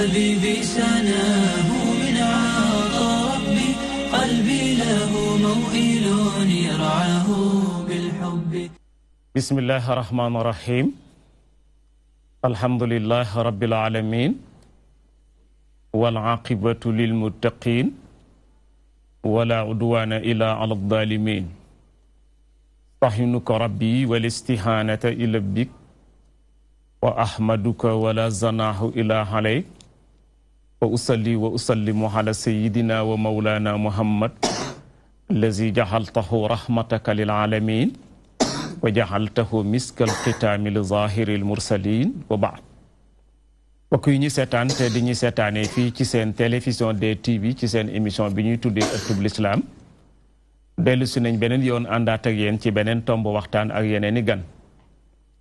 حبيبي سناه من عطى ربي قلبي له موئل يرعاه بالحب بسم الله الرحمن الرحيم الحمد لله رب العالمين والعاقبة للمتقين ولا عدوان إلا على الظالمين صحنك ربي والاستهانة إلى بك وأحمدك ولا زناه إلا عليك وأصلي وأسلم على سيدنا ومولانا محمد الذي جعلته رحمتك للعالمين وجعلته مسك الختام لظاهر المرسلين وبعد وكي ني سيتان تي ني سيتان في تي سين تيليفزيون دي تي في تي سين ايميشن بي ني تودي اكتب الاسلام دلو سي نين بنين يون اندات اك يين تي بنين تومبو وقتان اك يينيني غان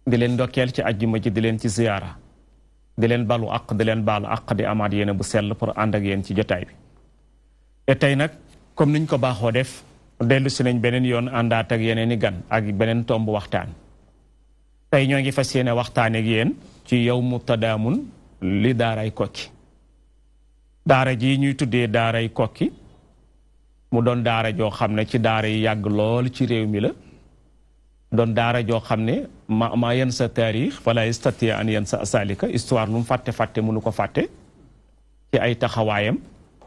دي لين دوكيل تي اجيما تي دي لين تي زياره di leen balu àq di leen baalu àq di amaat yéene bu sell pour ànd ak yéen ci jotaay bi te tey nag comme niñ ko baaxoo def dellu si nañ beneen yoon àndaat ak yeneen i gan ak beneen tomb waxtaan tey ñoo ngi fas yéene waxtaan ak yéen ci yow mu tadaamun li daaray kokki daara ji ñuy tuddee daaray kokki mu doon daara joo xam ne ci daara yi yàgg lool ci réew mi la doon daara joo xam ne ma maa yenn sa taarix fala yastati an yenn sa asalika histoire lu mu fàtte-fàtte mënu ko fàtte ci ay taxawaayam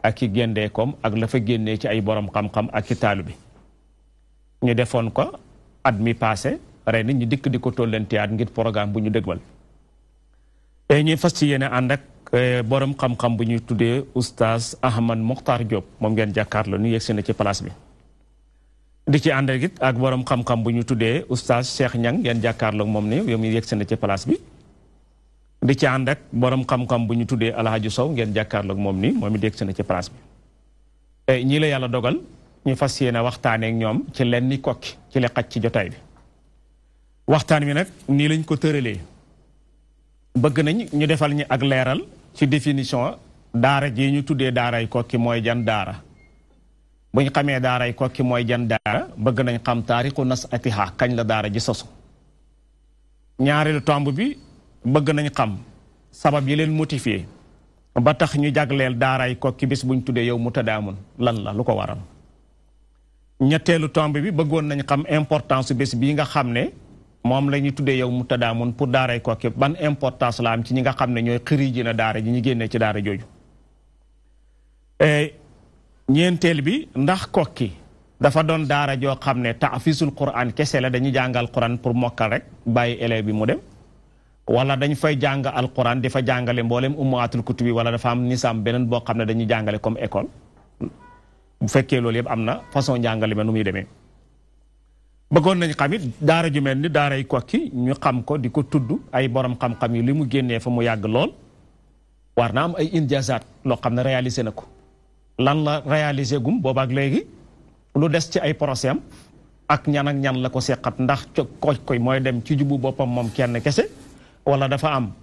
ak i géndeekoom ak lafa fa génnee ci ay borom xam-xam ak i taalu bi ñu defoon ko at mi passé ren ñu dikk di ko tollante at ngir programme bu ñu dëgmal te eh, ñuy fas ci yéene ànd ak eh, borom xam-xam bu ñuy tuddee oustaz Ahmad Mokhtar Diop moom ngeen jàkkaarloo ñu yegsi na ci place bi di ci ànd ak ak boroom xam-xam bu ñu tuddee oustaz Cheikh Niang yan jàkkaarloog moom ni yow mi yegg seen ci place bi di ci ànd ak borom xam-xam bu ñu tuddee alhaji sow ngeen jàkkaarloog moom ni moom it yegg seen ci place bi eh, ñii la yàlla dogal ñu fas yéene waxtaanee ak ñoom ci lenn kokki ci li xaj ci jotaay bi waxtaan wi nag nii lañ ko tëralee bëgg nañ ñu defal ñi ak leeral ci définition daara ji ñu tuddee daaray kokki mooy jan daara buñ xamee daaray kokki mooy jan daara bëgg nañ xam taarixu nas atiha kañ la daara ji sosu ñaareelu tomb bi bëgg nañ xam sabab yi leen motivé ba tax ñu jagleel daaray kokki bis buñ tuddee yow mu tadaamun lan la lu ko waral ñetteelu tomb bi bëggoon nañ xam importance su bés bii nga xam ne moom la ñuy tuddee yow mu tadaamun pour daaray kokki ban importance la am ci ñi nga xam ne ñooy xëri ji na daara ji ñu génnee ci daara jooju eh, ñeenteel bi ndax kokki dafa doon daara joo xam ne taafisul quran kese la dañu jàngal quran pour mokkal rek bàyyi élève bi mu dem wala dañ fay jàng al quran difa jàngale mboolem ummaatul kutubi wala dafa am nisam beneen boo xam ne dañuy jàngale comme école bu fekkee loolu yëpp am na façon njàngale ma nu muy demee bëggoon nañ xamit daara ju mel ni daaray kokki ñu xam ko di ko ay borom xam-xam yi li mu fa mu yàgg lool war am ay injazat loo xam ne réalisé lan la réalisé gum boobaak léegi lu des ci ay procès am ak ñan ñan la ko seqat ndax kooj koy mooy dem ci jubu boppam moom kenn kese wala dafa am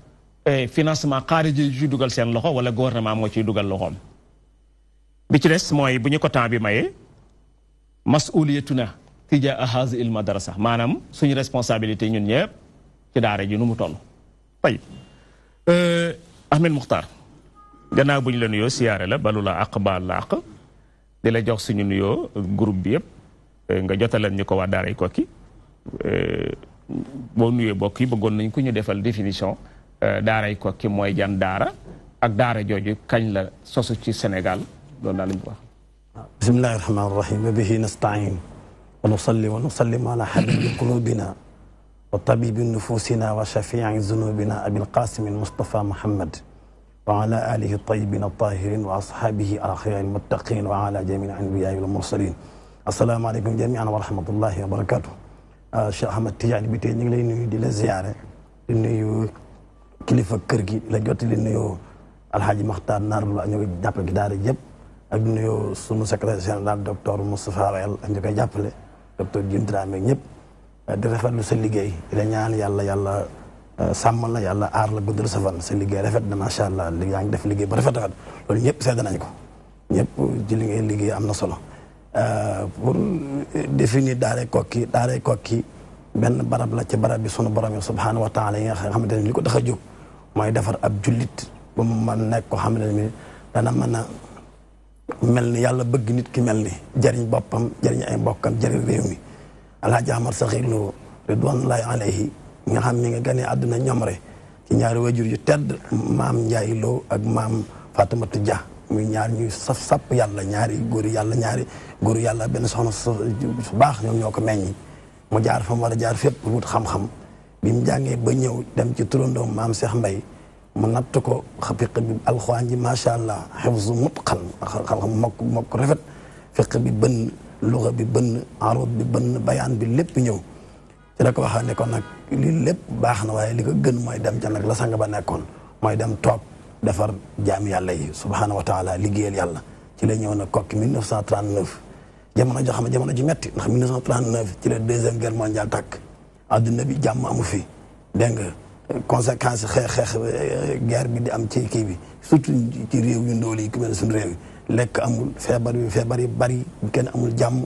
eh, financement xaariji yu ci dugal seen loxo wala gouvernement moo ciy dugal loxoom. bi ci des mooy bu ñu ko temps bi mayee masuliyatuna tija ahaz il madrasa maanaam suñu responsabilité ñun ñëpp ci daara ji nu mu toll. tey eh, Ahmed Mokhtar. gannaaw bu ñu la nuyoo siyaare la balu la àq la àq di la jox suñu nuyoo groupe bi yëpp eh, nga jotaleen ñu ko waa daaray Koki eh, boo nuyee bokk yi bëggoon nañ ku ñu defal définition eh, daaray Koki mooy jan daara ak daara jooju kañ la sosu ci Sénégal loolu daal lañu ko wax bismillahi rahmaani rahim wa bihi nastain wa nusalli wa nusallim ala habibi qulubina wa tabibi nufusina wa shafii zunubina abil qasim وعلى آله الطيبين الطاهرين وأصحابه الأخيار المتقين وعلى جميع الأنبياء والمرسلين السلام عليكم جميعا ورحمة الله وبركاته Cheikh Ahmed Tidiane bi tey ñu ngi lay nuyu di la ziare di nuyu kilifa kër gi la jot di nuyu alxaaji Maxtaar Naar Lo ñu koy jàppale daara yëpp ak di nuyu sunu secrétaire général docteur Moustapha Wayel ak ñu koy jàppale docteur Jim Dramé ñëpp di rafetlu sa liggéey di la ñaan yàlla yàlla Euh, sàmm la yàlla aar la guddal sa fan sa liggéey rafet macha allah li yaa ngi def liggéey ba rafet rafet loolu ñëpp seede nañ ko ñëpp ci liggéey am na solo euh, pour définir daare kokki daare kokki benn barab la barab bi sunu borom yi subhaanahu wa taala yi nga xamante ne li ko tax a mooy defar ab jullit ba mu mën nekk ko xam ne ni dana mën a mel ni yàlla bëgg nit ki mel ni jëriñ boppam jëriñ ay mbokkam jëriñ réew mi alaaji amar saxir lo ridwanullahi alayhi ñi nga xam mi nga gane àdduna ñomre ci ñaari wajur yu tedd maam Ndiaye Lo ak maam Fatimata Dia muy ñaar ñuy saf sapp yàlla ñaari góor yàlla ñaari góor yàlla benn soxna su baax ñoom ñoo ko meññi mu jaar fa mu war a jaar fépp wut xam-xam bi mu jàngee ba ñëw dem ci turandoom maam Cheikh Mbaye mu natt ko fiq bi alxuraan ji macha allah xifzu mutqan xam-xam mokk mokk rafet fiq bi bënn luxa bi bënn arab bi bënn bayaan bi lépp ñëw di la ko waxaa ne ko nag lii lépp baax na waaye li ko gën mooy dem ca nag la sang ba nekkoon mooy dem toog defar jaam yàlla yi subhaanahu wa taala liggéeyal yàlla ci la ñëw na kokki 1939 jamono joo xam ne jamono ji metti ndax 1939 ci la deuxième guerre mondiale tàkk adduna bi jàmm amu fi dégg nga conséquence xeex xeex eh, guerre bi di am ci kii bi surtout ci réew yu ndóol yi ku mel ne suñu réew lekk amul feebar bi feebar kenn amul jàmm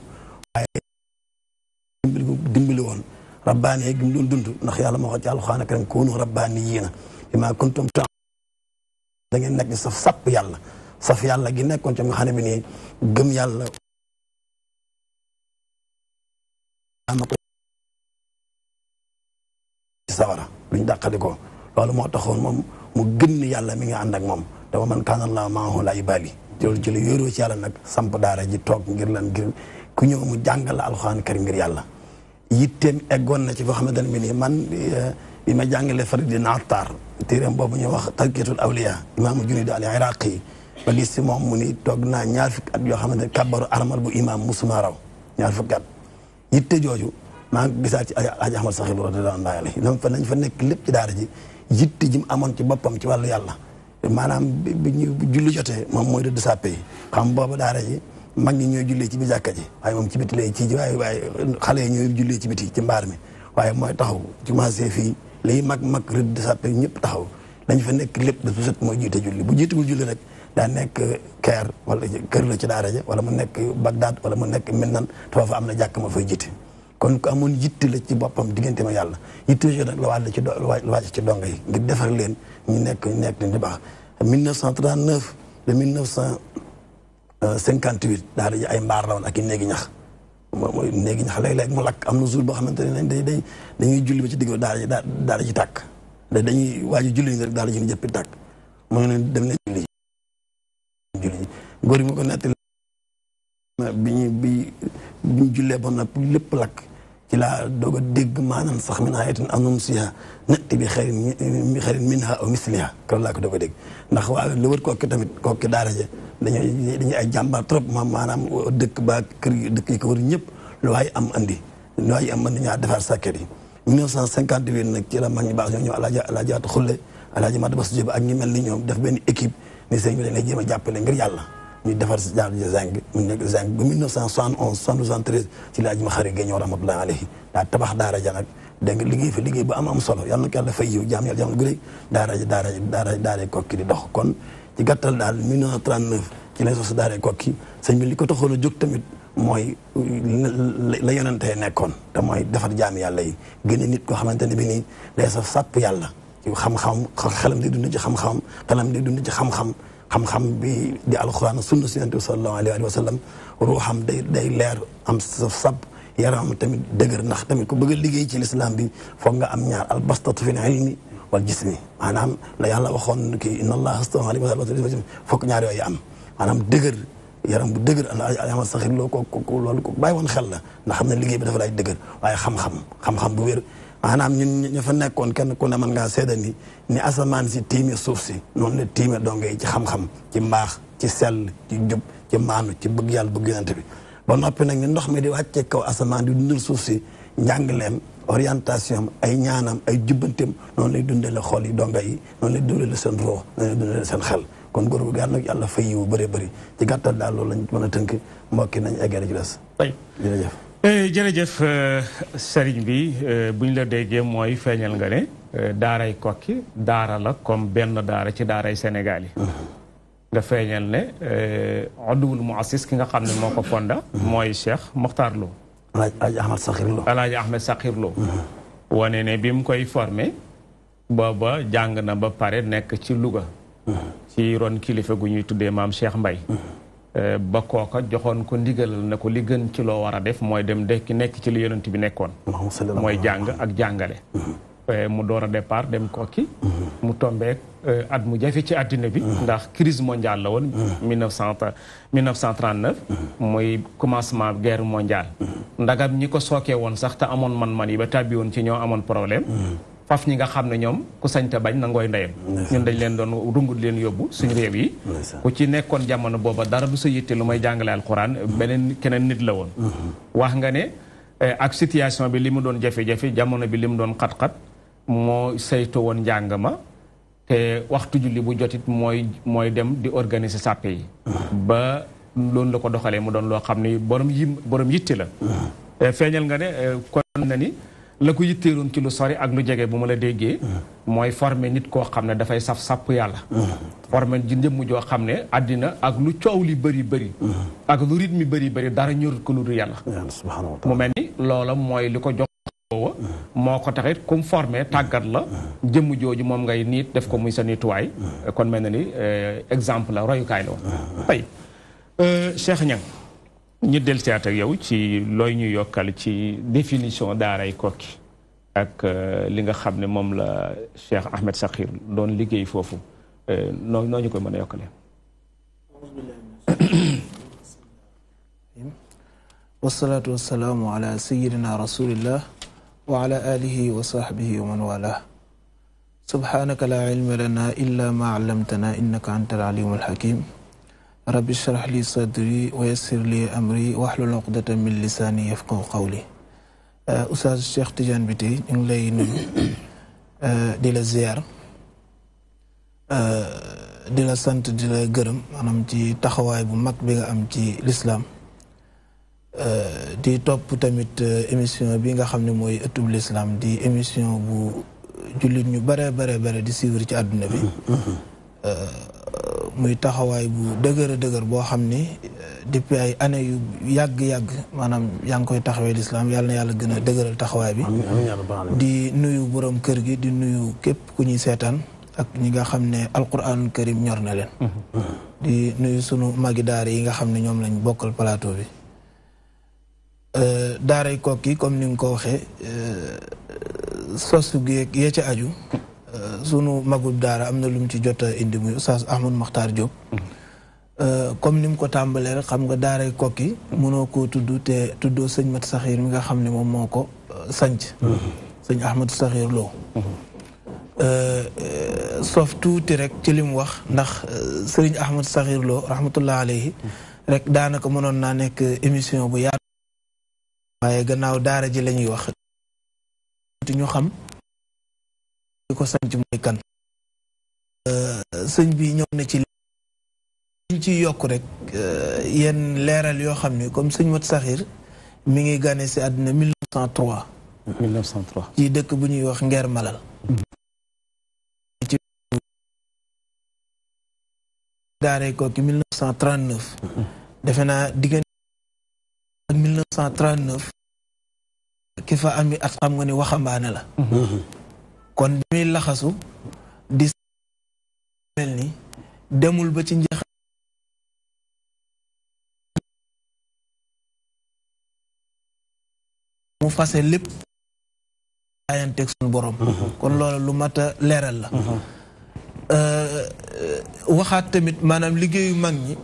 rabbaani gi mu doon dund ndax yàlla moo wax ci alxuraan ak ren kuunu rabbaaniyiina bimaa kuntum ta da ngeen nekk saf sàpp yalla saf yalla gi nekkoon ci nga xam ne bi nii gëm yàlla ama ko ci sawara duñ dàqali ko loolu moo taxoon moom mu gën ni yàlla mi nga ànd ak moom dama man kaana laa maahu laa yubaali loolu ci la yóoroo ci yàlla nag samp daara ji toog ngir lan ngir ku ñëw mu jàngal alxuraan karim ngir yàlla yitteem eggoon na ci foo xamante ne bi nii man eh, bi ma jàngalee farid di naatar téeréem boobu ñu wax tarkiyatul awliya imaamu junid al iraqi ba gis si moom mu ni toog naa ñaar fukki at yoo xamante ne kabbaru armal bu imaam musuma raw ñaar fukki jooju maa ngi gisaat ci Alaaji Ahmad Saxiir radiyallaahu anhu alayhi lam fa nañ fa nekk lépp ci daara ji yitte ji mu amoon ci boppam yàlla maanaam bi ñu julli jotee moom mooy rëdd sàppe yi xam boobu daara ji mag ñi ñooy jullee ci bi jàkka ji waaye moom ci biti lay ci waaye waaye xale yi ñooy jullee ci biti ci mbaar mi waaye mooy taxaw ci commencé fii lay mag mag rëdd sàppe ñëpp taxaw dañ fa nekk lépp da su set mooy jiite julli bu jiitewul julli rek daa nekk keer wala kër la ci daara ja wala mu nekk Bagdad wala mu nekk Minnan te fa am na jàkk ma fay jiite kon ku amoon yitte la ci boppam diggante ma yàlla yitte yooyu nag la wàll ci la wàcc ci donga yi ngir defar leen ñu nekk ñu nekk di baax 1939 de 19 58 daara ji ay mbaar la woon ak i néegi ñax mooy néegi ñax léeg-léeg mu lakk am na jour boo xamante ne day day dañuy julli ba ci digg daara ji daara ji tàkk da dañuy waaju julli rek daara ji ñu jëppi tàkk mu ne dem leen julli ji góor yi mu ko nettali bi ñu bi ñu jullee ba noppi lépp lakk ci laa doog a dégg maanaam sax mi min ayatin anum siha natti bi xayrin bi xayrin minha aw misliha kon laa ko doog a dégg ndax waa lu wër kokki tamit kokki daara ja dañuy ay jàmbaar trop maam maanaam dëkk ba kër yi dëkk yi ko wër ñëpp lu waay am andi lu waay am andi ñaa defar sàkket yi 1958 nag ci la mag ñu baax ñoo ñëw alaaji alaaji waat xulle alaaji mat bas jóob ak ñi mel ni ñoom def benn équipe ni sëñ bi dañ lay jéem a jàppale ngir yàlla ñu defar si jaamu ji zinc mu nekk zinc ba 1971 73 ci ba am am solo yàlla na ko yàlla fay yiw jaam yàlla jaam gërëy daara ji daara ji daara ji daara kokki di dox kon ci gàttal daal 1939 ci lay sos daara nekkoon te mooy defar jaam yàlla yi gën a nit koo xamante ne bi nii day sa sàpp yàlla ci xam-xam xelam di dund ci xam-xam xelam di dund ci xam-xam xam-xam bi di alquran sunna si sallallahu alayhi wa sallam ruham day day leer am saf sab yaram tamit dëgër nax tamit ku bëgg liggey ci l'islam bi fo nga am ñaar al bastatu fi ilmi wal jismi maanaam la yàlla waxon ki inna allah astawa alayhi wa sallam fokk ñaar yoy am maanaam dëgër yaram bu dëgër alama saxir lo ko ko lol ko bay won xel la na xam liggey bi dafa lay dëgër waye xam-xam xam-xam bu wér maanaam ñun ñu fa nekkoon kenn ku ne mën ngaa seede ni ni asamaan si tiime suuf si noonu la tiime donge yi ci xam-xam ci mbaax ci sell ci jub ci maanu ci bëgg yàlla bëgg yonent bi ba noppi nag ndox mi di wàccee kaw asamaan di dundal suuf si njàngaleem orientation ay ñaanam ay jubbanteem noonu lay dundale xol yi donga yi noonu lay dundale seen roo noonu lay dundale seen xel kon góor gu nag yàlla fay yiwu bëree bëri ci gàttal daal loolu lañ mën a tënk mbokki nañ eggee ci des Eh, jërëjëf euh, sëriñ bi euh, bu ñu la déggee mooy feeñal nga ne euh, daaray kokki daara la comme benn daara ci daaray Sénégal yi nga feeñal ne odduwul mu assis ki nga xam ne moo ko fonda mooy Cheikh Mokhtar Lo alaaji Ahmed Sakhir Lo wane ne bi mu koy formé booba jàng na ba pare nekk ci Louga ci ron kilifa gu ñuy tuddee maam Cheikh mbay Eh, ba kooka joxoon ko ndigalal na ko li gën ci loo war a def mooy dem dekki nekk ci lu yonent bi nekkoon mooy jàng ak jàngale mm-hmm. eh, mu door a départ dem kokki mm-hmm. mu tombeek eh, at mu jafe ci àddina bi mm-hmm. ndax crise mondiale la woon mille neuf cent mille neuf cent mooy commencement guerre mondiale ndagam ñi ko sooke woon sax te amoon man-man yi ba tàbbi woon ci ñoo amoon problème faf ñi nga xam ne ñoom ku sañta bañ na ngooy ndeyam ñun dañ leen doon rungul leen yóbbu suñu réew yi ku ci nekkoon jamono booba dara du sa yitte lu may jàngale alxuraan beneen keneen nit la woon mm-hmm. wax nga ne eh, ak situation bi li mu doon jafe-jafe jamono bi li mu doon xat-xat moo sayto woon njàng ma te waxtu julli bu jotit mooy mooy dem di organiser sàppe yi mm-hmm. ba loolu la ko doxalee mu doon loo xam ne borom yi borom yitte la mm-hmm. eh, feeñal nga ne eh, kon na ni la ko yitteeloon ci lu sori ak lu jege bu ma la déggee. mooy former nit koo xam ne dafay saf sàpp yàlla. former ji njëmm joo xam ne àddina ak lu coow li bëri bëri. ak lu rythme yi bëri bëri dara ñorut ko lu dul yàlla. mu mel ni loola mooy li ko jox. moo ko taxit kum formé tàggat la. jëmm jooju moom ngay niit def ko muy sa nituwaay. kon mel na ni euh, exemple la royukaay la woon. tey euh, Cheikh ñu dellusiwaat ak yow ci looy ñu yokkal ci définition daaray kokki ak euh, li nga xam ne moom la Cheikh Ahmed Sakhir doon liggéey foofu euh, noo noo ñu koy mën a yokkalee wasalaatu wasalaamu ala sayidina rasulillah wa ala alihi wa sahbihi wala subhanaka la ilma lana illa ma allamtana innaka anta al alimu رب اشرح لي صدري ويسر لي أمري واحلل عقدة من لساني يفقه قولي Oustaz Cheikh Tidiane bi tey ñu ngi lay nuyu di la ziar di la sant di la gërëm maanaam ci taxawaay bu mag bi nga am ci lislaam di topp tamit émission bi nga xam ne mooy ëttub lislaam di émission bu jullit ñu bare bare bare di suivre ci àdduna bi muy taxawaay bu dëgër dëgër boo xam ni euh, depuis ay années yu yàgg-yàgg maanaam yaa ngi koy taxawee lislaam yàlla na yàlla gën a dëgëral taxawaay bi di nuyu borom kër gi di nuyu képp ku ñuy seetaan ak ñi nga xam ne alquranul karim ñor na leen di nuyu sunu magi daar yi nga xam ne ñoom lañu bokkal palaato bi euh, daaray Koki comme ni nga ko waxee euh, sosu geeg ca aju sunu magub daara am na lu mu ci jot a indi muy oustaz Ahmad Makhtar Diop. Euh, comme ni mu ko tàmbalee rek xam nga daaray kokki mënoo ko tudd te tuddoo sëñ Mat Saxiir mi nga xam ne moom moo ko euh, sanc sëñ Ahmad Saxiir Lo euh, soof tuuti rek ci li mu wax ndax sëñ Ahmad Saxiir Lo rahmatullah alayhi rek daanaka mënoon naa nekk émission bu yaatu waaye gannaaw daara ji la ñuy wax ki ko sanc mooy kan euh, sëñ bi ñëw na ci liñ ci yokk rek euh, yenn leeral yoo xam ne comme sëñ Mat saxiir mi ngi gane si àddina 1903 1903 ci dëkk bu ñuy wax Ngeer Malal gaaree ko ci 1939 defe naa diggante ak 1939 ki fa ami at xam nga ni waxambaane la mhm. kon bi laxasu di mel ni demul ba ci njeex mu fase lépp aayanteeg suñu borom mm-hmm. kon loola lu mat a leeral la mm-hmm. euh, waxaat tamit maanaam liggéeyu mag ñi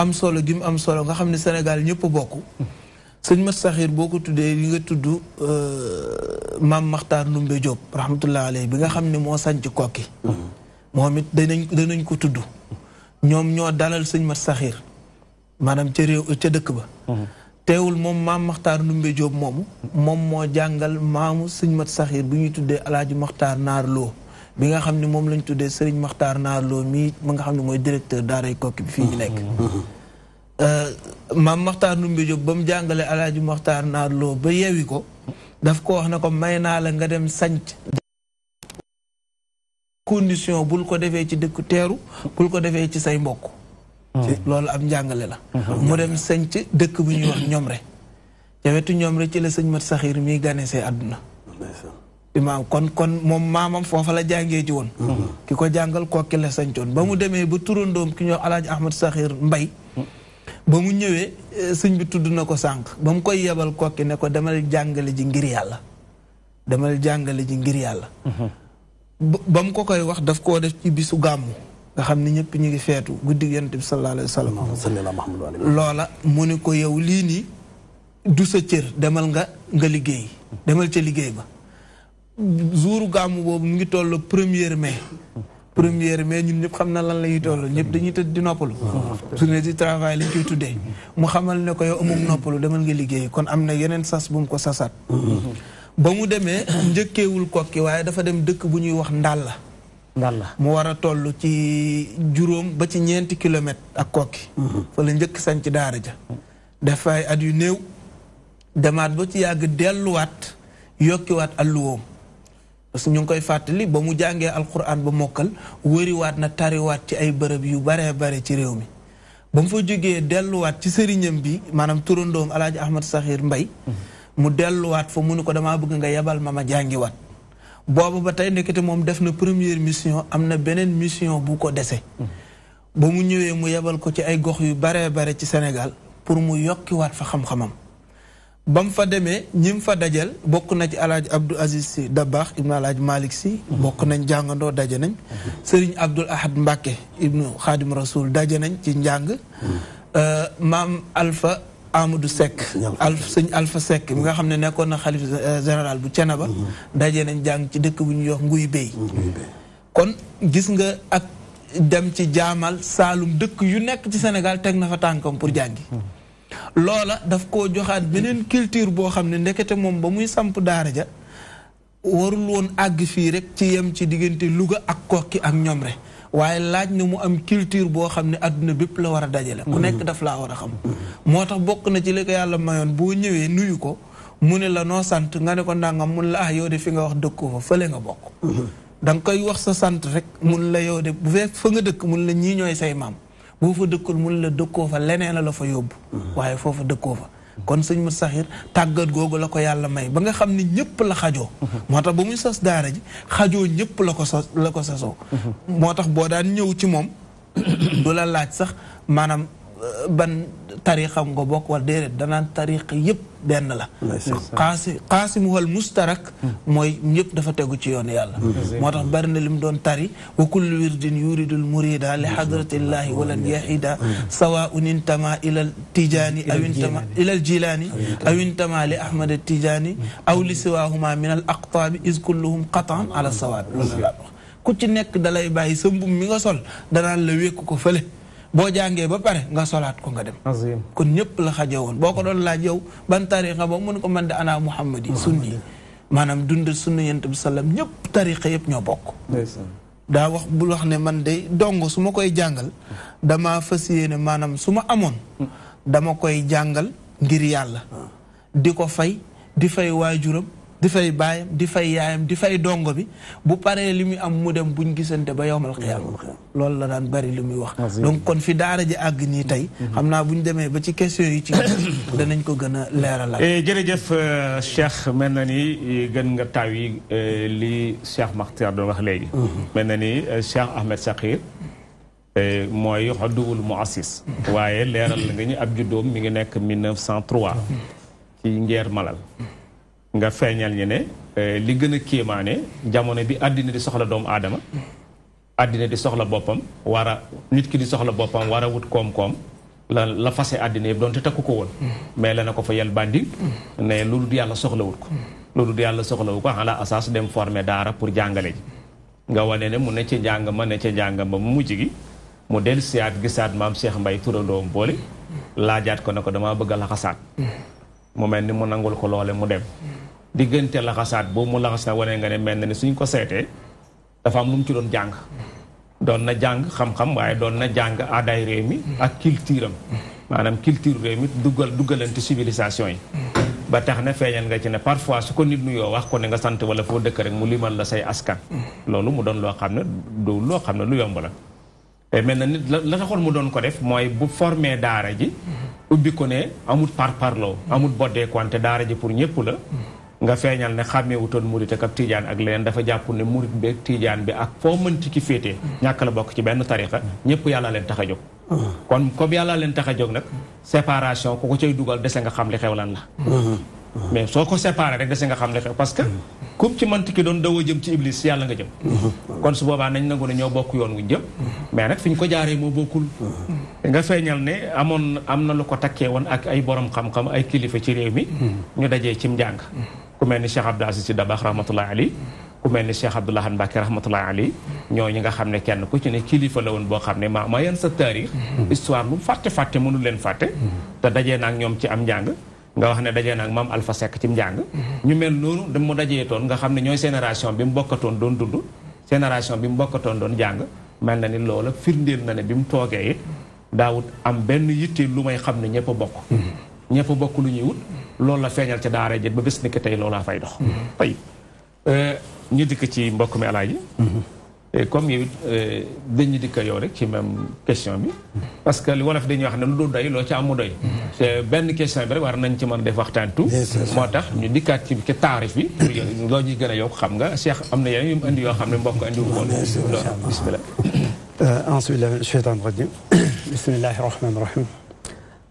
am solo gi mu am solo nga xam ne senegal ñëpp bokk sëñ Mat Saxiir boo ko tuddee li nga tudd euh, maam Maxtaar Ndumbe Diop rahmatullah aleyhi bi nga xam ne moo sànc kokki moom it danañ danañ ko tudd ñoom ñoo dalal sëñ Mat Saxiir maanaam ca réew ca dëkk ba teewul moom maam Maxtaar Ndumbe Diop moomu moom moo jàngal maamu sëñ Mat Saxiir bu ñuy tuddee alaaji Maxtaar Naar Loo bi nga xam ne moom lañ tuddee sëriñ maxtar Naar Loo mii ma nga xam ne mooy directeur daaray kokki bi fii ñu nekk Euh, maam Maxtaar Ndumbe Jóob ba mu jàngale alaaji Maxtaar naa loo ba yewi ko daf ko wax na ko may naa la nga dem sanc condition bul ko defee ci dëkk teeru bul ko defee ci say mbokk hmm. loolu am njàngale la hmm. Hmm. mu dem sanc dëkk bu ñuy wax ñomre ca wetu ñomre ci la sëñ mat saxiir miy ganesee àdduna i imaam kon kon moom maamam foofa la jàngee ji woon ki ko jàngal kokki la sancoon ba mu demee ba turandoom ki ñoo alaaj ahmad saxiir mbay ba mu ñëwee eh, sëñ bi tudd na ko sànq ba mu koy yebal kokki ne ko demal jàngale ji ngir yàlla demal jàngale ji ngir yàlla mhm. ba mu ko koy wax daf koo def ci bisu gàmmu nga xam ne ñëpp ñu ngi feetu guddi yonent bi sallallahu alayhi wa loola mu ne ko yow lii nii du sa cër demal nga nga liggéey mhm. demal ca liggéey ba jouru gàmmu boobu mu ngi toll premier mai mhm. première mais ñun ñëpp xam na lan lay toll ah, ñëpp dañuy tëdd di noppalu ah, ah. journée du travail lañ koy tuddee mu xamal ne ko yow amum noppalu demal ngi liggéey kon am na yeneen sas bu mu ko sasaat ba mu demee njëkkeewul kokki waaye dafa dem dëkk bu ñuy wax ndàlla ndàlla mu war a toll ci juróom ba ci ñeenti kilomètre ak kokki fa la njëkk sanc daara ja dafay at yu néew demaat ba ci yàgg delluwaat yokkiwaat alluwoom parce ñu ngi koy fàttali ba mu jàngee alquran ba mokkal wëriwaat na tariwaat ci ay bërëb yu baree bare ci réew mi ba mu fa jógee delluwaat ci sëriñam bi maanaam turandoom alaaji ahmad saxiir mbay mhm. mu delluwaat fa mu ni ko damaa bëgg nga yebal ma ma jàngiwaat boobu ba tey nekkete moom def na première mission am na beneen mission bu ko desee mhm. ba mu ñëwee mu yebal ko ci ay gox yu baree bare ci Sénégal pour mu yokkiwaat fa xam-xamam ba mu fa demee ñi fa dajal bokk na ci alaaj Abdou Aziz si Dabaax ibnu alaaj Malick si bokk nañ jàngandoo daje nañ sëriñ Abdul Ahad Mbàkke ibnu Xaadim Rasoul daje nañ ci njàng euh, maam Alpha Amadou Seck alf sëñ Alpha Seck mi nga xam ne nekkoon na xalif euh, général bu Cenaba mm-hmm. daje nañ jàng ci dëkk bu ñuy wax nguy béy mm-hmm. kon gis nga ak dem ci jaamal saalum dëkk yu nekk ci Sénégal teg na fa tànkam pour jàngi mm-hmm. loola daf koo joxaat beneen culture boo xam ne ndekete moom ba muy samp daara ja warul woon àgg fii rek ci yem ci diggante Louga ak Kokki ak ñoom rek waaye laaj na mu am culture boo xam ne àdduna bépp la war a dajale. ku nekk daf laa war a xam. moo tax bokk na ci li yàlla mayoon boo ñëwee nuyu ko mu ne la noo sant nga ne ko ndàngam mun la ah yow de fi nga wax dëkku fa fële nga bokk. Mhm. da nga koy wax sa sant rek mun la yow de bu fekk fa nga dëkk mun la ñii ñooy say maam. boo fa dëkkul mun la dëkkoo fa leneen la la fa yóbbu mm-hmm. waaye foofa dëkkoo fa kon sëñ mu saxir tàggat googu la ko yàlla may ba nga xam ni ñëpp la xajoo mm-hmm. moo tax ba muy sos daara ji xajoo ñëpp la ko la ko sosoo mm-hmm. moo tax boo daan ñëw ci moom du la laaj sax maanaam ban tariqa nga bokk wala déedéet danaan tariqa yëpp benn la xaasi xaasimuhal mustarak mooy ñëpp dafa tegu ci yoon yàlla mm-hmm. moo tax bari na li doon tari wa kullu wirdin yuridul murida li xadratillaahi mm-hmm. walan yahida mm-hmm. sawaun intama ilal tijaani aw intama li ahmad tijaani aw li siwahuma min al aqtaabi is kulluhum ala sawaab ku nekk dalay bàyyi sa mi nga sol la wékku ko fële boo jàngee ba pare nga solaat ko nga dem kon ñëpp la xaja woon boo ko doon laaj yow ban tariqa boo mun ko man de ana muhammad yi sunni yi maanaam dund sunna yent bi sallam ñëpp tariqa yëpp ñoo bokk daa wax bul wax ne man de dong su ma koy jàngal dama fas yéene maanaam su ma amoon dama koy jàngal ngir yàlla ah. di ko fay di fay waajuram di fay baayam di fay yaayam di fay dongo bi bu paree li muy am mu dem buñ gisante ba yowmal xiyaam loolu la daan bari li muy wax ah, donc kon fi daara ji àgg nii tey xam naa bu ñu demee ba ci question yi ci danañ ko gën a leeralal eh, jërëjëf euh, Cheikh mel na ni euh, gën nga taw yi euh, li Cheikh Makhtar doon wax léegi mm-hmm. mel na ni Cheikh Ahmed Sakhir mooy xodduwul mu assis mm-hmm. waaye leeral nga ñu ab juddoom mi ngi nekk 1903 mm-hmm. ci ngeer malal nga feeñal ñu ne euh, li gën a kéemaane jamono bi àddina di soxla doomu adama àddina di soxla boppam war nit ki di soxla boppam war wut koom-koom la la fase àddina doon doonte takku ko woon mais la ko fa yel bandi ne lu du yàlla wut ko loolu du yàlla soxla soxlawu ko xanaa asaas dem former daara pour jàngale ji nga wane ne mu ne ci njàng ma ne ci njàng ma mu mujj gi mu del siyaat gisaat maam Cheikh Mbay turandoom boole laajaat ko ne ko damaa bëgg laxasaat diggante laxasaat boobu mu laxasaat wane nga ne mel na ne suñ ko seetee dafa am lu ci doon jàng doon na jàng xam-xam waaye doon na jàng aadaay réew mi ak culture am maanaam culture réew mi duggal duggalante civilisation yi ba tax na feeñal nga ci ne parfois su ko nit nuyoo wax ko ne nga sant wala foo dëkk rek mu limal la say askan loolu mu doon loo xam ne du loo xam ne lu yomb la mel na nit la taxoon mu doon ko def mooy bu forme daara ji ubbi ko ne amut parparloo amut boddee daara ji pour ñëpp la nga feeñal ne xàmmeewutoon murit ak tijaan ak leneen dafa jàpp ne murit bi ak tijaan bi ak foo mënti ki féetee ñàkk la bokk ci benn tarixa ñëpp yàlla leen tax a jóg kon comme yàlla leen tax a jóg nag séparation ku ko cay dugal dese nga xam li xew lan la mais soo ko séparé rek dese nga xam li xew parce que ku ci mënti ki doon dawoo jëm ci iblis yàlla nga jëm kon su boobaa nañ nangu ne ñoo bokk yoon wuñ jëm mais nag fi ñu ko jaaree moo bokkul nga feeñal ne amoon am na lu ko takkee woon ak ay boroom xam-xam ay kilifa ci réew mi ñu dajee cim njàng ku mel ni Cheikh Abdou Aziz Sy Dabakh rahmatullahi ku mel ni Cheikh Abdoulahan Mbacké rahmatullahi alayhi ñoo ñi nga xam ne kenn ku ci ne kilifa la woon boo xam ne maa ma yan sa taarix histoire lu fàtte-fàtte mënu leen fàtte te dajee naag ñoom ci am njàng nga wax ne dajee naag maam Alpha Seck ci njàng ñu mel noonu da mu dajee toon nga xam ne ñooy génération bi mu bokkatoon doon dund génération bi mu bokkatoon doon jàng mel na ni loola firndeel na ne bi mu toogee it am benn yitte lu may xam ne ñëpp a bokk ñëpp a loolu la feeñal ca daara jët ba bés ni que tey loolaa fay dox tey ñu dikk ci mbokk mi alaaji comme yow dañu dikk yow rek ci même question bi parce que li wolof dañuy wax ne lu dul doy loo ci am mu doy te benn question bi rek war nañ ci mën def waxtaan tout moo tax ñu dikkaat ci ci taarif bi loo ñuy gën a yokk xam nga Cheikh am na yeneen yu mu indi yoo xam ne mbokk indi wu woon loolu bismillah auzu billahi mina shaytani rajim bismillahi rahmani rahim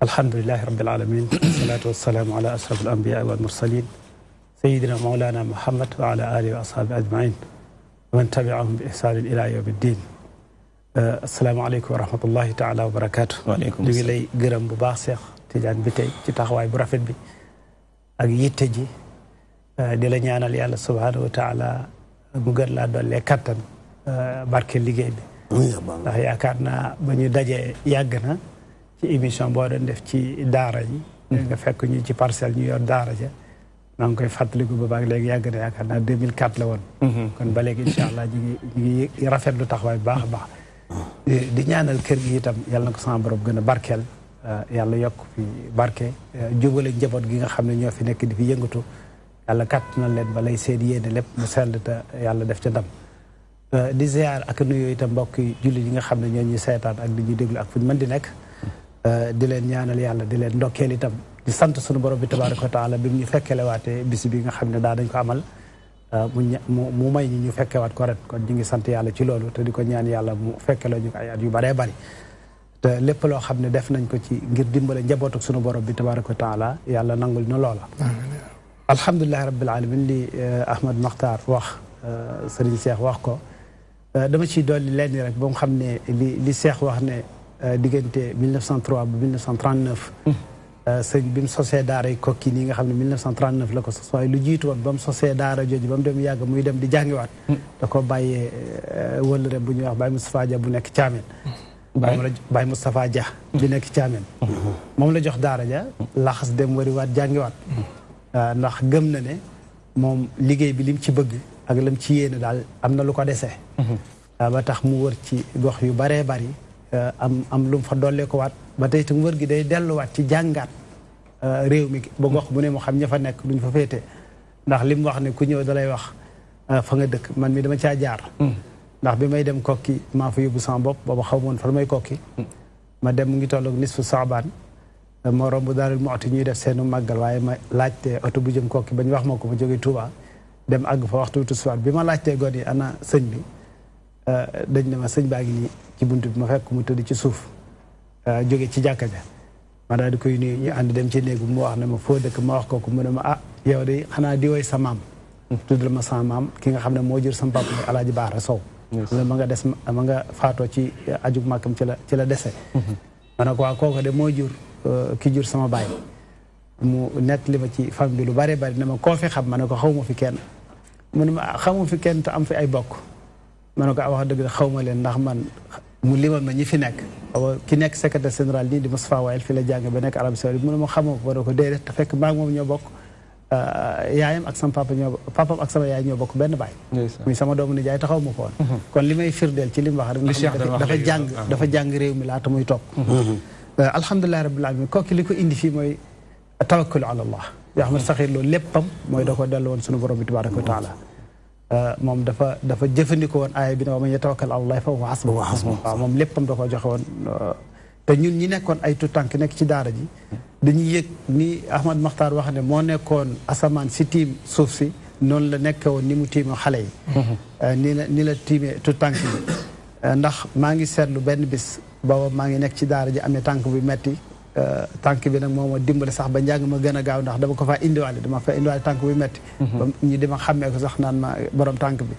alhamdulilahi rabil alamin wasalatu wasalaamu ala ashraf al anbiya wal mursalin sayidina maulana muhammad wa ala alihi wa ashaabi ajmain wa man tabiahum bi ihsanin ila yawmi ddin uh, asalaamaaleykum wa rahmatullahi taala wa barakatu ñu ngi lay gërëm bu baax Seex Tijaan bi tey ci taxawaay bu rafet bi ak yitte ji uh, di la ñaanal yàlla subhaanahu wa taala mu gën laa dollee kattan uh, barke liggéey bi ndax yaakaar naa ba ñu dajee yàgg na ci émission boo doon def ci daara yi hmm. nga fekk ñu ci parcelle ñu yor daara ja maa ngi koy fàttaliku ba baag léegi yàgg na yaakaar naa 2004 la woon hmm. kon ba léegi incha allah ñu ngi ñu taxawaay bu baax baax di ñaanal kër gi itam yàlla na ko gën a barkeel euh, yàlla yokk fi barke euh, jubale jaboot gi nga xam ne ñoo fi nekk di fi yëngatu yàlla kàtt na leen balay seen yéene lépp mu sell te yàlla def ca ndam euh, di ziar ak nuyoo itam mbokki jullit yi nga xam ne ñoo ñuy seetaan ak di ñuy déglu ak fu ñu mën di nekk Euh, di leen ñaanal yàlla di leen ndokkeel itam di sant sunu borom bi wa taala bi mu ñu fekkelewaatee bis bi nga xam ne daa dañ ko amal euh, mu mu may ñi ñu fekkewaat ko ren kon ñu ngi sant yàlla ci loolu te di ko ñaan yàlla mu fekkeloo ñu ko ay at yu bëree bëri te lépp loo xam ne def nañ ko ci ngir dimbale njabootuk sunu borom bi tabaaraka wa taala yàlla nangul na loola alhamdulilahi rabbil alamin li euh, Ahmad Maxtaar wax Serigne Cheikh wax ko dama ciy dolli lenn rek ba mu xam ne li Euh, diggante 1903 ba 1939. Euh, sëñ bi mu sosee daara yi kokki nii nga xam ne 1939 la ko sos lu jiitu woon ba mu sosee daara jooju ba mu dem yàgg muy dem di jàngiwaat. da ko bàyyee euh, wëllëre bu ñu wax Baye Moustapha Dia bu nekk Thiamène. Baye Baye Moustapha di bi nekk Thiamène. moom la jox daara ja laxas dem wariwaat jàngiwaat. ndax gëm na ne moom liggéey bi lim ci bëgg ak lam ci yéene daal am na lu ko dese. ba tax mu wër ci gox yu baree bari. Euh, am am lu mu fa dollee ko waat ba tey itam wër gi day delluwaat ci jàngaat euh, réew mi ba gox bu ne mu xam ña fa nekk duñ fa féete ndax li mu wax ne ku ñëw dalay wax euh, fa nga dëkk man mi dama caa jaar hmm. ndax bi may dem kokki maa fa yóbbu sama bopp booba xaw moon fa may kokki hmm. ma dem mu ngi tolloog nisfu saabaan moo romb daarul mooti ñuy def seenu màggal waaye ma laajte oto bu jëm kokki ba ñu wax ma ko ma jógee tubaa dem àgg fa waxtu wi tisbaar bi ma laajtee gon yi ana sëñ bi Eh, dañ ne ma sëñ baa ngi ci buntu bi ma fekk mu tëdd ci suuf eh, jóge ci jàkka ja ma daal di koy nuyu ñu ànd dem ci néegu mu wax ne ma foo dëkk ma wax kooku mu ne ma ah yow de sa maam hmm. tuddal ma sa maam ki nga xam ne moo jur sama papa muy alaaji Baara Sow la ma nga des ma nga faatoo ci eh, ajug màkkam ci la ci la dese hmm. ma ko kooku de moo jur ki jur sama baay mu nekk li ma ci famille bi lu bare bari ne ma koo fi xam ma ne ko xaw ma fi kenn mu ne ma ah, xamu fi kenn te am fi ay bokk ma ne ko a ah, wax dëgg xaw ma leen ndax man mu limal ma ñi fi nekk ki nekk secrétaire général nii di Moustapha Wayel fi la jàng ba nekk Arabie Saoudite mu ko war ko déedéet te fekk maa ngi ñoo bokk euh, yaayam ak sama papa ñoo papam ak bokk benn baay muy sama doomu nijaay taxaw ma foon mhm. kon li may firndeel ci li mu wax dafa jàng dafa jàng réew mi laata muy toog mhm. mhm. euh, alhamdulilahi rabbil alamin kooki li ko indi fii mooy tawakkul ala allah yoo xam ne saxiir loolu léppam mooy da ko dellu woon sunu borom bi tabaraka wa taala Euh, moom dafa dafa jëfandikoo woon aaya bi ne wa man yatawakkal alallaahi fa huwa hasbuh waaw moom léppam da koo joxe woon euh, te ñun ñi nekkoon ay tutànk nekk ci daara ji dañuy yëg ni Ahmad Maxtaar wax ne moo nekkoon asamaan si tiim suuf si noonu la nekk woon ni mu tiimoo xale yi euh, ni la ni la tiimee tutànk ndax maa ngi seetlu benn bis booba maa ngi nekk ci daara ji amee tànk bi metti Euh, tànk bi nag moo ma dimbali sax ba njàng ma gën a gaaw ndax dama ko faa indiwaale dama fa indiwaale tànk buy metti mhm. ba ñu di ma xàmmee ko sax naan ma borom tànk bi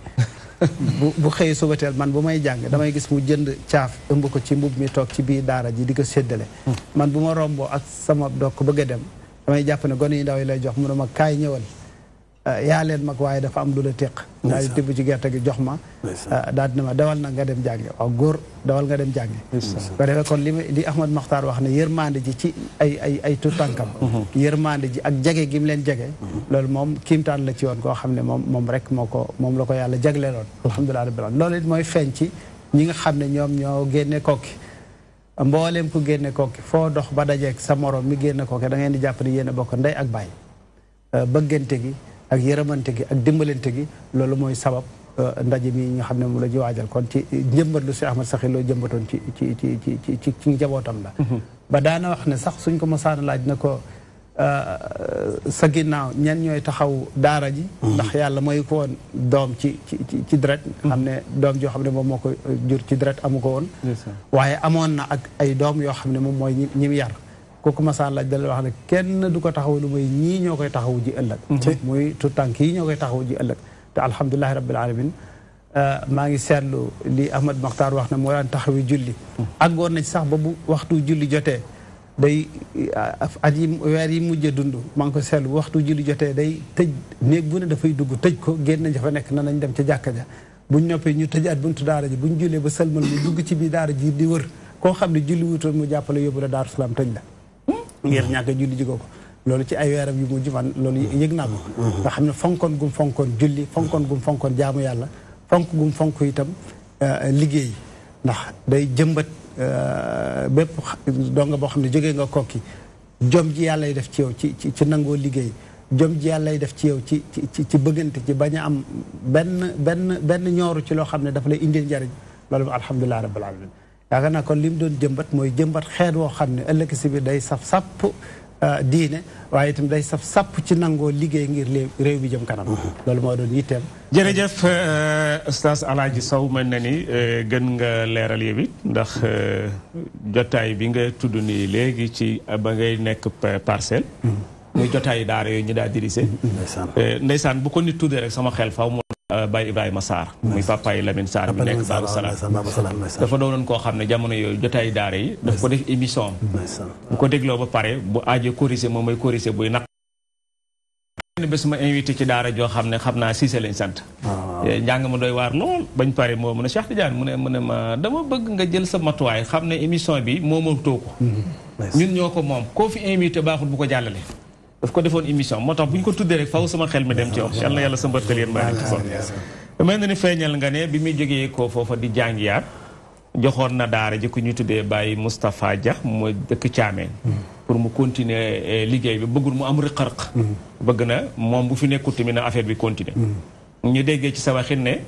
bu bu xëyee subateel man bu may jàng damay gis mu jënd caaf a ko ci mbub mi toog ci biir daara ji di ko séddale mhm. man bu ma romboo ak sama dokk bëgg a dem damay jàpp ne gone yi ndaw yi lay jox mu ne ma kaay ñëwal Euh, yaa leen mag waaye dafa am lu la téq daal di tibb ci gerte gi jox ma euh, daal dina ma dawal na nga dem jàngi waaw góor dawal nga dem jàngi ko defee kon li li Ahmad Maxtaar wax ne yërmande ji ci ay ay ay tuutànkam mhm. yërmande ji ak jege gi mu leen jege mhm. loolu moom kiimtaan la ci woon koo xam ne moom moom rek moo ko moom la ko yàlla jagleeloon alhamdulilah rabbil alamin loolu it mooy feeñ ci ñi nga xam ne ñoom ñoo génne kokki mbooleem ku génne kokki foo dox ba dajeeg sa morom mi génne kokki da ngeen di jàpp ne yéen bokk ndey ak baay euh, bëggante gi ak yërëmante gi ak dimbalante gi loolu mooy sabab euh, ndaje mi nga xam ne moom la ñu waajal kon ci njëmbat lu si Ahmad Saxir loo jëmbatoon ci ci ci ci ci ci njabootam la. Mhm. ba daana wax ne sax suñ ko mosaan laaj na ko euh, sa ginnaaw ñan ñooy taxaw daara ji. Mhm. ndax yàlla mooy ko woon doom ci ci ci deret. Mhm. xam ne doom joo xam ne moom moo ko jur ci deret amu ko woon. waaye amoon na ak ay doom yoo xam ne moom mooy ñi ñi yar. kooku masaan laaj dala wax na kenn du ko taxaw lu mooy ñii ñoo koy taxawu ji ëllëg muy mm-hmm. tu tànk yi ñoo koy taxaw ji ëllëg te alhamdulilahi rabbil alamin euh, maa ngi seetlu li Ahmad Maxtaar wax ne moo daan taxawi julli mm-hmm. àggoon na ci sax ba bu waxtu julli jotee day euh, at yi weer yi mujjee dund maa ngi ko seetlu waxtu julli jotee day tëj néeg bu ne dafay dugg tëj ko génn dafa nekk na nañ dem ca jàkka ja bu ñoppee ñu tëj at buntu daara ji buñ jullee ba sëlmal mu dugg ci biir daara ji di wër koo xam ne julli wutoon mu jàppale yóbbu la Daaru Salaam tëj la ngir ñàkk julli ji ko loolu ci ay weeram yu mujj man loolu yëg naa ko nga xam ne fonkoon gum fonkoon julli fonkoon gum fonkoon jaamu yàlla fonk gum fonk itam euh, liggéey ndax day jëmbat euh, bépp donga boo xam ne jóge nga kokki jom ji yàlla yi def ci yow ci ci nangoo liggéey jom ji yàlla yi def ci yow ci ci ci bëggante ci bañ a am benn benn benn ñooru ci loo xam ne dafa lay indil njariñ loolu alhamdulilah rabbil alamin yaakaar naa kon li mu doon jëmbat mooy jëmbat xeet woo xam ne ëllëg si bi day saf sàpp euh, diine waaye itam day saf sàpp ci nangoo liggéey ngir réew mi jëm kanam. Mhm. loolu moo doon yitteem. jërëjëf euh, Oustaz Alaaji Sow mel na ni euh, gën nga leeral yow it ndax jotaay bi nga tudd nii léegi ci ba ngay nekk parcelle. Mhm. muy jotaay daar yooyu ñu daa dirisé. Mhm. ndeysaan bu ko nit tuddee rek sama xel faw Baye a Sarr muy papaay Lamine Sarr bi nekk Daaru Salaam dafa doonoon koo xam ne jamono yooyu jotaay daara yi daf ko def émission bu ko dégloo ba pare bu aajo corrigé moom mooy corrigé buy naq ci daara joo xam ne xam naa Cissé lañ sant ah. eh, njàng ma doy waar lool bañ pare moo mu ne Cheikh Tidiane mu ne mu ne ma dama bëgg nga jël sa matuwaay xam ne émission bi moomoom too ko mm-hmm. ñun ñoo ko moom koo fi invité baaxul bu ko jàllale daf ko defoon émission moo tax bu ñu ko tuddee rek faw sama xel mi dem ci yow yal na yàlla sa mbërtal yéen baa mel na ni nga ne bi muy jógee ko foofa di jàngiyaat joxoon na daara ji ñu tuddee bàyyi Moustapha Dia mu dëkk Thiamène pour mu continuer eh, liggéey bi bëggul mu am rëq-rëq bëgg na moom bu fi nekkul tamit na affaire bi continuer ñu déggee ci sama xit ne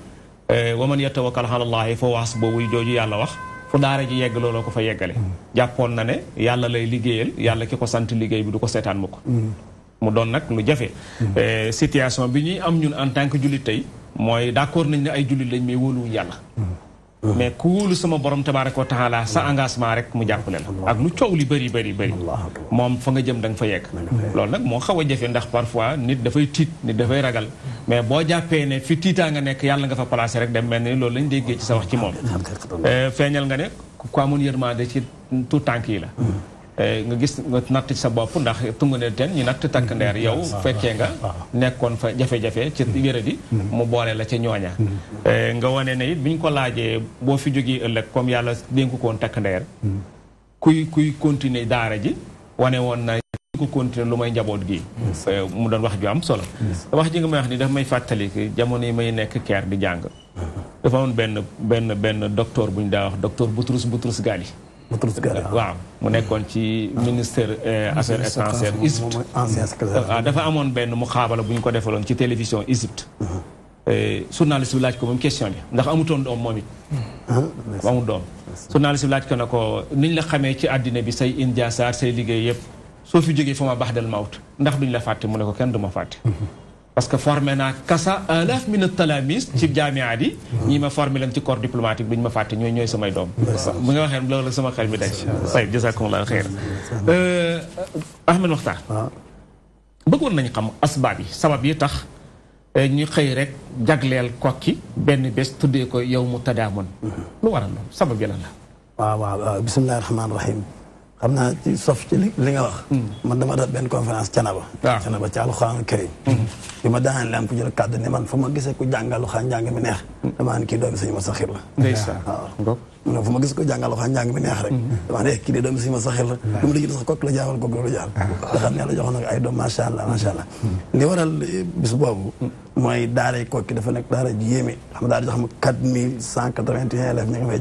eh, waman yatawakkal ala llaahi fa wax boobu jooju yàlla wax fu daara ji yegg looloo ko fa yeggale jàppoon na ne yàlla lay liggéeyal yàlla ki ko sant liggéey bi du ko seetaan mu ko mu doon nag lu jafe eh, situation bi ñuy am ñun en tant que jullit tey mooy d'accord nañ ne ay jullit lañ mais wóoluwuñ yàlla mais ku sama borom tabaaraka wa taala sa engagement rek mu jàppale la ak lu coow li bëri bëri bëri moom fa nga jëm da fa yegg loolu nag moo xaw a jafe ndax parfois nit dafay tiit nit dafay ragal mais boo jàppee ne fi tiitaa nga nekk yàlla nga fa placé rek dem mel ni loolu lañ déggee ci sa wax ci moom eh, feeñal nga ne ku amoon de ci tout tànk yi la hmm. Eh, nga gis nga natt sa bopp ndax tungu ne teen ñu natt takk ndeer mm-hmm. yow ah, fekkee nga ah, ah. nekkoon fa jafe-jafe ci wéra mm-hmm. mm-hmm. mu boole la ca ñooña eh, nga wane ne it bi ñu ko laajee boo fi jógee ëllëg comme yàlla dénku koon takk kuy kuy continuer daara ji wane woon na ko continuer lu may njaboot gi eh, mu doon wax ju am solo wax ji nga may wax ni dafa may fàttali jamono yi may nekk keer di jàng uh-huh. dafa amoon benn benn benn docteur bu ñu daa wax docteur Butrus Butrus Gali Boutros waaw mu nekkoon ci ministère euh, affaires étrangères Égypte waaw euh, ah, dafa amoon benn mu xaabala bu ñu ko defaloon ci télévision Égypte uh-huh. euh, journaliste bi laaj ko moom question bi ndax amutoon doom moom it uh-huh. amul doom journaliste bi laaj ko ne ko niñ la xamee ci àddina bi say india saar say liggéey yëpp soo fi jógee fa ma baax del mawt ndax duñ la fàtte mu ne ko kenn du ma fàtte uh-huh. parce que formé naa kasa alaaf min talamis ci jaamia bi ñi ma formé leen ci corps diplomatique duñ ma fàtte ñooy ñooy samay doom mu nga waxee loolu sama xel mi day tay jazakumullahu xeyr ahmed waxtaan bëggoon nañ xam asbaab yi sabab yi tax ñu xëy rek jagleel kokki benn bés tuddee ko yow mu tadaamoon lu waral loolu sabab yi lan la waaw waaw bismillahi rahmaani rahim xam naa ci sof ci li nga wax. Hmm. man dama def benn conférence canaba. waaw ah. canaba ci alxuraan karim. Hmm. bi ma daaneel am ku jël kàddu man fu ma gisee ku jàngal alxuraan njàng mi neex. Hmm. damaa ne kii doomi la. ndeysaan ah. Ah. ma gis ko jàngal alxuraan njàng mi neex rek. damaa ne kii de doomi sëñ ma saxir la. lu mu la jël sax kooku la la jaawal. nga xam ne yàlla dafa nekk daara ji yéeme xam daara joo xam ne quatre mille cent quatre et un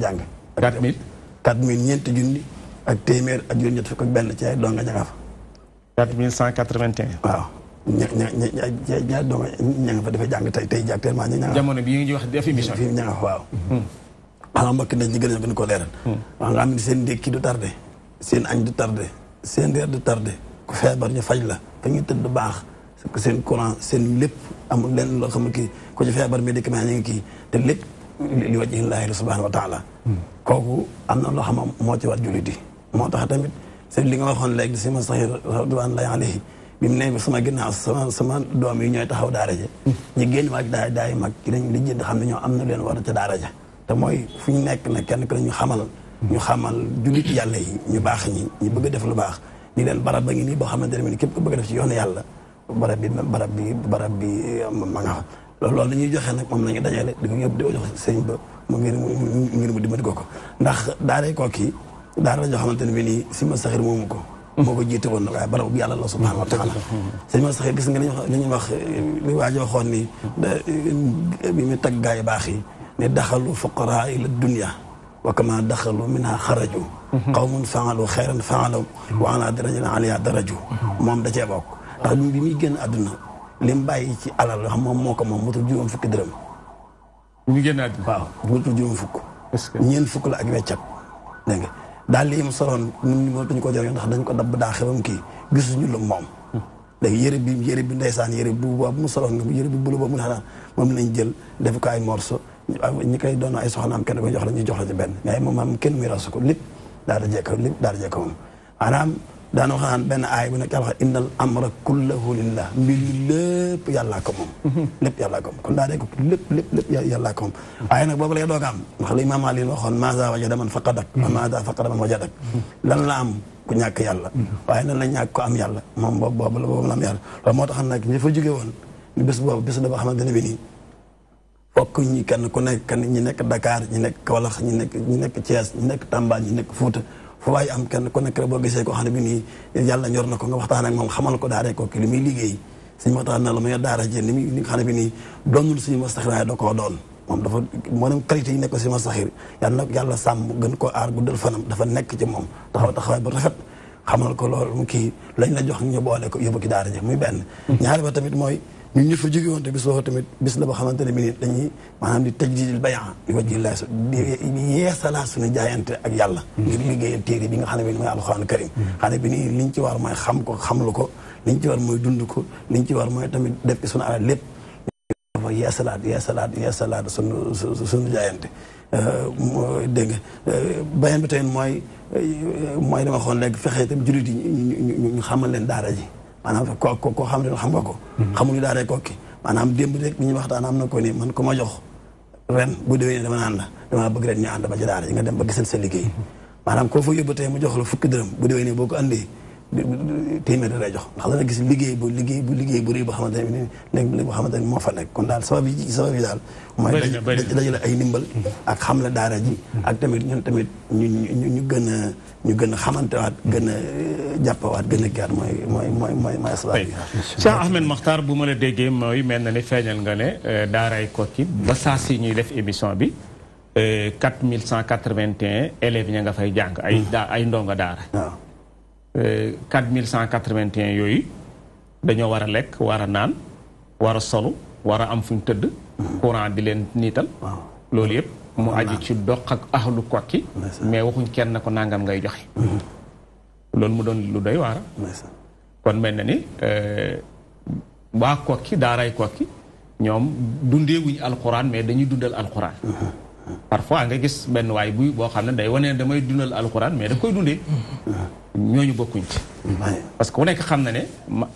jàng. quatre mille quatre mille ñeenti junni ak téeméer ak juróom-ñett fukk ak benn ci ay donga ña nga fa. 4181. ña ña ña ña donga ña nga fa dafay jàng tey tey actuellement ña nga. jamono bii ngi fa waaw. Hmm. xanaa mbokk nañ ñi gën a gën koo leeral. Hmm. waaw nga xam ne seen ndékki du tardé. seen añ du tardé. seen reer du tardé. ku feebar ñu faj la fa ñu tëdd baax. seen courant seen lépp amul lenn loo xam ne kii ku ci feebar médicament ñu ngi kii te lépp li wajhi llaahi subhaanahu wa hmm. kooku am na loo xam moo ci war jullit yi moo tax tamit c'est li nga waxoon léegi si ma saxir radwanullahi alayhi bi mu ne sama ginnaaw sama sama doom yi ñooy taxaw daara ja ñi génn waag daa daay mag ci dañ li jënd xam ne ñoo am na leen war a ca daara ja te ñu nekk na kenn ku ne ñu xamal ñu xamal jullit yàlla yi ñu baax ñi ñu bëgg a def lu baax ñu leen barab ba ngi nii boo xamante ne képp ku bëgg a def ci yoonu yàlla barab bi barab bi barab bi ma nga loolu loolu la ñuy joxe nag moom la ñu dajale di ko yëpp di ko jox sëñ ba mu ngir mu ngir mu dimbali ko ko ndax daaree kooki daara jo xamanteni bi ni sima saxir moomu ko moko jité won woon na waaye bi yàlla subhanahu wa taala sima saxir gis nga li ñu wax li waajoo xoon ni bi mi tag gaay baax yi ne daxalu fuqaraa ila dunya wa kama dakhalu minha kharaju qawmun faalu xeyran faalu wa ala darajin aliya daraju mom da ci bok ndax ñu bi mi gën aduna lim bàyyi ci alal yoo xam moom moo ko moom juróom fukki dërëm ñu gën aduna waaw mutu juróom fukk ñeent fukk la ak weccat dégg nga daal li mu soloon ñun dañu ko jëriñoo ndax dañ ko dabb daa xewam kii gisuñu lu moom. léegi yére bi yére bi ndeysaan yére bu bu mu soloon nga yére bi bu la ba mu ne xanaa moom lañ jël def ko ay morso ñi koy doon ay soxnaam kenn ko jox la ñu jox la ci benn moom am kenn muy rasu ko lépp daa di jekk lépp daal di jekk moom maanaam daana waxaan benn aay bu nekk yàlla wax innal amra kullahu lillah ko moom lépp yàllaa ko daa dee ko lépp lépp lépp yàllaa ko moom waaye nag boobu lay doog am ndax li imaam Ali waxoon maasa wajada man faqadak wa maasa faqada man wajadak lan am ku ñàkk yàlla waaye lan la ñàkk ko am yàlla moom boobu boobu la boobu la am yàlla loolu moo tax nag ñi fa jóge woon ñu bés boobu bés dafa xamante ne bi nii ñi kenn ku nekk kenn ñi nekk Dakar ñi nekk Kaolack ñi nekk ñi nekk ñi nekk Tamba ñi nekk Fouta fu waaye am kenn ku nekk boo gisee koo xam bi nii yàlla ñor na ko nga waxtaan ak moom xamal ko daaree ko ki li muy liggéey suñu waxtaan na la mu yor daara ji ni muy ni da koo doon moom dafa maanaam qualité yi nekk ko suñu mastaxir yàlla nag yàlla sàmm gën koo aar guddal fanam dafa nekk ci moom taxaw taxawaay bu rafet xamal ko loolu mu kii lañ la jox ñu boole ko yóbbu ki daara ji muy benn hmm. ñaari ba tamit mooy ñun ñu fa jóge woon te bis boobu tamit bis la boo xamante ne bi ni dañuy maanaam di tajdidil bayaa di wajjilaay su yeesalaa suñu jaayante ak yàlla ngir liggéeyal téere bi nga xam ne bi ni mooy alxuraan karim xam ne bi nii liñ ci war mooy xam ko xam lu ko liñ ci war mooy dund ko liñ ci war mooy tamit def ci suñu alal lépp dafa yeesalaat yeesalaat yeesalaat suñu suñu jaayante euh, dégg nga euh, bayan bi tamit mooy euh, mooy dama xoon lekk fexee itam jullit yi ñu xamal leen daara ji maanaam ko ko koo xam ne xam nga ko hmm. xamuñu daaree kokki maanaam démb rek ni ñuy waxtaan am na ko ni man ko ma jox ren bu déwénee dama naan la dama bëgg ren ñu ànd ba ci daara ji nga dem ba gisal sa liggéey hmm. maanaam koo fa yóbbu tey mu jox la fukki dërëm bu déwénee boo ko andee téeméer lay jox ndax dana gis liggéey bu liggéey bu liggéey bu rëy boo xamante ne nekk boo xamante ne moo fa nekk kon daal sabab yi sabab yi daal mooy dajale ay ndimbal mm-hmm. ak xamle daara ji mm-hmm. ak tamit ñun tamit ñu gën a ñu gën a xamantewaat gën a euh, jàppawaat gën a gaat mooy mooy mooy mooy mooy sabab yi Cheikh Ahmed Makhtar bu ma la déggee mooy mel na ni feeñal nga ne euh, daaray Koki ba saa si ñuy def émission bi 4181 euh, élèves ña nga fay jàng ay mm. daa ay ndonga daara Euh, quatre mille cent quatre-vingt-un yooyu dañoo war a lekk war a naan war a solu war a am fu ñu tëdd courant di leen niital loolu yëpp mu aju ci dox ak ahlu kokki mais waxuñ kenn na ko nangam ngay joxe mm-hmm. loolu mu doon lu doy waara kon mel na ni euh, waa kokki daaray kokki ñoom dundeewuñ alxuraan mais dañuy dundal alxuraan mm-hmm. parfois nga gis ben way bu bo xamne day wane damay dundal alcorane mais da koy dundé hmm. ñoñu bokkuñ ci parce que ku ka xam na ne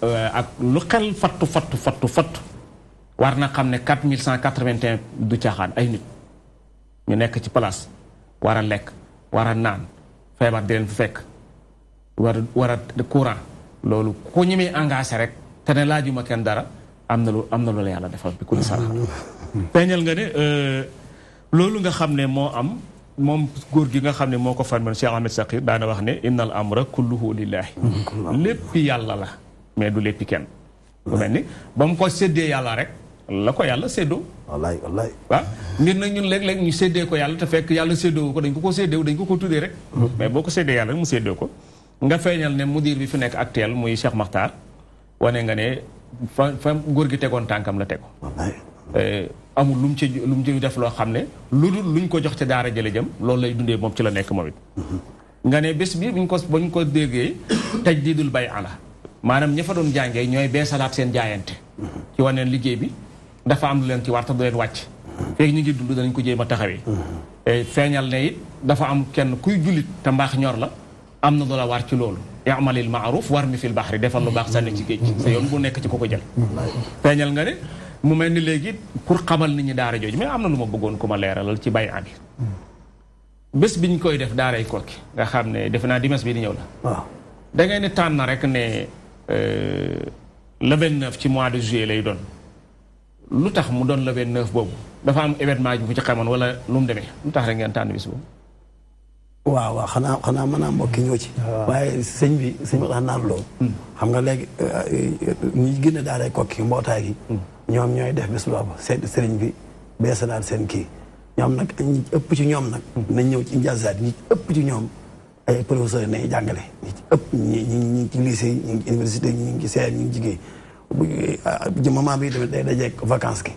euh, ak lu xel fatu fatu fatu fatu warna xamne 4181 du tiaxan ay nit ñu nekk ci place wara lek wara nan febar di len fu fekk wara a war courant lolu ko ñemee engagé rek te ne laajuma ken dara amna lu amna lu la yàlla defal bi ko sa saraxa feeñal nga ne euh, loolu nga xam ne moo am moom góor gi nga xam ne moo ko farman Cheikh Ahmed Saqir daana wax ne innal amra kulluhu lillahi lépp yàlla la mais du lépp kenn bu mel ba mu ko seddee yàlla rek la ko yàlla séddoo wallaay wallaay waaw ah, mbir nag ñun léeg-léeg ñu seddee ko yàlla te fekk yàlla séddoo ko dañ ko ko séddee dañ ko ko tuddee rek mais boo ko séddee yàlla rek mu séddoo ko nga feeñal ne mudir bi fi nekk actuel muy Cheikh Makhtar wane nga ne fa fa góor gi tegoon tànkam la teg amul lu mu ci lu mu ci def loo xam ne lu dul luñ ko jox ca daara jële jëm loolu lay dundee moom ci la nekk moom it nga ne bés bi buñ ko buñ ko déggee taj dul bay ala maanaam ña fa doon jàngee ñooy salaat seen jaayante ci waneen liggéey bi dafa am lu leen ci war te du wàcc feeg ñu ngi dund danañ ko jéem a taxawee feeñal ne dafa am kenn kuy jullit te mbaax ñor la am na loola war ci loolu amalil maaruf war mi fil baxri defal lu baax sànni ci géej sa yoon bu nekk ci ko ko jël feeñal nga ne mu mel ni léegi pour xamal ni ñu daara jooju mais am na lu ma bëggoon ku ma leeralal ci bay bi bés bi ñu koy def daaray Koki nga xam ne defe naa dimanche bi di ñëw la. waaw da ngay ne tànn rek ne euh, le 29 ci mois de juillet lay doon lu tax mu doon le 29 boobu dafa am événement bu ci xamoon wala lu mu demee lu tax rek ngeen tànn bés boobu. waaw waaw xanaa xanaa mën naa mbokki ñoo ci. waaye sëñ bi sëñ bi wax naan loolu. Hmm. xam nga léegi euh, euh, ñi gën a daaray Koki mbootaay gi. Hmm. ñoom ñooy def bés boobu seet sëriñ bi beesalaat seen kii ñoom nag ñi ëpp ci ñoom nag nañ ñëw ci njaasaat ñi ëpp ci ñoom ay professeurs nañu jàngale ñi ci ëpp ñi ñi ñi ngi ci lycée ñi ngi ci université ñi ngi ci seer ñi ngi jigéen bu ah, bi tamit day dajeeg vacances ki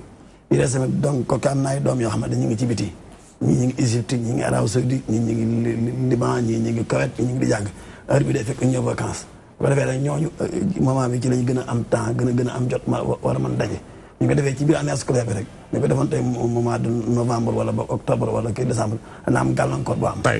di des tamit am na ay doom yoo xam ne ñu ngi ci biti ñii ñu ngi ñi ngi Arabie Saoudite ñii ñu ngi Liban ñii ñu ngi Koweït ngi di jàng bi day fekk ñëw vacances bu ko ñooñu euh, moment bi ci lañ gën a am temps gën a gën a am jot ma war a mën daje ñu ko defee ci biir année scolaire bi rek ñu ko defoon tey de novembre wala ba octobre wala kii décembre na am gàllankoor bu am a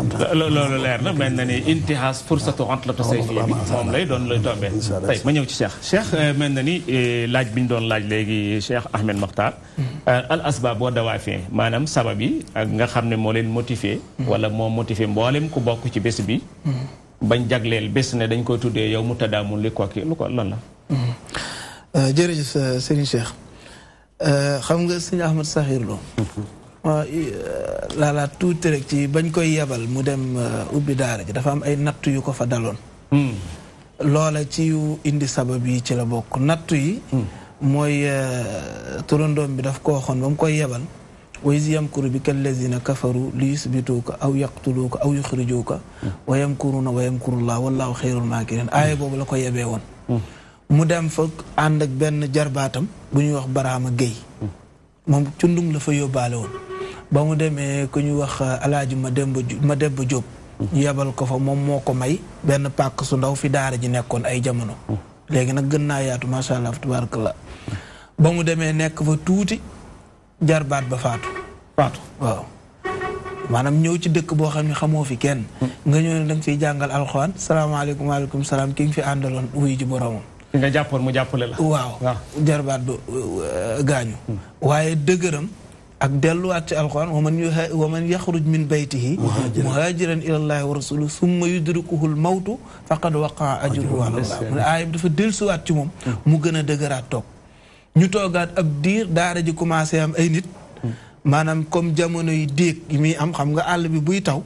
am temps loolu leer na mel na ni intihaas fursatu antla to say fii moom lay doon lay tombee tey ma ñëw ci Cheikh Cheikh euh, mel na ni euh, laaj bi ñu doon laaj léegi Cheikh Ahmed Makhtar mm-hmm. euh, al asbab boo dawaa fee maanaam sabab yi ak nga xam ne moo leen motivé mm-hmm. wala moo motivé mboolem ku bokk ci bés bi mm-hmm. bañ jagleel bés ne dañ koy tuddee yow mu taddaamul li kooki lu ko Euh, jërëjëf euh, Serigne Cheikh euh, xam nga sëñ Ahmad Saxiir Lo waaw laalaa tuuti rek ci bañ koy yebal mu dem ubbi daara ji dafa am ay nattu yu ko fa daloon hmm. loola ci yu indi sabab yi ci la bokk nattu yi hmm. mooy turandoom bi daf koo waxoon ba mu koy yebal wa iz yamkuru bika allazina kafaru li yusbituuka aw yaqtuluuka aw yuxrijuuka hmm. wa yamkuruuna wa yamkurullah wallahu xayrul maakirin aaya boobu la ko yebee woon mu dem foog ànd ak benn jarbaatam bu ñuy wax Baraama Géy moom cundum la fa yóbbaale woon ba mu demee ku eh, ñu wax alaaji ma demba ma demba Jóob yebal ko fa moom moo ko may benn pàkk su ndaw fi daara ji nekkoon ay jamono léegi nag gën naa yaatu macha allah tabarakallah ba mu demee nekk fa tuuti jarbaat ba faatu faatu waaw maanaam ñëw ci dëkk boo xam ne xamoo fi kenn mm. nga ñëw ne da nga fiy jàngal alxuraan salaamaaleykum waaleykum salaam ki fi àndaloon wuyu ji boromam nga jàppoon mu jàppale la. waaw jarbaat du euh, gaañu. Hmm. waaye dëgëram. ak delluwaat ci alquran wa man wa man yaxruj min baytihi muhajiran ila llahi wa rasuli summa yudrikuhu l mawtu faqad waqaa ajruhu ala llah mu ne aaya bi dafa dellusiwaat ci moom hmm. mu gën a dëgëraat toog ñu toogaat ab diir daara ji commencé am ay nit hmm. maanaam comme jamono yi déeg yi muy am xam nga àll bi buy taw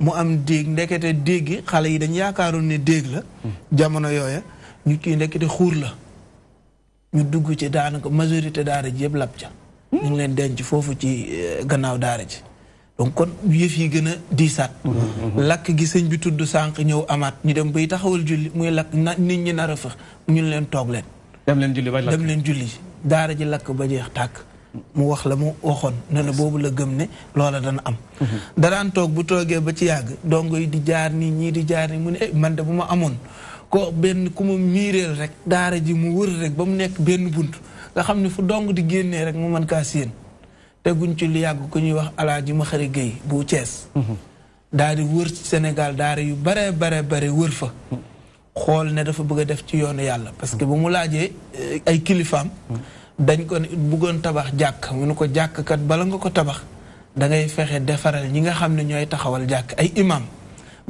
mu am déeg ndekete déeg gi xale yi dañ yaakaaroon ne déeg la jamono yooya ñu kii di xuur la ñu dugg ci daanaka majorité daara ji yëpp lab ca ñu ngi leen denc foofu ci eh, gannaaw daara ji donc kon yëf yi gën a diisaat lakk gi sëñ bi tudd sànq ñëw amaat ñu dem bay taxawal julli muy lakk na nit ñi nar a fa ñu leen toog leen dem leen julli ba dem leen julli daara ji lakk ba jeex tàkk mu wax la mu waxoon ne la boobu la gëm ne loola dana am mhm. danaan toog bu toogee ba ci yàgg dongo yi di jaar nii ñii di jaar nii mu ne eh, man de bu ma amoon ko benn ku mu miireel rek daara ji mu wër rek ba mu nekk benn bunt nga xam ne fu dong di génnee rek mu mën kaa séen teguñ ci lu yàgg ku ñuy wax ma xari géey bu cees mhm. daal di wër Sénégal daara yu bare bare bare wër fa. Mhm. xool ne dafa bëgg a def ci yoonu yàlla parce que mhm. bu mu laajee eh, ay kilifaam. dañ ko buggoon tabax jàkk mu ne ko jàkk kat bala nga ko tabax dangay fexe defaral ñi nga xam ne ñooy taxawal jàkk ay imam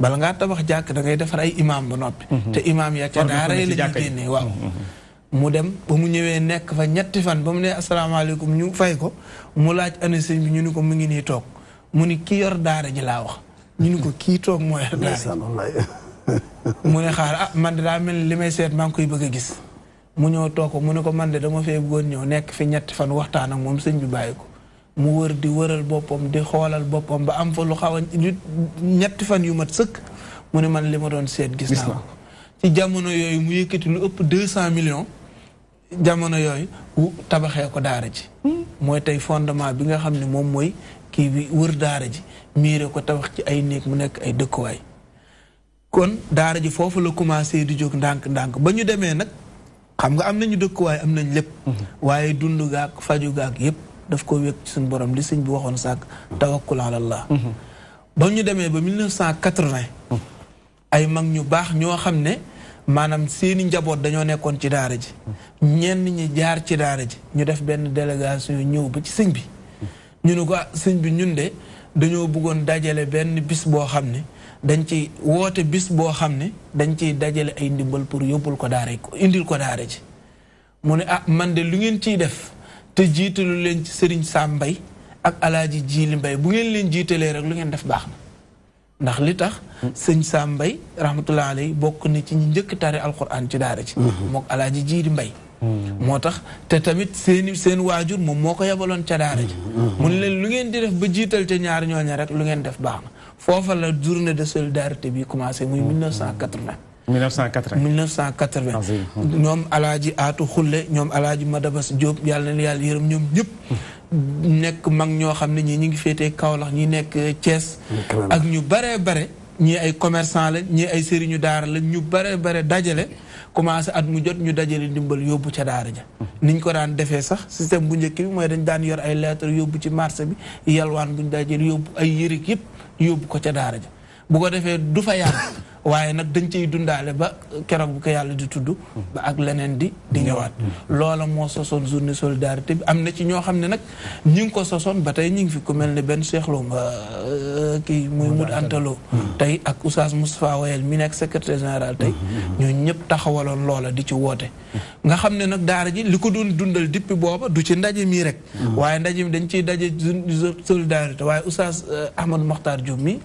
bal nga tabax jak da ngay defar ay imam ba nopi mhm. te imam ya ca dara yi la ñuy génnee waaw mhm. mu dem ba mu ñëwee nek fa ñetti fan ba mu assalamu alaykum ñu fay ko mu laaj ané sëñ bi ñu ni ko mu ngi ni tok mu ni ki yor dara ji la wax ñu ni ko ki tok moy dara mu ne xaar ah man da mel limay koy bëgg gis mu ñoo tok mu ne ko man de dama fay bëggoon ñoo nek fi ñetti fan waxtaan ak mom sëñ bi bayiko mu wër di wëral boppam di xoolal boppam ba am fa lu xaw a ñetti fan yu mat sëkk mu ne man li ma doon seet gis naa ko ci jamono yooyu mu yëkkati lu ëpp deux cent million jamono yooyu tabaxee ko daara ji tey fondement bi nga xam ne moom mooy kii bi wër daara ji miire ko tabax ci ay néeg mu nekk ay dëkkuwaay kon daara ji foofu la commencé di jóg ndànk-ndànk ba ñu demee nag xam nga am nañu dëkkuwaay am nañ lépp mhm. waaye dund gaak faju gaak yépp daf ko wékk ci suñu borom li sëñ bi waxoon sàkk tawakkul alallah mhm. ba ñu demee ba 1980 ay mag ñu baax ñoo xam ne maanaam seeni njaboot dañoo nekkoon ci daara ji ñenn ñi jaar ci daara ji ñu def benn délégation ñëw ba ci sëñ bi ñu ne ko ah, sëñ bi ñun de dañoo buggoon dajale benn bis boo xam ne dañ ci woote bis boo xam ne dañ ciy dajale ay ndimbal pour yóbbul ko daara ko indil ko daara ji mu ne ah man de lu ngeen ciy def te jiitalu leen ci sëriñ Sam Mbaye ak alaaji Jili mbay bu ngeen leen jiitalee rek lu ngeen def baax na ndax li tax sëñ Sam Mbaye rahmatullah alayhi bokk na ci ñu njëkk tari alquran ci daara ci mhm. mook alaaji Jili Mbaye mhm. moo tax te tamit seeni seen waajur moom moo ko yabaloon ca daara ji mhm. mu leen lu ngeen di def ba jiital ca ñaar ñooña rek lu ngeen def baax na foofa la journée de solidarité bi commencé muy 1980 1980 1980. ñoom alaaji aatu xulle ñoom alaaji madabas Diop yàlla na yàlla yërëm ñoom ñëpp. nekk mag ñoo xam ne ñii ñu ngi féetee Kaolack ñi nekk cees ak ñu baree bare ñi ay commerçant lañ ñii ay sëriñu daara la ñu baree bare dajale. commencé at mu jot ñu dajale ndimbal yóbbu ca daara ja niñ ko daan defee sax système bu njëkk bi mooy dañ daan yor ay lettre yóbbu ci marché bi yalwaan buñ dajale yóbbu ay yërig yëpp yóbbu ko ca daara ja bu ko defee du fa waaye nag dañ ciy dundaale ba keroog bu ko yàlla di tudd ba ak leneen di di ñëwaat hmm. loola moo sosoon journée solidarité bi am na ci ñoo xam ne nag ñi ngi ko sosoon ba tey ñi ngi fi ku mel ne benn seexloo euh, kii muy mut antaloo hmm. tey ak oustaz Moustapha Wayel mi nekk secrétaire général tey hmm. ñoo ñëpp taxawaloon loola di ci woote nga xam ne nag daara ji li ko doon dundal dippi booba du ci ndaje mii rek waaye ndaje mi dañ ciy daje solidarité waaye oustaz euh, Ahmad Mokhtar Diop mi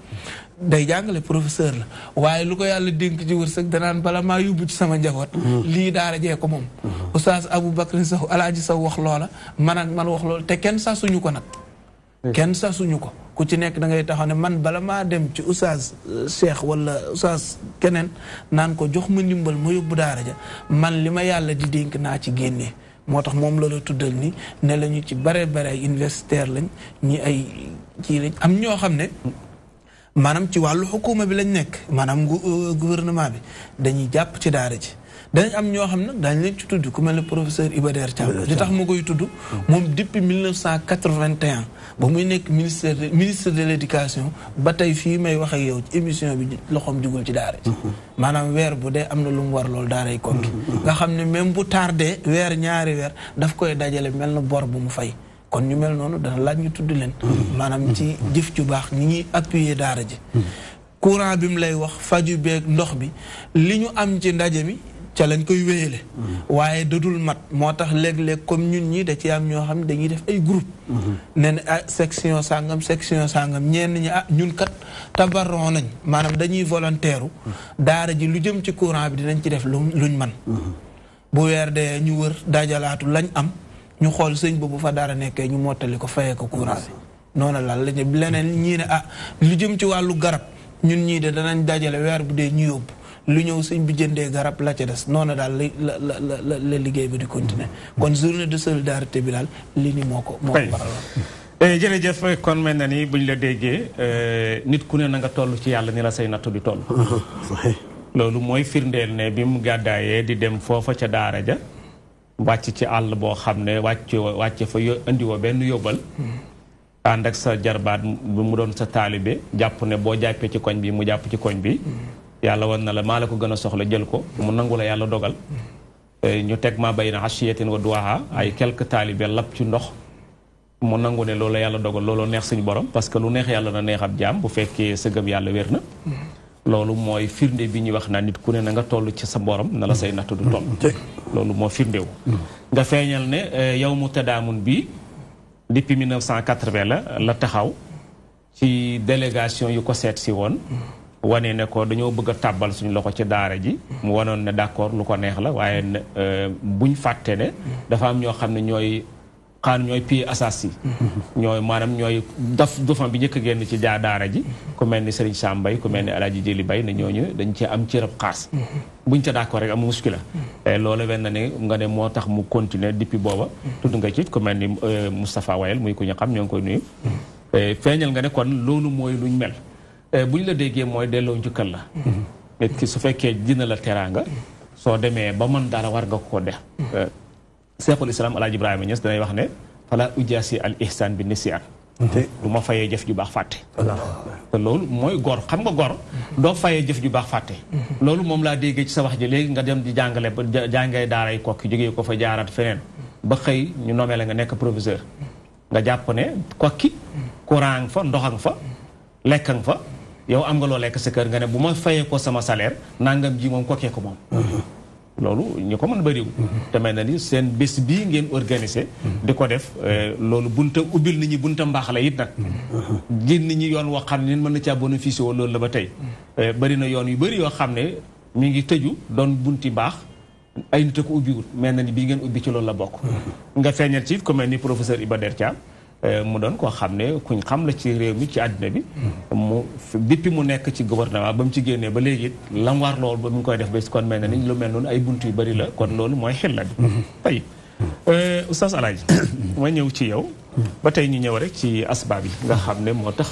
day jàngale professeur la waaye lu ko yàlla dénk ci wërsëg danaan bala maa yóbbu ci sama njaboot. lii daara jee ko moom. oustaz Abu Bakrin sax alaaj sax wax loola man ak man wax loola te kenn sa suñu ko nag. kenn sa suñu ko ku ci nekk da ngay taxaw ne man bala maa dem ci oustaz euh, Cheikh wala oustaz keneen naan ko jox ma ndimbal ma yóbbu daara ja man li ma yàlla di dénk naa ci génnee. moo tax moom la tuddal nii ne la ñu ci bare bare ay universitaire lañ ñi ay kii lañ am maanaam ci wàllu xukuma bi lañ nekk maanaam euh, gouvernement bi dañuy jàpp ci daara ci dañ am ñoo xam nag daañu leen ci tudd ku mel ne professeur Iba Der Thiam li tax ma koy tudd moom depuis 1981 ba muy nekk ministère ministre de l'éducation ba tey fii may wax ak yow ci émission bi loxoom jugul ci daara ji mm-hmm. maanaam weer bu dee am na lu mu war loolu daaray kont mm-hmm. nga xam ne même bu tardé weer ñaari weer daf koy dajale mel na bor bu mu fay kon ñu mel noonu dana laaj ñu tudd leen maanaam ci jëf ju baax ñi ngi appuyer daara ji courant bi mu lay wax faju beeg ndox bi li ñu am ci ndaje mi ca lañ koy wéyale waaye dadul mat moo tax léeg-léeg comme ñun ñi da ci am ñoo xam ne dañuy def ay groupe nee na ah section sàngam section sàngam ñenn ñi ah ñun kat tabaron nañ maanaam dañuy volontaire daara ji lu jëm ci courant bi dinañ ci def lu luñ man bu weer dee ñu wër dajalaatu lañ am ñu xool sëñ ba bu fa dara nekkee ñu mottali ko fayee ko courant bi noonu laal la leneen ñii ne ah lu jëm ci wàllu garab ñun ñii de danañ dajale weer bu dee ñu yóbbu lu ñëw sëñ bu jëndee garab la ca des noonu daal la la la la liggéey bi di continuer kon journée de solidarité bi daal li ni moo ko moo ko waral eh, jërëjëf kon mel na nii bu ñu la déggee eh, nit ku ne na nga toll ci yàlla ni la say nattu di toll loolu mooy firndeel ne bi mu gàddaayee di dem foofa ca daara ja wàcc ci àll boo xam ne wàcc wàcc fa indi woo benn yóbbal ànd ak sa jarbaat bu mu doon sa taalibe jàpp ne boo jàppee ci koñ bi mu jàpp ci koñ bi yàlla war na la maa la ko gën a soxla jël ko mu nangu la yàlla dogal ñu teg maa bay na asiyatin wa duwaha ay quelque taalibe lap ci ndox mu nangu ne loolu yàlla dogal looloo neex suñu borom parce que lu neex yàlla na neex ab jaam bu fekkee sa gëm yàlla wér na loolu mooy firnde bi ñuy wax naa nit ku ne na nga toll ci sa borom na la say natt du toll mm. loolu moo firndewu mm. nga feeñal ne eh, yow mu tadaamun bi depuis 1980 la la taxaw ci délégation yu ko seet si woon mm. wane ne ko dañoo bëgg a tàbbal suñu loxo ci daara ji mu wanoon ne d'accord lu ko neex la waaye eh, buñ fàtte ne dafa am ñoo xam ne ñooy xaar ñooy pied assass yi ñooy maanaam ñooy daf dofan bi njëkk a génn ci daara ji ku mel ni Serigne Sam Mbaye ku mel ni Alaaji Jili Bay na ñooñu dañ ci am cërëb xaas buñ ca d'accord rek am muskila te loolu wenn na ne nga ne moo tax mu continuer depuis booba tudd nga ci ku mel ni euh, Moustapha Wayel muy ku ñu xam ñoo ko koy nuyu feeñal nga ne kon loolu mooy luñ mel buñ la déggee mooy delloo njukkal la nit ki su fekkee dina la teraanga soo demee ba mën dara war nga ko def seexul islam alaaji Ibrahima Niass danay wax ne fala ujaasi al ihsan bi nisyan te du ma fayee jëf ju baax fàtte te loolu mooy gor xam nga gor doo fayee jëf ju baax fàtte loolu moom laa déggee ci sa wax ji léegi nga dem di jàngale ba jàngee daaray kokki jógee ko fa jaaraat feneen ba xëy ñu nommé la nga nekk proviseur nga jàpp ne kokki courant fa ndoxang fa lekkan fa yow am nga loo lekk sa kër nga ne bu ma fayee ko sama salaire nangam ji moom kokkee ko moom loolu ñu ko mën bëriwul. Mhm. te mel na ni seen bés bii ngeen organisé. di ko def euh, loolu bunta ubbil nit ñi bunta mbaax la it nag. Mhm. génn ni ñi yoon wax xam ne mën na caa bénéficié woo loolu la ba tey. Mhm. Euh, bëri na yoon yu bëri yoo xam ne mi ngi tëju doon bunti baax ay nit a ko ubbiwul mel na ni bii ngeen ubbi ci loolu la bokk. nga feeñal ci ku mel ni professeur Iba Der Thiam Euh, mu doon koo xam ne kuñ xam la ci réew mi ci àddina bi mu bippi mu nekk ci gouvernement ba mu ci génnee ba léegi lam war loolu ba mu ngi koy def bés kon mel na ni lu mel noonu ay bunt yu bari la kon loolu mooy xel la bi tey euh, oustaz Alaaji ma ñëw ci yow ba tey ñu ñëw rek ci asbaab yi nga xam ne moo tax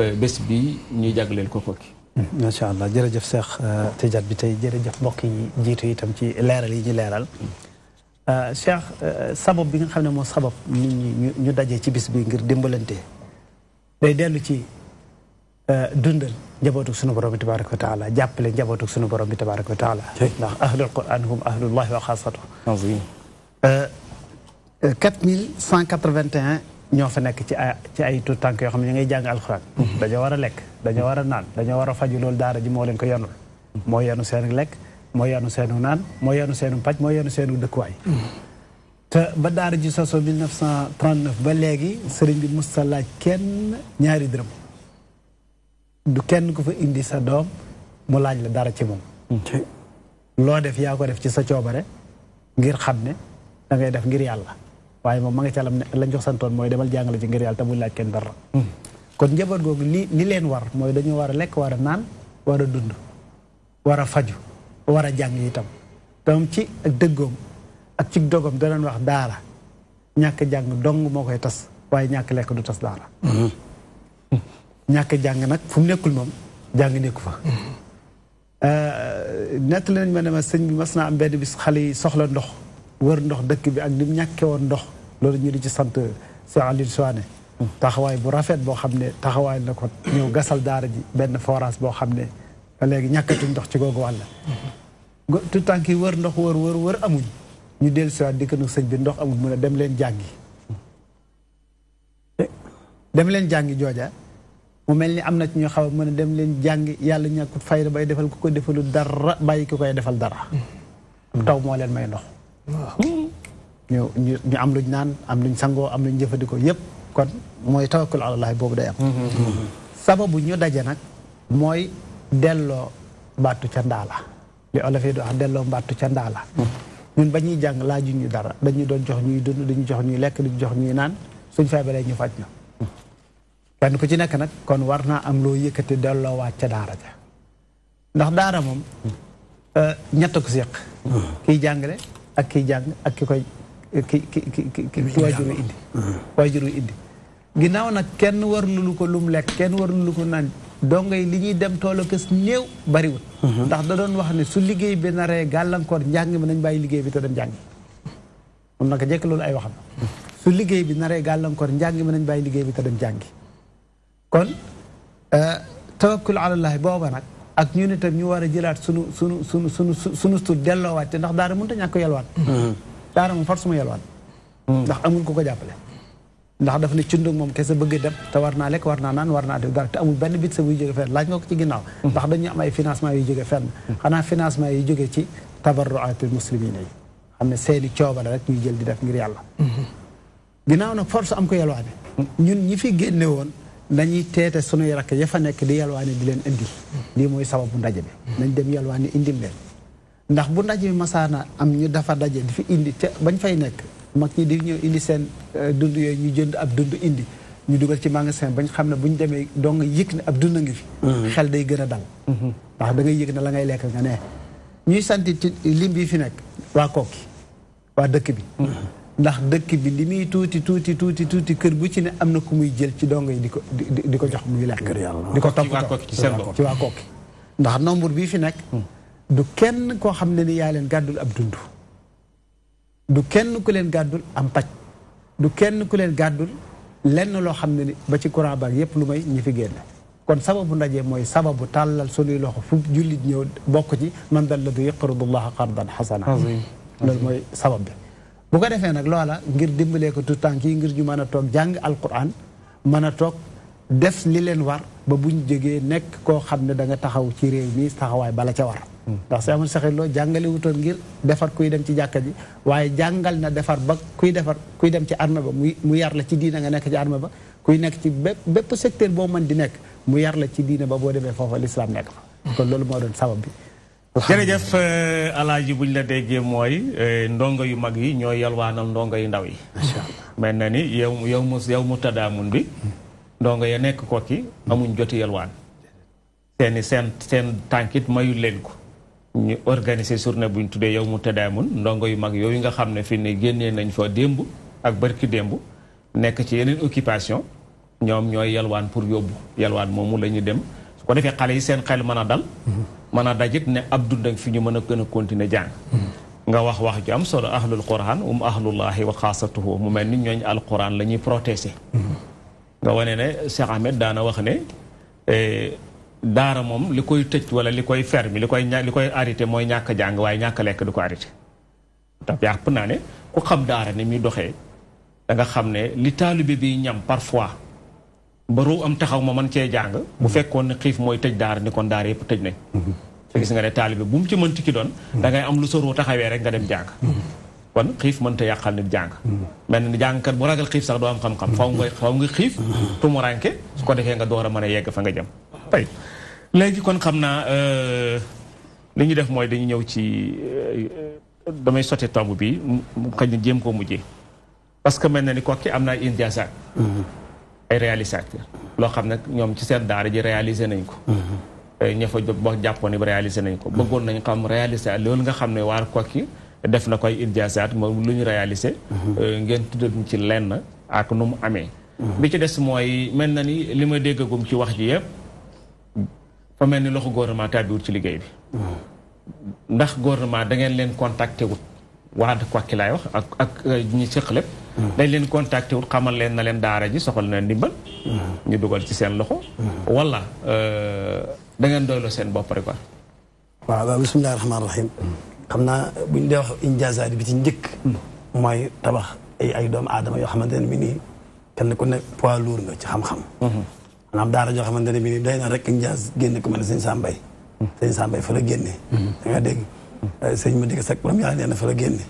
euh, bés bi ñu jagleel ko kooki macha allah jërëjëf Cheikh Tidiane bi tey jërëjëf mbokk yi jiitu itam ci leeral yi ñu leeral Euh, Cheikh euh, sabab bi nga xam ne moo sabab nit ñu daje ci bis bi ngir dimbalante day dellu ci euh, dundal njabootuk sunu borom bi tabaraka wa taala jàppale njabootuk sunu borom bi tabaraka wa taala ndax ahlul quran hum ahlullahi wa xaasatu mille cent quatre-vingt-un ñoo fa nekk ci ay ci ay tànk yoo xam ne ngay jàng alxuraan mhm. dañoo war a lekk dañoo war a naan dañoo war a faju loolu daar ji moo leen ko yanul mhm. moo yanu seen lekk moo yenu seenu naan moo yenu seenu paj moo yenu seenu dëkkuwaay te ba daara ji sa soso 1939 ba léegi sëriñ bi sa laaj kenn ñaari dërëm du kenn ku fa indi sa doom mu laaj la dara ci moom loo def yaa ko def ci sa coobare ngir xam ne da def ngir yàlla waaye moom ma ngi ca ne lañ jox santoon mooy demal jàngale ci ngir yàlla te muy laaj kenn dara hmm. kon njaboot googu li li leen war mooy dañu war a lekk war a naan war a dund a war a jàng itam doom ci ak dëggoom ak ci dogom da doon wax daara ñàkk jàng dong moo koy tas waaye ñàkk lekk du tas daara mm-hmm. ñàkk jàng nag fu nekkul moom jàng nekku fa mm-hmm. euh, nett lañ ma ne ma sëñ bi mas naa am benn bis xale yi soxla ndox wër ndox dëkk bi ak ni mu ñàkkee woon ndox loolu ñu di ci sant Cheikh Aliou Souané mm-hmm. taxawaay bu rafet boo xam ne taxawaay na ko ñëw gasal daara ji benn forage boo xam ne ba léegi ñàkkatuñ ndox ci googu wàll tout tànk yi wër ndox wër wër wër amuñ ñu dellu siwaat dikk nag sëñ bi ndox amuñ mun a dem leen jàngi eh, dem leen jàngi jooja mu mel ni am na ñu xaw a mën dem leen jàngi yàlla ñàkkut fay bay defal ku ko defalu dara bàyyi ku koy defal dara taw moo leen may ndox ñu am luñ naan am luñ sangoo am luñ jëfandikoo yépp kon mooy tawakkul alallahi boobu day am mm-hmm. sababu ñu daje nag mooy delloo mbattu ca ndaala li olof yi di delloo mbattu ca ndaala ñun ba ñuy jàng laaju ñu dara dañu doon jox ñuy dund dañu jox ñuy lekk dañu jox ñuy naan suñ feebaree ñu faj na ku ci nekk nag kon war naa am loo yëkkati delloowaat ca daara ja ndax daara moom ñett ko ki kiy jàngale ak kiy jàng ak ki koy ki ki ki ki waajuru indi waajuru indi ginnaaw nag kenn war lu ko lum lekk kenn war lu ko naan dongo yi li ñuy dem toolu kës néew bariwul. Mhm. ndax da doon wax ne su liggéey bi naree gàllankoor njàng mi nañ bàyyi liggéey bi te dem njàng. moom naka jekk loolu ay waxam. su liggéey bi naree gàllankoor njàng mi nañ bàyyi liggéey bi te dem jàngi. kon euh, tawakkul ala allah booba nag ak ñu ne ñu war a jëlaat sunu sunu sunu sunu sunu su delloowaat te ndax daara mënut a ñàkk yalwaan. Mhm. daara moom force mu yalwaan. Mhm. ndax amul ko ko jàppale. ndax daf ne cundug moom kese bëgg dem te war naa lekk war naa naan war naa def dara te amul benn bit sa buy jóge fenn laaj nga ci ginnaaw mm-hmm. ndax dañu am mm-hmm. jël di def ngir yàlla mm-hmm. ginnaaw nag force am ko yelwaane ñun ñi fi génne woon nañuy teete sunuy rakk ya fa nekk di yelwaane di leen indi lii mooy sababu ndaje bi nañ dem yelwaane indil leen ndax bu ndaje bi masaana am ñu dafa daje di fi indi te bañ fay nekk mag ñi di ñëw indi seen euh, dund yooyu ñu jënd ab dund indi ñu dugal ci magasin bañ xam ne bu ñu demee dong yëg ne ab dund ngi fi mm-hmm. xel day gën a dal mm-hmm. ndax da ngay yëg la ngay lekk nga ne ñuy sant ci lim bi fi nekk waa Koki waa dëkk bi mm-hmm. ndax dëkk bi li muy tuuti tuuti tuuti tuuti kër bu ci ne am na ku muy jël ci dong yi di ko di ko jox muy lekk di ko toppatoo ci waa Koki ndax nombre bii fi nekk mm. du kenn koo xam ne ni yaa leen gàddul ab dund du kenn ku leen gàddul am paj du kenn ku leen gàddul lenn loo xam ne ni ba ci courant baak yépp lu may ñi fi génn kon sababu ndaje mooy sababu tàllal sunuy loxo fu jullit ñëw bokk ci man dal la du yaqridu llaha qardan xasana loolu mooy sabab bi bu ko defee nag loola ngir dimbalee ko tout temps yi ngir ñu mën a toog jàng alquran mën a toog def li leen war ba buñ jógee nekk koo xam ne da nga taxaw ci réew mi taxawaay bala ca war hmm. ndax Seex Ahmadu Saxiir Lo jàngale wutoon ngir defar kuy dem ci jàkka ji waaye jàngal na defar ba kuy defar kuy dem ci armée ba muy mu yar la ci diina nga nekk ci armée ba kuy nekk ci bépp bépp secteur boo man di nekk mu yar la ci diina ba boo demee foofa lislaam nekk fa kon loolu moo doon sabab bi jërëjëf euh, alaaji buñ la déggee mooy euh, ndongo yu mag yi ñooy yalwaanal ndongo yu ndaw yi ndongo ya nekk ko ki amuñ joti yalwaan seeni seen seen tànkit mayul leen ko ñu organiser journée buñ tuddee yow mu tëddaamun ndongo yu mag yooyu nga xam ne fi ne génnee nañ fa démb ak barki démb nekk ci yeneen occupation ñoom ñooy yalwaan pour yóbbu yalwaan moomu la ñu dem su ko defee xale yi seen xel mën a dal mën a dajit ne ab dundang fi ñu mën a gën a continuer jàng nga wax wax ju am solo ahlul quran um ahlullahi wa xaasatuhu mu mel ni ñooñ alquran la ñuy protéger nga wane ne Cheikh daana wax ne e, daara moom li koy tëj wala li koy ferme li koy ña li koy arrêté mooy ñàkk a jàng waaye ñàkk a lekk du ko arrêté. tax yàpp naa ne ku xam daara ni muy doxee da nga xam ne li taalibe bi ñam parfois ba ru am taxaw ma mën cee jàng. bu fekkoon ne xiif mooy tëj daara ni kon daara yëpp tëj nañ. Mm-hmm. te gis nga ne taalibe bu mu ci mënti ki doon. Mm-hmm. da ngay am lu soroo taxawee rek nga dem jàng. Mm-hmm. kon xiif mënta yàqal nit jàng mm-hmm. mel ni jàngkat bu ragal xiif sax doo am xam-xam mm-hmm. faw nga faw nga xiif mm-hmm. tumuranke su ko defee nga door a mën a yegg fa nga jëm tey léegi kon xam naa euh, li ñu def mooy dañu ñëw ci euh, damay sotti tomb bi xëy na jéem koo mujjee parce que mel na ni kokki am na ay indiasaat ay réalisateur loo xam ne ñoom ci seen daara ji réalisé nañ ko ña jot boo jàppoon ni réalisé nañ ko bëggoon nañ xam réalisé loolu nga xam ne waar kokki def na koy indiasaat moom lu ñu réalisé. Mhm. Euh, ngeen tuddal ñu ci lenn ak nu mu amee. Mhm. bi ci des mooy mel na ni li ma déggagum ci wax ji yëpp mel ni loxo gouvernement tàbbiwut ci liggéey bi. Mhm. ndax gouvernement da ngeen leen contacté wut waa Koki laay wax ak ak euh, ñi sëq lépp. dañ leen contacté wut xamal leen na leen daara ji soxal na ndimbal. ñu dugal ci seen loxo. wala euh, da ngeen doyloo seen bopp rek quoi. waaw bisimilah rahmaani rahim. xam naa bu ñu dee wax injaaza bi ci njëkk. Hmm. mooy tabax ay ay doomu aadama yoo xamante ne bi nii kenn ku ne poids lourd nga ci xam-xam. Hmm. maanaam daara joo xamante ne bi nii day na rek injaaz génne ku mel ne sëñ Sambay. Hmm. sëñ Sambay fa la génne. da nga dégg sëñ Madick Seck borom yàlla nee na fa la génne.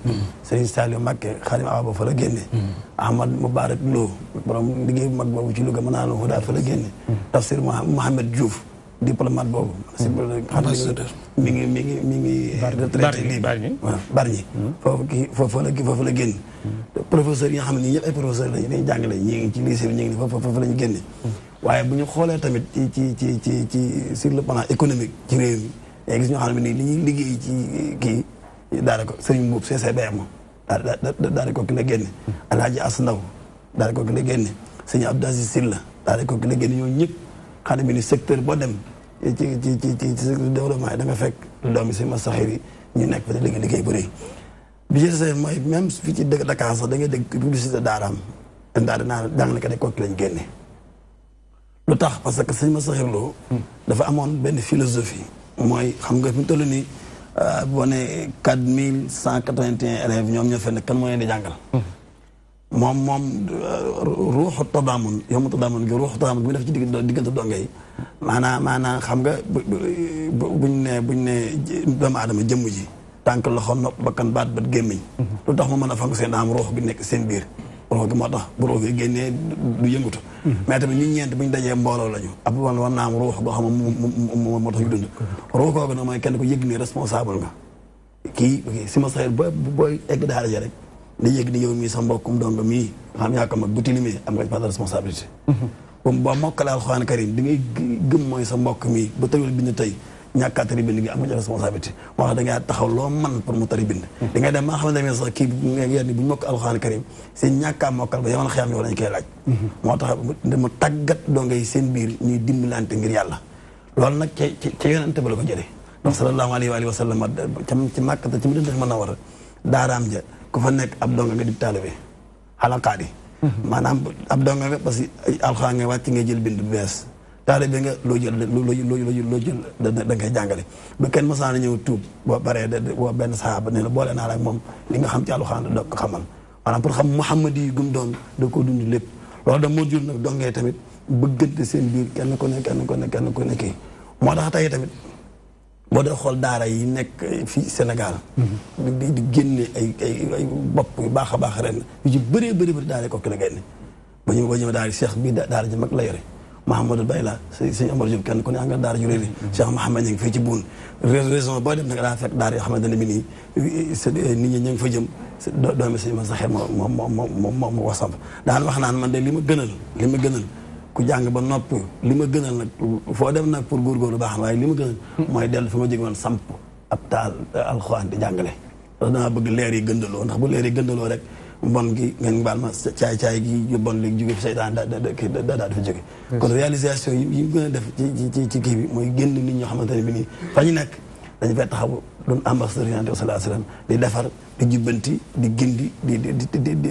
sëñ Saliou Mbacké Xadim Awa ba fa la génne. Ahmad Mubarak Lo borom liggéey bu mag boobu ci Louga mën naa la fa la génne. Tafsir Mohamed Diouf diplomate boobu. ambassadeur mi ngi mi ngi mi ngi. Eh, retraité lii Bargny waaw Bargny. Hmm. foofu kii foofu la foofu la génn. Hmm. professeurs yi nga xam ne ñëpp ay professeurs lañu dañuy jàngale ñii ngi ci lycée bi ñii ngi foofu foofu lañu génne. Hmm. waaye bu ñu xoolee tamit ci ci ci ci ci sur le plan économique ci réew mi day gis ñoo xam ne nii li ñuy liggéey ci kii daara ko sëriñ boobu CCBM daal da daal ko ki la génne. Alaaji As Ndaw daal ko ki la génne sëñ Abdou Aziz Sylla daal ko ki la génne ñoo ñëpp xam ne secteur boo dem. ci ci ci ci développement yi da nga fekk doomi si ma saxir yi ñu nekk fa di liggéey liggéey bu rëy bi ci seen mooy même fii ci dëkk Dakar sax da ngay dégg publicité daaraam daara naa daanaka de kokki lañ génne lu tax parce que sëñ ma saxir loo dafa amoon benn philosophie mooy xam nga fi mu toll ni euh, boo ne quatre mille cent quatre-vingt-un élèves ñoom ñoo fenn kan moo leen di jàngal moom moom euh, ruuxu tadaamun yow mu tadaamun gi ruuxu tadaamun bi mu def ci diggante donge yi maanaam maanaam xam nga bu ne buñ ne doomu aadama jëmm ji tànk loxo nopp bakkan baat bët gémmiñ mhm. lu tax mu mën a fank seen am ruux gi nekk seen biir ruux gi moo tax bu ruux gi génnee du yëngutu mhm. mais tamit ñun ñeent bu ñu dajee mbooloo lañu ab wan war naa am ruux goo xam ne moo tax ñu dund mhm. ruux googu nag mooy kenn ko yëg ne responsable nga kii si ma saxet booy booy egg daara ja rek di yëg ni yow mi sa mbokum dong mi xam yaa ko mag bu tilimee am nga pas responsabilité comme boo mokkale karim di ngay gëm moy sa mbok mi ba tayul bind tay ñaka tari bind gi am nga responsabilité wax da nga taxaw lo man pour mu tari bind di ngay dem ma xam ne sax ki ngeen bu ñu mokk karim seen ñàkkaa mokal ba yaman xiyam yow lañ koy laaj moo tax dama tàggat donga yi seen bir ñuy dimbalante ngir yalla lol nak ci ca ba la ko jëlee sallallahu alaihi wa sallam ci makka ci mu def mën a war ja ku fa nekk ab donga nga di taalibe xalaqaat yi maanaam ab donga nga parce que alxuraan nga wàcc ngay jël bind bu bees taalibe nga loo jël loo jël da ngay jàngale bu kenn mosaan ñëw tuub boo baree boo benn saxaaba ne la boole a la ak moom li nga xam ci alxuraan da ko xamal maanaam pour xam muhammad gum doon da koo dund lépp loolu da moo jur nag dongee tamit bëggante seen biir kenn ku ne kenn ku ne kenn ku ne moo tax tey tamit boo dee xool daara yi nekk fii Sénégal. di di génne ay ay ay bopp yu baax a baax ren yu ci bëree bëri bëri daara ko kii la génne. ba ñu ba ñu daara Cheikh bii daara ji mag la yore Mahamadou Bay la sëñ Amar Diop kenn ku ne nga daara ju réer Cheikh Mouhamed ñu ngi fay ci buun raison boo dem nag daa fekk daara yoo xamante ne bi nii nit ñi ñu ngi fa jëm doomi sëñ ma saxeer moo moo moo moo moo ko samp daan wax naan man de li ma gënal li ma gënal. ku jàng ba noppi li ma gënal nag foo dem nag pour góor góorgóorlu baax na waaye li ma gënal mooy dellu fi ma jóge woon samp ab taal alxuraan di jàngale parce que bëgg leer yi gëndaloo ndax bu leer yi gëndaloo rek bon gi ngeen baal ma caay caay gi bon léegi jóge seytaan da da da daa dafa jóge yi gën a def ci ci ci kii bi mooy génn nit ñoo xamante ne bi nii fa ñu nekk dañu fay taxaw doon ambassadeur yonent bi sallallahu alayhi wasallam di defar di jubbanti di gindi di di di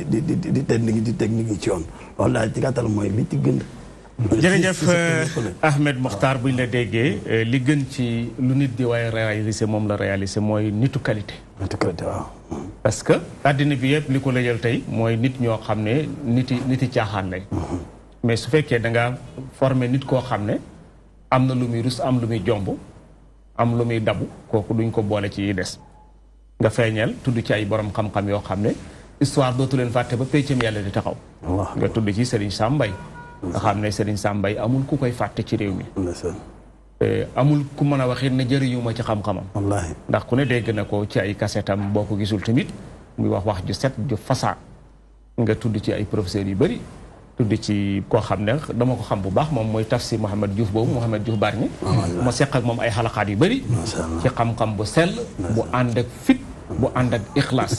di di di di technique di technique yi ci yoon loolu daal ci gàttal mooy li ci gën jërëjëf euh, Ahmed Mokhtar buñ la déggee euh, li gën ci lu nit di waaye réaliser moom la réaliser mooy nitu qualité. nitu qualité parce que àddina bi yëpp li ko lëjal tey mooy nit ñoo xam ne niti niti caaxaan lay. Mhm. mais su fekkee da nga former nit koo xam ne am na lu muy rus am lu muy jomb am lu muy dabu kooku duñ ko boole ci yi des. nga feeñal tudd ci ay borom xam-xam yoo xam ne histoire dootu leen fàtte ba péccam yàlla di taxaw. nga tudd ci Serigne Sam Mbaye nga xam ne Serigne sambay amul ku koy fàtte ci réew mi. Eh, amul ku mën a waxit ne jëriñu ma ci xam-xamam. wallaahi ndax ku ne dégg na ko ci ay kasetam boo ko gisul tamit muy wax wax ju set ju fasaa nga tudd ci ay professeurs yu bëri. tudd ci koo xam ne dama ko xam bu baax moom mooy tafsir Mouhamed Diouf boobu Mouhamed Diouf Bargny. ma seq ak moom ay xalaxaat yu bari ci xam-xam bu sell. bu àndak ak fit bu ànd ak ixlaas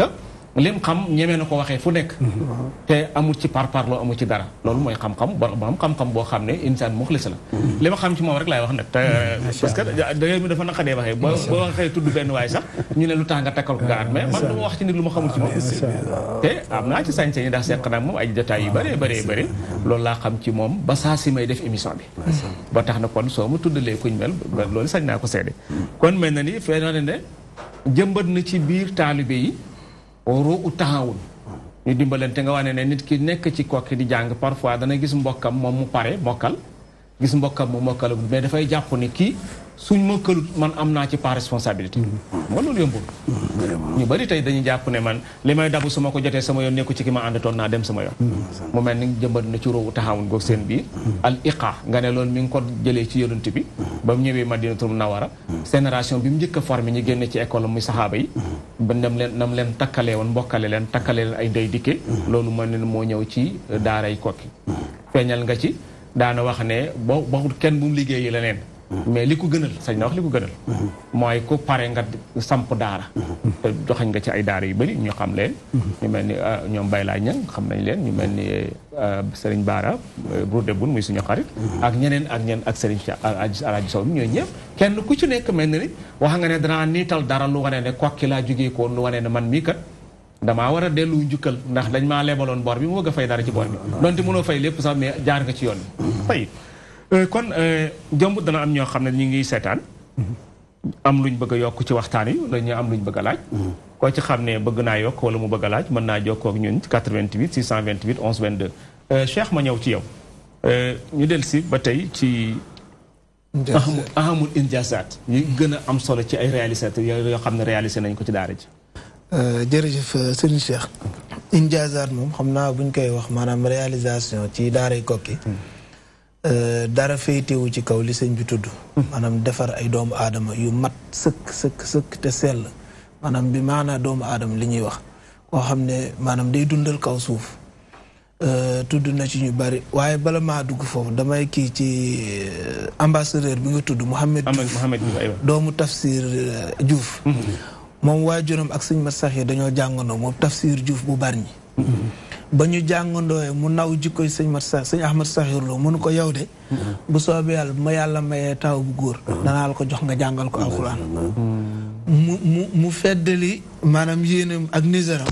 lim xam ñemee na ko waxee fu nekk mm-hmm. te amul ci parparloo amul ci dara loolu mooy xam-xam borom xam-xam boo xam ne insaan muxlis la mm-hmm. li ma xam ci moom rek laay wax na mm-hmm. parce que dangay mi dafa naqadee waxee boo waxee tudd benn waay sax ñu ne lu tax nga takkal ko nga ah, at mais man duma wax ci nit lu ma xamul ci moom te am naa ci sañ-sañ yi ndax seq naa moom ay jotaay yu bare bëree bëri loolu laa xam ci moom ba saa si may def émission bi ba tax na kon soo ma tuddalee kuñ mel loolu sañ naa ko seede kon mel na ni fee na ne jëmbat na ci biir taalibe yi ru u taxawul ñu dimbalante nga wax ne nit ki nekk ci kokki di jàng parfois dana gis mbokkam moom mu pare mokkal gis mbokkam mu mokkalagul mais dafay jàpp ni kii suñ ma këlut man am naa ci pas responsabilité mm-hmm. ah, nga loolu yombul mm-hmm. ñu bari tey dañuy jàpp ne man li may dabu su ma ko jotee sama yoon nekku ci ki ma àndatoon naa dem sama yoon mm-hmm. mu mel ni jëmbat na ci róowu taxawun goog seen biir al iqa nga ne loolu mi ngi ko jëlee ci yonent bi ba mu ñëwee Madinatul Nawara génération bi mu njëkk a formé ñu génne ci école muy saxaaba yi ba nam leen nam leen takkalee woon mbokkale leen takkale leen ay ndey loolu mën leen moo ñëw ci daaray kokki feeñal nga ci daana wax ne bo kenn bu mu leneen mais li ko gënal sañ na wax li ko gënal. mooy ku pare nga samp daara. joxañ nga ci ay daara yu bari ñu xam leen. ñu mel ni ah, ñoom Baye laa Ñang xam nañ leen ñu mel ni ah, Serigne Baara Brodé eh, Bun muy suñu xarit. ak ñeneen ak ñeneen ak Serigne Cheikh ah, Alaaji Sow mi ñooñu ñëpp kenn ku ci nekk mel na ni wax nga ne danaa niital dara lu wane ne kokki laa jógee ko lu wane ne man mii kat. damaa war a dellu njukkal ndax dañ maa lebaloon bor bi mu bëgg a fay dara ci bor bi donte mënoo fay lépp sax mais jaar nga ci yoon bi. Euh, kon jombut euh, dana am ñoo xam ne ñu ngi seetaan. am luñ bëgg yokk ci waxtaan yi dañu am luñ bëgg a laaj. koo ci xam ne bëgg naa yokk wala mu bëgg laaj mën naa jokkoo ak ñun ci 88 628 11 22. Cheikh ma ñëw ci yow. Euh, ñu del si ba tey ci. ahamul ahamul injaasaat yi gën a am solo ci ay réalisateur yoo xam ne réalisé nañ ko ci daara ji. jërëjëf sëñ Cheikh. injaasaat moom xam naa buñ koy wax maanaam réalisation ci daaray Kokki. Hmm. Euh, dara féetewu ci kaw li sëñ bi tudd maanaam defar ay doomu aadama yu mat sëkk sëkk sëkk te sell maanaam bi maanaa doomu aadama li ñuy wax koo xam ne maanaam day dundal kaw suuf euh, tudd na ci ñu bari waaye bala maa dugg foofu damay kii ci euh, ambassadeur bi nga tudd Mouhamed Diouf doomu Tafsir juuf mm-hmm. moom waajuram ak sëñ mat sax yi dañoo jàngandoo moom Tafsir juuf bu Bargny mm-hmm. ba ñu jàngandoo mu naw jikkoy sëñ mat sa sëñ ahmad saxir loo mënu ko yow de bu soobee yàlla bu yàlla mayee taw bu góor danaa ko jox nga jàngal ko alxuraan mu mu mu feddali maanaam yéenam ak niséram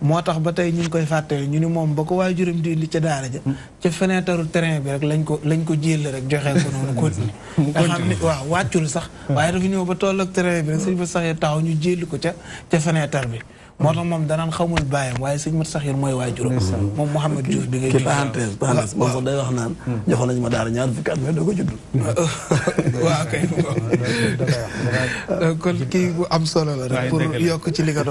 moo tax ba tey ñu ngi koy fàttali ñu ni moom ba ko waaye juróom di indi ca daara ja ca fenêtre terrain bi rek lañ ko lañ ko jël rek joxe ko noonu continue nga xam ne waaw wàccul sax waaye dafa ñëw ba toll ak terrain bi rek sëñ ba saxir taw ñu jël ko ca ca fenêtre bi moo tax moom danaan xamul bàyyam waaye sëñ mat sax yéen mooy waajuram moom Mouhamed Diouf bi ngay parenthèse parenthèse moom sax day wax naan hmm. joxoon nañu ma daara ñaar fukki at mais doo ko judd kon kii am solo yokk ci li nga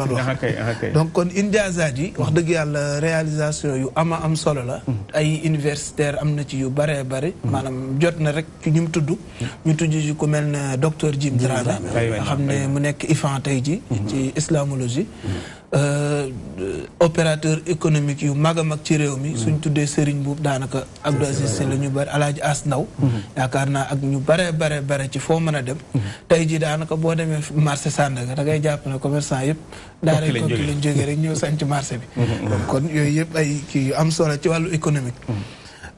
doon kon Indiazat yi wax dëgg yàlla réalisation yu ama am solo la hmm. ay universitaire am na ci yu bare bare hmm. maanaam jot na rek ci ñu mu tudd ñu tudd ci ku mel ne docteur Djim Dramé nga xam ne mu nekk IFAN tey ji ci islamologie Euh, opérateur économique yu mag a mag ci réew mi suñ tuddee Serigne Boub daanaka Abdou Aziz Sy la ñu bëri alaaji as ndaw mm-hmm. yaakaar naa ak ñu bare bare bare ci foo mën a dem mm-hmm. tey ji daanaka boo demee marché Sandaga da ngay jàpp ne commerçant yëpp daa rek kokki lañ jógee rek ñëw sanc marché bi mm-hmm. kon yooyu yëpp ay kii yu am solo ci wàllu économique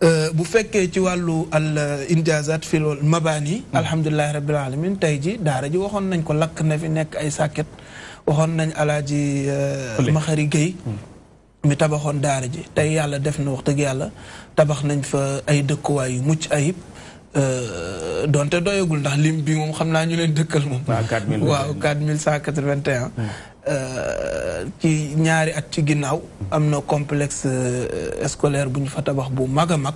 euh, bu fekkee ci wàllu al euh, injazat fi loolu mabaani alhamdulilahi rabbil alamin tey ji daara ji waxoon nañ ko lakk na fi nekk ay sàkket waxoon nañ alaaji euh, Maxari Guèye hmm. mi tabaxoon daara ji tey yàlla def na wax dëgg yàlla tabax nañ fa ay dëkkuwaay yu mucc ayib euh, donte doyagul ndax lim bi moom xam naa ñu leen dëkkal moom waaw 4181 hmm. euh, ci ñaari at ci ginnaaw am na complexe scolaire bu ñu fa tabax bu mag a mag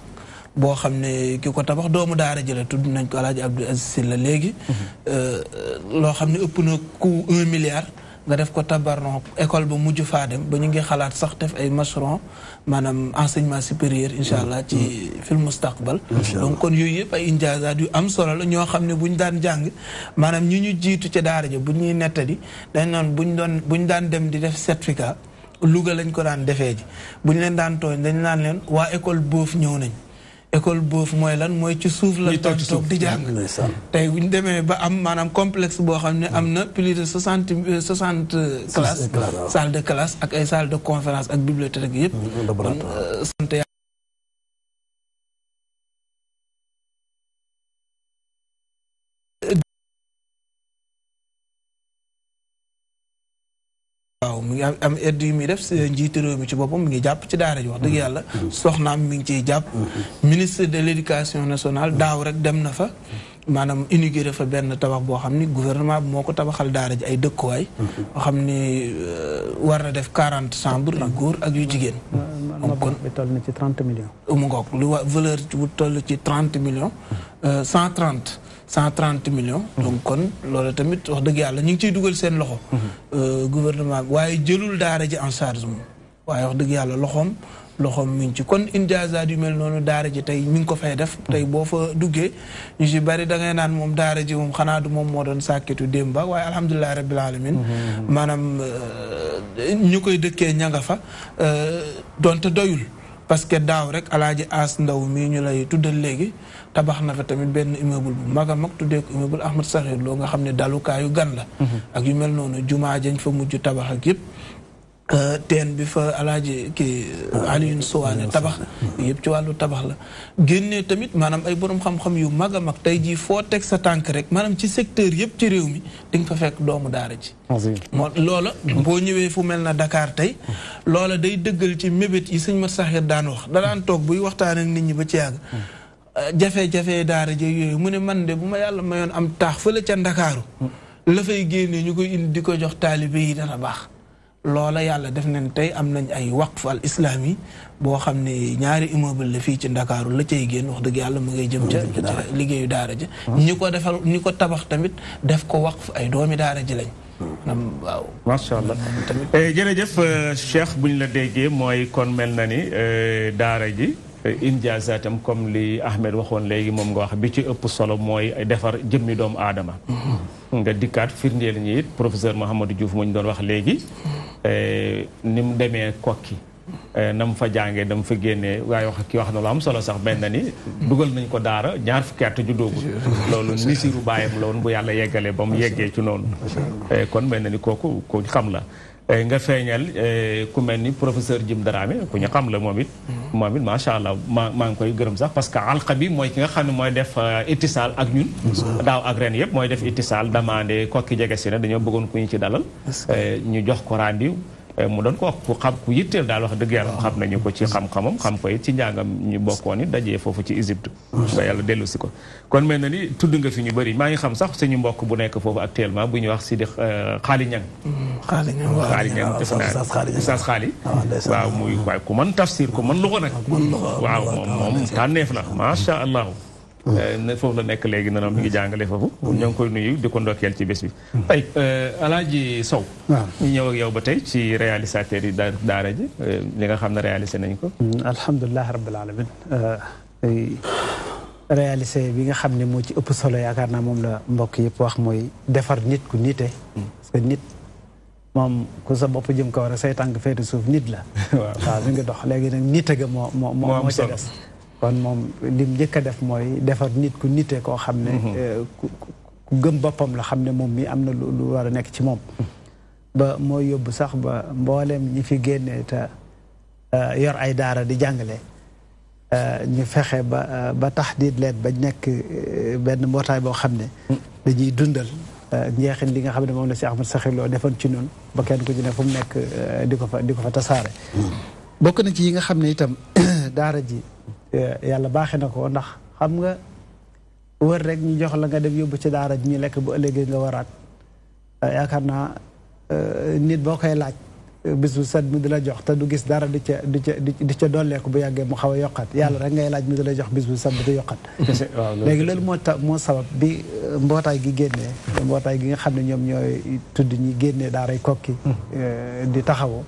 boo xam ne ki ko tabax doomu daara ji la tudd nañ ko alaaji Abdou Aziz la léegi hmm. loo xam ne ëpp na coût un milliard nga def ko tabarnon école ba mujj faa dem ba ñu ngi xalaat sax def ay mashron maanaam enseignement supérieur incha allah ci fil mustaqbal donc kon yooyu yëpp ay injaazaat yu am solo la ñoo xam ne bu ñu daan jàng maanaam ñi ñu jiitu ca daara ja bu ñuy nettali dañ noon buñ doon buñ daan dem di def certificat Louga lañ ko daan defee ji buñ leen daan tooñ dañ naan leen waa école boof ñëw nañ école boofu mooy lan mooy ci suuf la toog toog di jàng tey demee ba am maanaam complexe boo xam ne am na plus de soixante euh, euh, soixante classes salle de classe ak ay salle de conférence ak bibliothèque yëpp euh, sant waaw mu ngi am am aide yu muy def njiitu réew mi ci boppam mu ngi jàpp ci daara ji wax dëgg mm-hmm. yàlla mm-hmm. soxnaam mi ngi jàpp mm-hmm. ministre de l'éducation nationale daaw rek dem na fa maanaam inauguré fa benn tabax boo xam ni gouvernement bi moo ko tabaxal daara ji ay dëkkuwaay boo xam ni euh, war na def quarante chambres yu góor ak yu jigéen kon bi toll na ci trente millions mu ngoog lu wa valeur bu toll ci trente millions euh, cent trente millions. Mhm. donc kon loolu tamit wax dëgg yàlla ñu ngi ciy dugal seen loxo. Mhm. Euh, gouvernement waaye jëlul daara ji en charge moom waaye wax dëgg yàlla loxoom. loxoom mi ngi ci kon indiaza yu mel noonu daara ji tey mi ngi ko fay def mhm. tey boo fa duggee ñu si bari dangay naan moom daara ji xanaa du moom moo doon sàkketu démba waaye alhamdulilahi rabbil alamin maanaam euh, ñu koy dëkkee ña nga fa euh, donte doyul parce que daaw rek alaaji As Ndaw mii ñu lay tuddal léegi tabax na fa tamit benn immeuble bu mag a mag tuddee ko immeuble Ahmad Saxiir loo nga xam ne dalukaayu gan la. Mhm. ak yu mel noonu jumaa jañ fa mujj tabax ak yëpp. Euh, teen bi fa alaaji kii ah, Alioune Souwaane tabax yëpp ci wàllu tabax la génnee tamit maanaam ay boroom xam-xam yu mag a mag tey jii foo teg sa tànk rek maanaam ci secteur yëpp ci réew mi di nga fa fekk doomu daara ji ah, moo loola boo ñëwee fu mel na Dakar tey loola day dëggal ci mébét yi sëñ ma Saxir daan wax da daan toog buy waxtaan nit ñi ba ci yàgg hmm. euh, jafe-jafe daara ji yooyu mu ne man de bu ma yàlla mayoon am taax fële ca Ndakaaru hmm. la fay génnee ñu koy loola yàlla def nañ tey am nañ ay waqf al islami boo xam ne ñaari immeuble la fii ci ndakaaru la cay génn wax dëgg yàlla mu ngay jëm ca liggéeyu daara ji ah. ñi ko defal ñi ko tabax tamit def ko waqf ay doomi daara ji lañ hmm. waaw macha allah eh, jërëjëf euh, Cheikh bu ñu la déggee mooy kon mel na ni euh, daara ji injaazatam comme li Ahmed waxoon léegi moom nga wax bi ci ëpp solo mooy defar jëmmi doomu aadama nga dikkaat firndeel ñi it professeur Mouhamadou Diouf mu ñu doon wax léegi eh, ni mu demee kokki eh, na mu fa jàngee dama fa génnee waaye wax ki wax na lu am solo sax benn ni dugal nañ ko daara ñaar fukki at ju dóobu loolu nisiru bàyyam la bu yàlla yeggalee ba mu yeggee ci noonu eh, kon na ni kooku ko xam la Eh, nga feeñal eh, ku mel ni professeur Jim Darame ku ñu xam la moom it. Mm-hmm. moom it macha allah maa maa ngi koy gërëm sax parce que alqa bi mooy ki nga xam ne mooy def eh, itisaal ak ñun. Mm-hmm. daaw ak ren yëpp mooy def itisaal demandé kokki jege si ne dañoo bëggoon ku ñu ci dalal. ñu jox ko rendez Eh, mu doon ko wax ku xam ku yitteel daal wax dëgg yàlla xam nañu ko ci xam-xamam xam ko ci njàngam ñu bokkoon it dajee foofu ci Égypte yàlla dellu si ko kon mel na ni tudd nga fi ñu bëri maa ngi xam sax suñu mbokk bu nekk foofu actuellement bu ñu wax si di eh, xaali ñang xaali mm, ñang xaali ñang def naa Oustaz xaali ah, waaw muy waaye ku mën tafsir ku mën luxa nag waaw moom tànneef la macha allah Eh, foofu la nekk léegi na mu ngi jàngale foofu ñoo ngi koy nuyu di ko ndokkeel ci bés bi ay eh, alaaji soow ñu ñëw ak yow ba tey ci réalisateur yi daara ji eh, li nga xam ne réalisé nañ ko mm, alhamdulilah rabbil alamin réalisé bi nga xam ne moo ci ëpp solo yaakaar naa moom la mbokk yëpp wax mooy defar nit ku nite mm. parce que nit moom ku sa bopp jëm war a say tànk feetu suuf nit la waaw mi nga dox léegi nag nite ga moo moo moo ca kon moom lim njëkk a def mooy defar nit ku nite koo xam ne mhm. euh, ku gëm boppam la xam ne moom mi am na lu war a nekk ci moom mhm. ba mooy yóbbu sax ba mbooleem ñi fi génne te euh, yor ay daara di jàngale euh, ñu fexe ba ba tax diit leen ba nekk benn mbootaay boo xam ne mhm. dañuy dundal njeexin li nga xam ne moom la si Ahmad Saxir Lo defoon ci noonu ba kenn ko ji ne fu mu nekk di ko fa di ko fa tasaare bokk na ci yi nga xam ne itam daara ji Eh, yàlla baaxe na ko ndax xam nga wër rek ñu jox la nga dem yóbbu ci daara ji ñu lekk bu ëllëgee nga waraat eh, yaakaar naa eh, nit boo koy laaj bisu set mu di la jox te du gis dara di ca di ca di ca dolleeku bu yàggee mu xaw a yàlla rek ngay laaj mu di la jox bis bu set di yokkaat léegi loolu moo tax moo sabab bi mbootaay gi génnee mbootaay gi nga xam ne ñoom ñooy tudd ñi génnee daaray kokki hmm. di taxawoo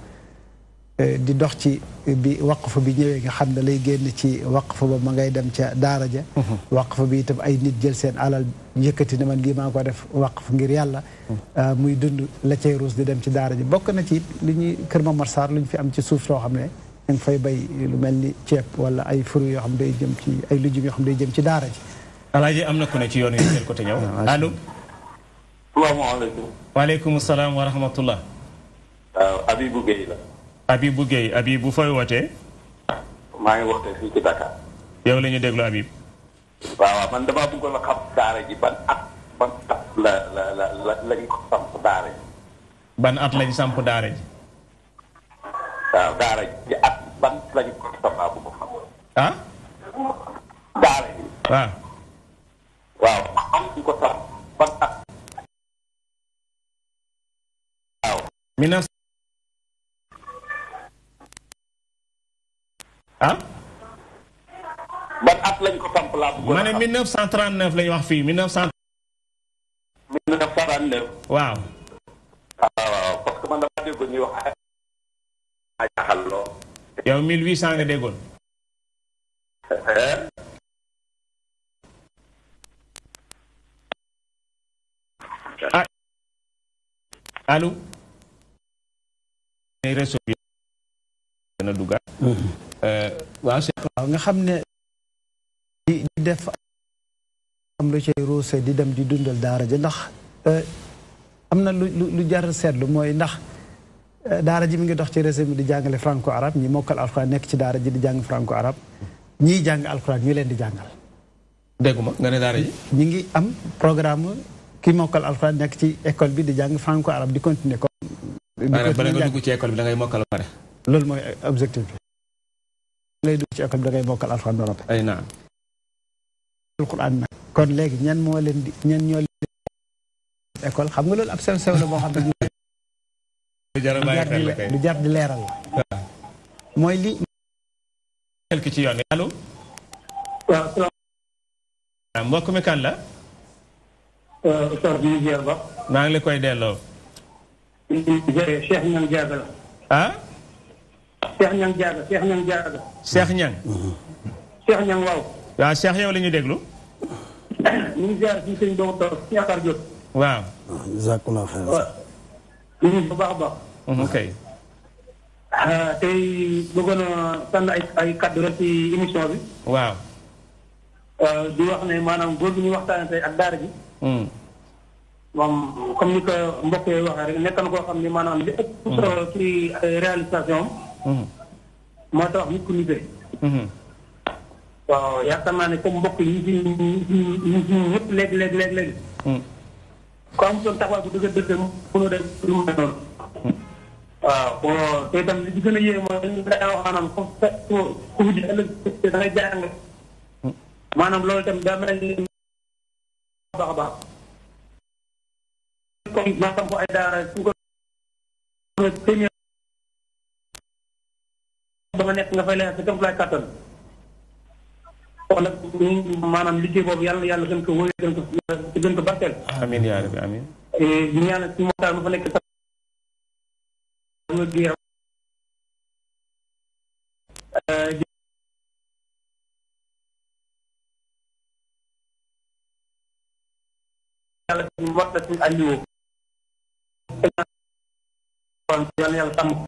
Eh, di dox ci bi waqf bi ñëwee nga xam ne lay génn ci waqf ba ma ngay dem ca daara ja mhm. waqf bi itam ay nit jël seen alal yëkkati ne man lii maa ko def waqf ngir yàlla mhm. ah, muy dund la cay ruus di dem ci daara ja bokk na ci li ñuy Kër Momar Sarr lu ñu fi am ci suuf soo xam ne da fay bay lu mel ni ceeb wala ay fruits yoo xam day jëm ci ay lujum yoo xam jëm ci daara ji alaaji am na ku ne ci yoon yi côté ñëw allo salaamaaleykum waaleykum salaam wa rahmatullah waaw ah, Habibou Guèye bu fooy wootee. maa ngi wootee fii ci Dakar. yow la ñu déglu waaw man damaa bëggoon a xam daara ji ban at ban at la lañ samp daara ji. lañ samp daara waaw daara ji at ban lañ ko samp bu ah? ah. ko xam. waaw. waaw am ah ban at lañ ko samp laa bëggoon ma ne 1939 lañ wax fii 1900 1939 waaw waaw parce que man dama déggoon ñuy wax ay xal loo yow 1800 nga déggoon Allô? dana duggaat mhm. euh, waaw nga xam ne di def am lu cay di dem di dundal daara ji ndax euh, am na lu lu jar seetlu mooy ndax euh, daara ji mi ngi dox ci réseau bi di jàngale franco arab ñi mokkal alxuraan nekk ci daara ji di jàng franco arabe ñiy jàng alxuraan ñu leen di jàngal. dégguma nga ne daara ji. ñu ngi am programme ki mokkal alxuraan nekk ci école bi di jàng franco arabe di continuer ko. di continuer jàng ba nga dugg ci école bi da mokkal pare. loolu moy objectif bi lay dugg ci akam da ngay bokal alcorane rabb ay na alcorane nag kon legi ñan mo leen di ñan ñoo école xam nga loolu ab sen sewlo bo xam ne du jar di leral moy li quelque ci yone allo waaw mbokk mi kan la euh sor bi jeer ba ma ngi la koy delo Cheikh Niang Diaga ah Cheikh Niang Diaga Cheikh Niang Diaga. Cheikh Niang. Cheikh Niang waaw. waaw Cheikh yow la ñuy déglu. ñu ngi ziar si sëñ doomu jot. waaw. Ah, bu baax a baax. Mm-hmm. ok. Ah, tey bëggoon a sànn ay kaddu rek ci émission bi. waaw. Ah, di wax ne maanaam góor gi ñu waxtaanee ak daara ji. Mm. moom comme ni ko mbokk waxee rek nekk na koo xam ne maanaam li ëpp ci euh, réalisation Mm-hmm. moo tax nit ku nite. waaw yaakaar naa ne comme mbokk yi ñu si ñu si ñëpp léegi léegi léegi léegi. Mm. ku am solo taxawaay bu dëgg dëgg mënoo def lu mu noonu. Mm. waaw te itam li ci gën a yéeme mooy li nga wax maanaam comme sa ku mujj ëllëg da ngay jàng. Mm. maanaam loolu itam daa mel ni baax a baax. comme maanaam bu ay daara su ko. dama nekk nga fay leer sa kéem laay kàttan kon nag maanaam liggéey boobu yàlla yàlla gën ko wóor gën ko gën ko barkeel. yaa rabbi amiin. ñu ñaanal si motaar mu fa nekk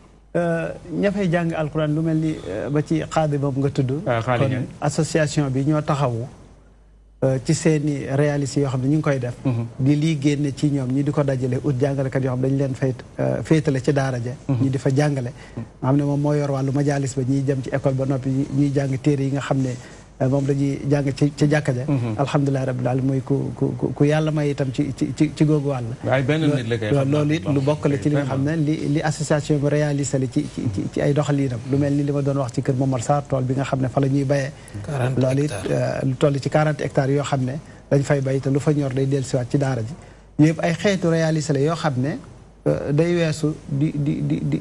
Euh, ña fay jàng alquran lu mel ni euh, ba ci xaadi boobu nga tudd ah, kon association bi ñoo taxawu euh, ci seeni réalités yoo xam ne ñu ngi koy def mhm. di lii génne ci ñoom ñi di ko dajale ut jàngalekat yoo xam dañ leen fay féetale ci daara ja mhm. ñi di fa jàngale mhm. nga xam ne moom moo yor wàllu majalis ba ñuy jëm ci école ba noppi ñuy jàng téere yi nga xam ne Eh, moom dañuy jàng ci ci jàkka ja mhm. alhamdulilahi rabbil alamin mooy ku ku ku yàlla may itam ci ci ci googu wàll loolu it lu bokk la ci li nga xam ne li li association bi réalisé la ci ci ay doxalinam lu mel ni li ma doon wax ci kër Momar Sarr tool bi nga xam ne fa la ñuy béyee loolu it eh, lu toll yoo xam ne dañ fay bay te lu fa ñor day dellusiwaat ci daara ji yëpp ay xeetu réalisé la yoo xam ne eh, day weesu di di di di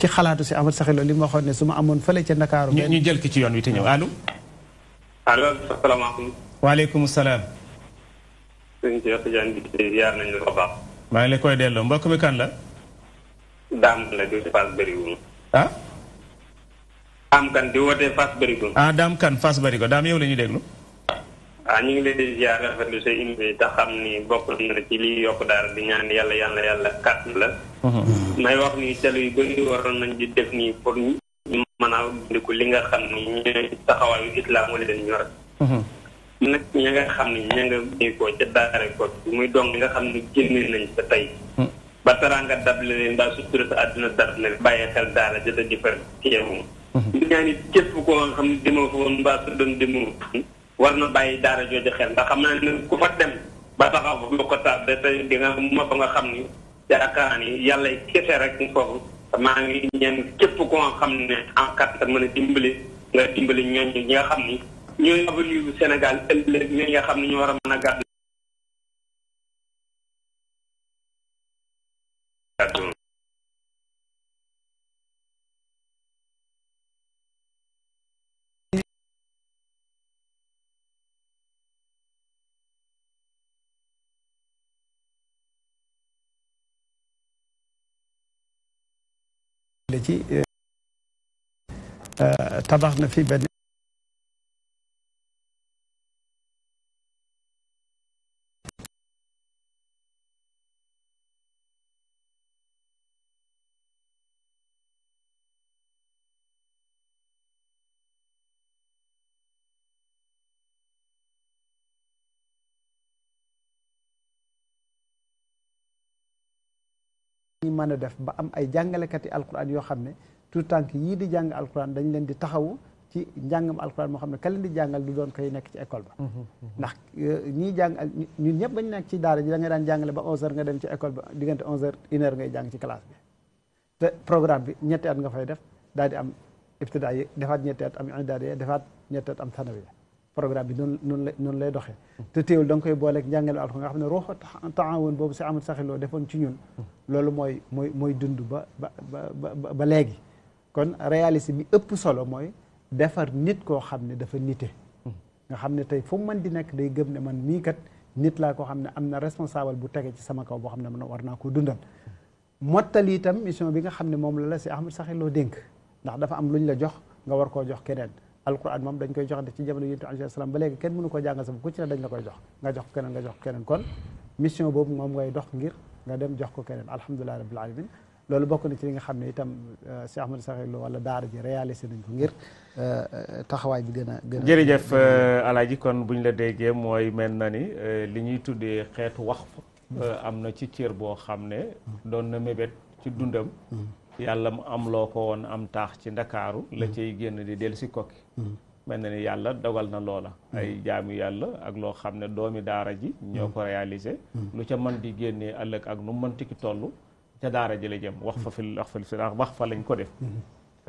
ci xalaatu si Amadou Sakhir Lo li ma waxoon ne su ma amoon fële ca Ndakaaru ñu jël ki ci yoon wi te ñëw allo allo asalaamaaleykum. waaleykum salaam. sëñ Cheikh Tidiane bi yaar nañu ko baax. maa ngi la koy delloo mbokk mi kan la. daam la di ah. daam kan di wootee fas bëriwul. ah daam kan fas bërigo daam yow la ñuy déglu. ah ñu ngi leen di ziar rafetlu sa indi te xam ni bokk na ci liy yokk daara di ñaan yàlla yàlla yàlla kàtt la. may wax ni télé yu bëri waroon nañ di def nii pour maanaam ko li nga xam ni ñooy taxawaayu islam wala leen ñor mhm. nag ñi nga xam ni ñu nga ko muy doom li nga xam ni génne nañ sa tey mhm. ba taraanga dab la leen daa sutura sa àdduna dab la bàyyi xel daara jëta jëfar teewum mhm. li ñaa nit ko nga xam ne demoo fa woon mbaa sa jooju xel ndax naa ne ku fa dem ba taxaw bu ko tey di nga ma fa xam ni yaakaar ni yàlla kese rek foofu maa ngi ñaan képp koo xam ne en quatre mën a dimbali nga dimbali ñooñu ñi nga xam ni ñooy avenir bu Sénégal ëllëg ñi nga xam ne ñoo war a mën a gàddu التي آه، آه، تضعنا في بني ñuy mën a def ba am ay jàngalekati alquran yoo xam ne tout tànk yii di jàng alquran dañ leen di taxawu ci njàngam alquran moo xam ne ka leen di jàngal du doon koy nekk ci école ba mhm, mhm. ndax euh, ñiy jàng ñun ñëpp bañ nekk ci daara ji daan jàngale ba onze nga dem ci école ba diggante onze heures ngay jàng ci classe bi te programme bi ñetti at nga fay def daal am defaat ñetti at am idaada yi programme bi noonu noonu la noonu lay doxee te téewul da nga koy booleeg njàngale alxuraan nga xam ne ruuxu taawun boobu si amul saxiloo defoon ci ñun loolu mooy mooy mooy dund ba ba ba ba léegi kon réalisme bi ëpp solo mooy defar nit koo xam ne dafa nite nga xam ne tey fu mu mën di nekk day gëm ne man mii kat nit laa koo xam ne am na responsable bu tege ci sama kaw boo xam ne man war naa koo dundal mottali itam mission bi nga xam ne moom la la si Ahmad Saxiloo dénk ndax dafa am lu ñu la jox nga war koo jox keneen alquran moom dañ koy joxante ci jamono yonent alayhi salaam ba léegi kenn mënu ko jàngal sa ku ci ne dañ la koy jox nga jox keneen nga jox keneen kon mission boobu moom ngay dox ngir nga dem jox ko keneen alhamdulilahi rabbil alamin loolu bokk na ci li nga xam ne itam euh, Cheikh Ahmadou Sakhir Lo wala daara ji réalisé nañ ko ngir euh, taxawaay bi gën a gën a jërëjëf euh, alaaji kon buñ la déggee mooy mel na ni li ñuy tuddee xeetu wax am na ci cër boo xam ne mm. doon na mébét ci dundam mm. yàlla mu am loo ko woon am taax ci ndakaaru la mm-hmm. cay génn di dellu si kokki mm-hmm. mel na ni yàlla dogal na loola mm-hmm. ay jaamu yàlla ak loo xam ne doomi daara ji ñoo ko réalisé lu ca mën di génnee ëllëg ak nu mën tiki toll ca daara ji la jëm wax fa fi wax fa fi wax fa lañ ko def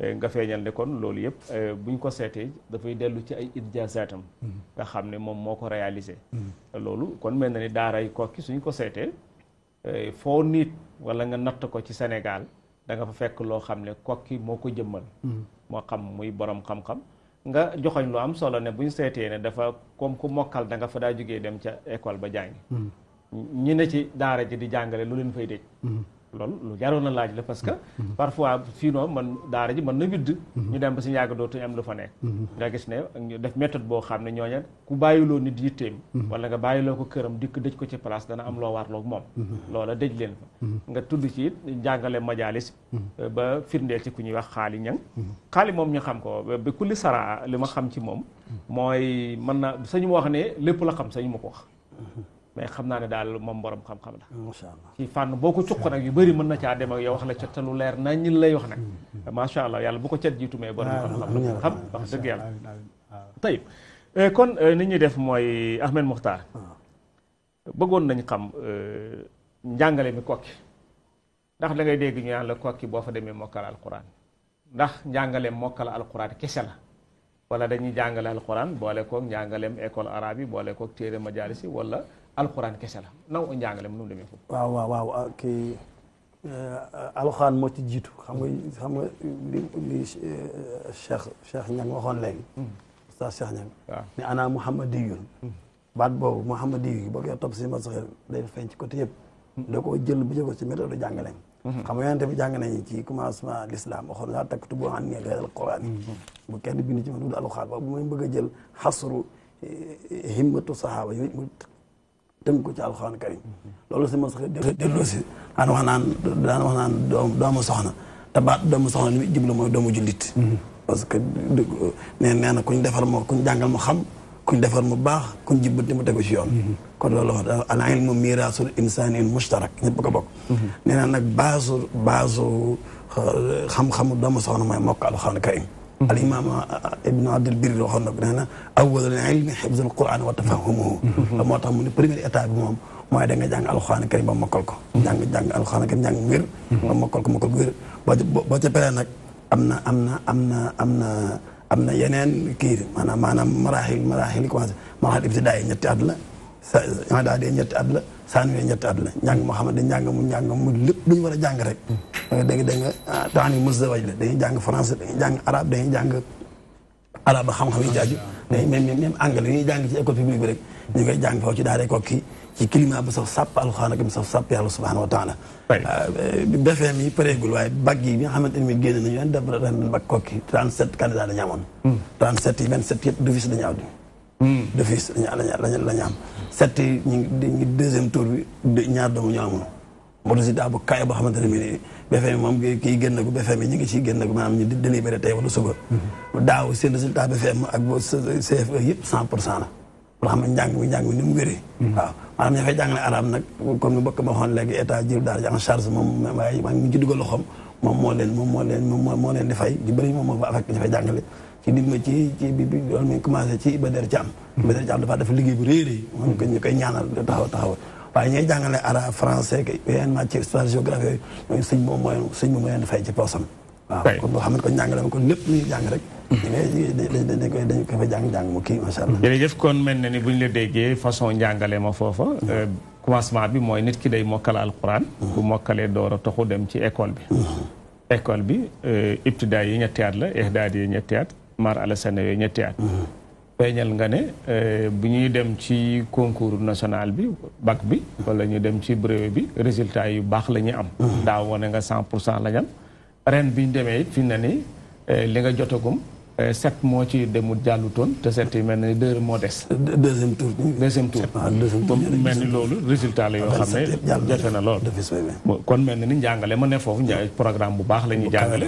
eh, nga feeñal ne kon loolu yëpp eh, buñ ko seetee dafay dellu ci ay idjazaatam nga xam ne moom moo ko réalisé loolu kon mel na ni daara yi kokki suñ ko seetee eh, foo niit wala nga natt ko ci Sénégal danga fa fekk loo xam ne kokki moo ko jëmmal mm-hmm. moo xam muy borom xam-xam nga joxoñ lu am solo ne bu ñu seetee ne dafa comme ku mokkal da nga fa daa jógee dem ca école ba jàngi mm-hmm. ñi ne ci daara ji di jàngale lu leen fay dëj loolu lu jaroon na laaj la parce que mm-hmm. Mm-hmm. parfois sinon man daara ji mën na widd mm-hmm. ñu dem ba si yàgg dootuñu am lu fa nekk nga gis ne ñu def méthode boo xam ne ñooña ku bàyyiloo nit yitteem wala nga bàyyiloo ko këram dikk dëj ko ci place dana am loo waarloog moom loola dëj leen fa nga tudd ci it njàngale majalis ba firndeel ci ku ñuy wax xaali ñang xaali moom ñu xam ko bi kulli sara li ma xam ci moom mooy mën na sañu ma wax ne lépp la xam sañu ma ko mais xam naa ne daal moom borom xam-xam la. macha fànn boo ko cuq nag yu bëri mën na caa dem ak yow wax la ca te lu leer na ñi lay wax nag. Mm-hmm. macha allah yàlla bu ko cat jiitu mais borom xam-xam la xam wax dëgg yàlla. tey euh, kon euh, ni ñuy def mooy Ahmed Mokhtar. Ah. bëggoon nañ xam euh, njàngale mi kokki ndax da ngay dégg ñu naan la kokki boo fa demee mokkal alquran ndax njàngale mokkal alquran kese la. wala dañuy jàngale alquran boole koog njàngaleem école arabe boole koog téere majalis yi alxuraan kese la naw o njàngale mu nu demee waaw waaw waaw ah, kii eh, alxuraan moo ci jiitu xam nga xam nga li li eh, Cheikh Cheikh Niang waxoon léegi. Hmm. oustaz ana muhammadiyun hmm. baat boobu muhammadiyu boo koy topp si masaxir day feeñ ci côté yëpp. Hmm. da koo jël bu jëkk ci méthode jàngaleem. xam nga yonente bi jàng nañu ci commencement l'islam waxoon laa takk tubu an ngeen gayal bu kenn bind ci ma dugg alxuraan bu may bëgg a jël xasru eh, himmatu sahaaba yooyu tënk ko ci alxuraan karim loolu si mos delloo si daan wax naan daan wax naan doomu soxna te baat doomu soxna li muy jublu mooy doomu jullit parce que nee nee na kuñ defar moo kuñ jàngal mu xam kuñ defar mu baax kuñ jubbanti mu tegu ci yoon kon loolu wax al ilmu miraasul insaani mushtarak ñëpp ko bokk nee na nag baasu baasu uh, xam soxna mooy mokk alxuraan الامام آه، ابن عبد البر وخنا بنانا اول العلم حفظ القران وتفهمه موتام ني بريمير ايتا بي موم موي داغا جان القران الكريم با مكل كو جان جان القران الكريم جان وير با مكل كو مكل وير با تي بري نك امنا امنا امنا امنا امنا ينين كير مانا مانا مراحل مراحل كواز مراحل ابتدائي نيت ادلا سا دا دي نيت ادلا saan yooyu ñetti at la njàng moo xamante njàng mu njàng mu lépp lu war a jàng rek hmm. da nga dégg da nga taan yi mës da la dañuy jàng français dañuy jàng arabe dañuy xam-xam yi jaaju dañuy même même anglais ci école bi rek ñu koy jàng foofu ci daaree kokki ci climat bu saf sàpp alxuraan ak bu saf sàpp yàlla subhaanahu wa ah, eh, yi pareegul bi nga xamante ni mi génn nañu ren def kokki 37 candidats dañu amoon 37 hmm. yi 27 yëpp du fis dañu aw d'office lañ lañ am sett yi ñu ngi deuxième tour bi ñaar doomu ñu amoon mu résultat bu kaay boo xamante ne bi nii BFM moom kii génn ko BFM ñu ngi ciy génn ko maanaam ñu délibéré tey wala suba mm-hmm. daaw seen résultat BFM ak CFE yëpp cent pour cent la loo xam ne njàng mi njàng mi ni mu wéree mm-hmm. waaw maanaam ña fay jàngale arab nag moom moom moo leen moo leen moom moo leen di fay ñu bëri moom moo ko affecté ña fay jàngale ci digg ci ci bi bi doon ñu ci Badara Thiam. Hmm. Badara Thiam dafa def liggéey bu réer yi. moom ñu koy ñaanal taxaw taxaw waaye ñooy jàngale arabe français kay yenn matière histoire géographie yooyu ñoom sëñ moom mooy sëñ moom mooy fay ci boo xam ne kon ñàngale ma kon lépp ñuy jàng rek. Hmm. dañ koy dañ koy fa jàng jàng mu kii macha allah. jërëjëf kon mel na ni bu ñu la déggee façon njàngale ma foofa. Hmm. Euh, commencement bi mooy nit ki day mokkal alquran. bu mokkalee door a taxu dem ci école bi. école bi euh, ibtidaay yi ñetti at la ihdaad yi ñetti maar Alassane yooyu ñetti at mhm. feeñal nga ne eh, bu ñuy dem ci concours national bi bac bi wala ñu dem ci brevet bi résultat yu baax la ñuy am mhm. daaw wane nga cent pour cent la ñu am demee it fi na eh, li nga jotagum Euh, sept moo ci demul jàllutoon te sept yi mel ni deux moo des. deuxième tour. deuxième tour ah, mel ni loolu résultat la yoo ah, xam ne jafe na lool. kon mel na ni njàngale ma ne foofu programme bu baax la ñuy jàngale.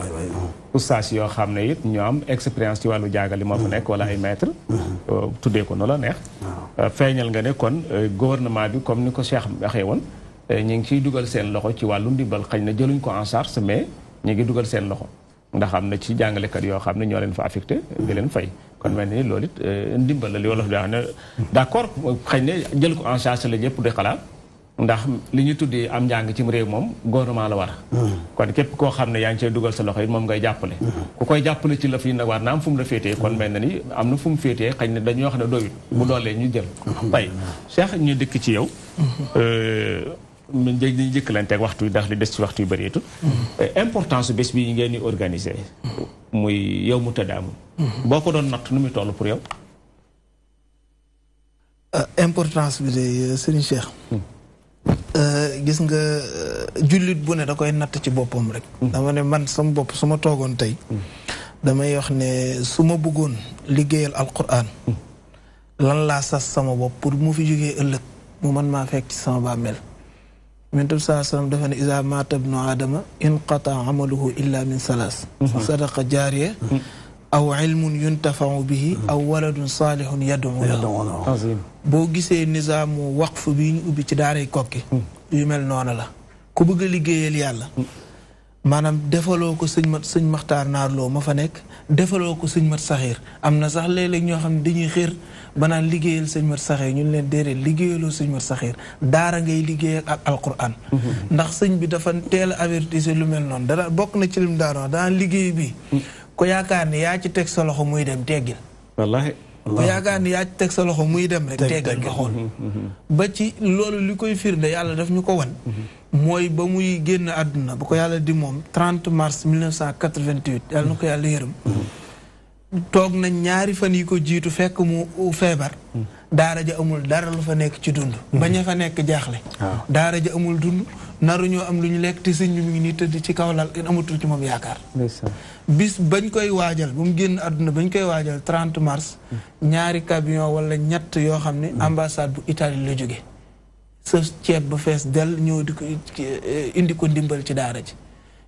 ustaas yoo xam ne it ñu am expérience ci wàllu jàngale moo fa nekk wala ay maître mm-hmm. euh, tuddee ko noonu la neex. Euh, feeñal nga ne kon gouvernement bi comme ni ko seex waxee woon ñu ngi ciy dugal seen loxo ci wàllu ndimbal xañ na jëluñ ko en charge mais ñu ngi dugal seen loxo. ndax am na ci jàngalekat yoo xam ne ñoo leen fa affecté di leen fay kon mel ni loolu it euh, ndimbal la li wolof di wax ne d' accord xañ ne jël ko en charge la ñëpp di ndax li ñu tuddee am njàng ci réew moom gouvernement la war mm-hmm. kon képp koo xam ne yaa ngi cee dugal sa loxo it moom ngay jàppale mm-hmm. ku koy jàppale ci la fi nag war naam am la féete kon mel na ni am na fu mu féetee xëy ne dañoo xam ne doyut bu mm-hmm. doolee ñu jël tey Cheikh ñu dikk ci yow euh, dañuy jëkkalanteeg waxtu ndax li des ci waxtu yu bëreetu mm-hmm. importance su bés bi ngeen di organiser muy yow mu tëddaamu mm-hmm. boo ko doon natt nu muy toll pour yow euh, importance bi de euh, Serigne Cheikh mm. euh, gis nga jullit bu ne da koy natt ci bopom rek mm. dama ne man sama bop su ma toogoon tey mm. damay wax ne su ma bëggoon liggéeyal alquran lan laa sas sama bopp pour mu fi jógee ëllëg mu man ma fekk ci sama mel من تبسا سلام دفن إذا مات ابن آدم انقطع عمله إلا من ثلاث صدق جارية أو علم ينتفع به أو ولد صالح يدعو له بوغي سي غيسي نظام وقف بي ني داري كوكي يمل نونا لا كو بغي ليغيال يالا مانام ديفالو كو سيغ مختار نار لو ما فا نيك ديفالو مات صخير امنا صاح لن ньо ديني دي خير banaan liggéeyal sëñ Mor Saxiir ñun leen déedéet liggéeyaloo sëñ Mor Saxiir daara ngay liggéeyal ak alquran mhm. ndax sëñ bi dafa teel a avertise lu mel noonu dana bokk na ci lim daan wax daan liggéey bi mhm. ko yaakaar ni yaa ci teg sa loxo muy dem teggil wallaahi ku yaa teg sa loxo muy dem rek teggil nga xool mhm, ba ci loolu li koy firnde yàlla daf ñu ko wan mooy ba muy génn àdduna ba ko yàlla di moom 30 mars 1988 yàlla na ko yàlla yërëm toog na ñaari fan yi ko jiitu fekk mu feebar hmm. daara ja amul dara lu fa nekk ci dund hmm. bañ a fa nekk jaaxle daara ja amul dund naru ñoo am lu ñu lekk te sëñ bi mu ngi nii tëdd ci kaw lal amatul ci moom yaakaar bis bañ koy waajal bu mu àdduna bañ koy waajal 30 mars hmm. ñaari camion wala ñett yoo xam ne ambassade bu Italie la jóge sa ceeb ba fees del ñëw di ko indi ko ndimbal ci daara ji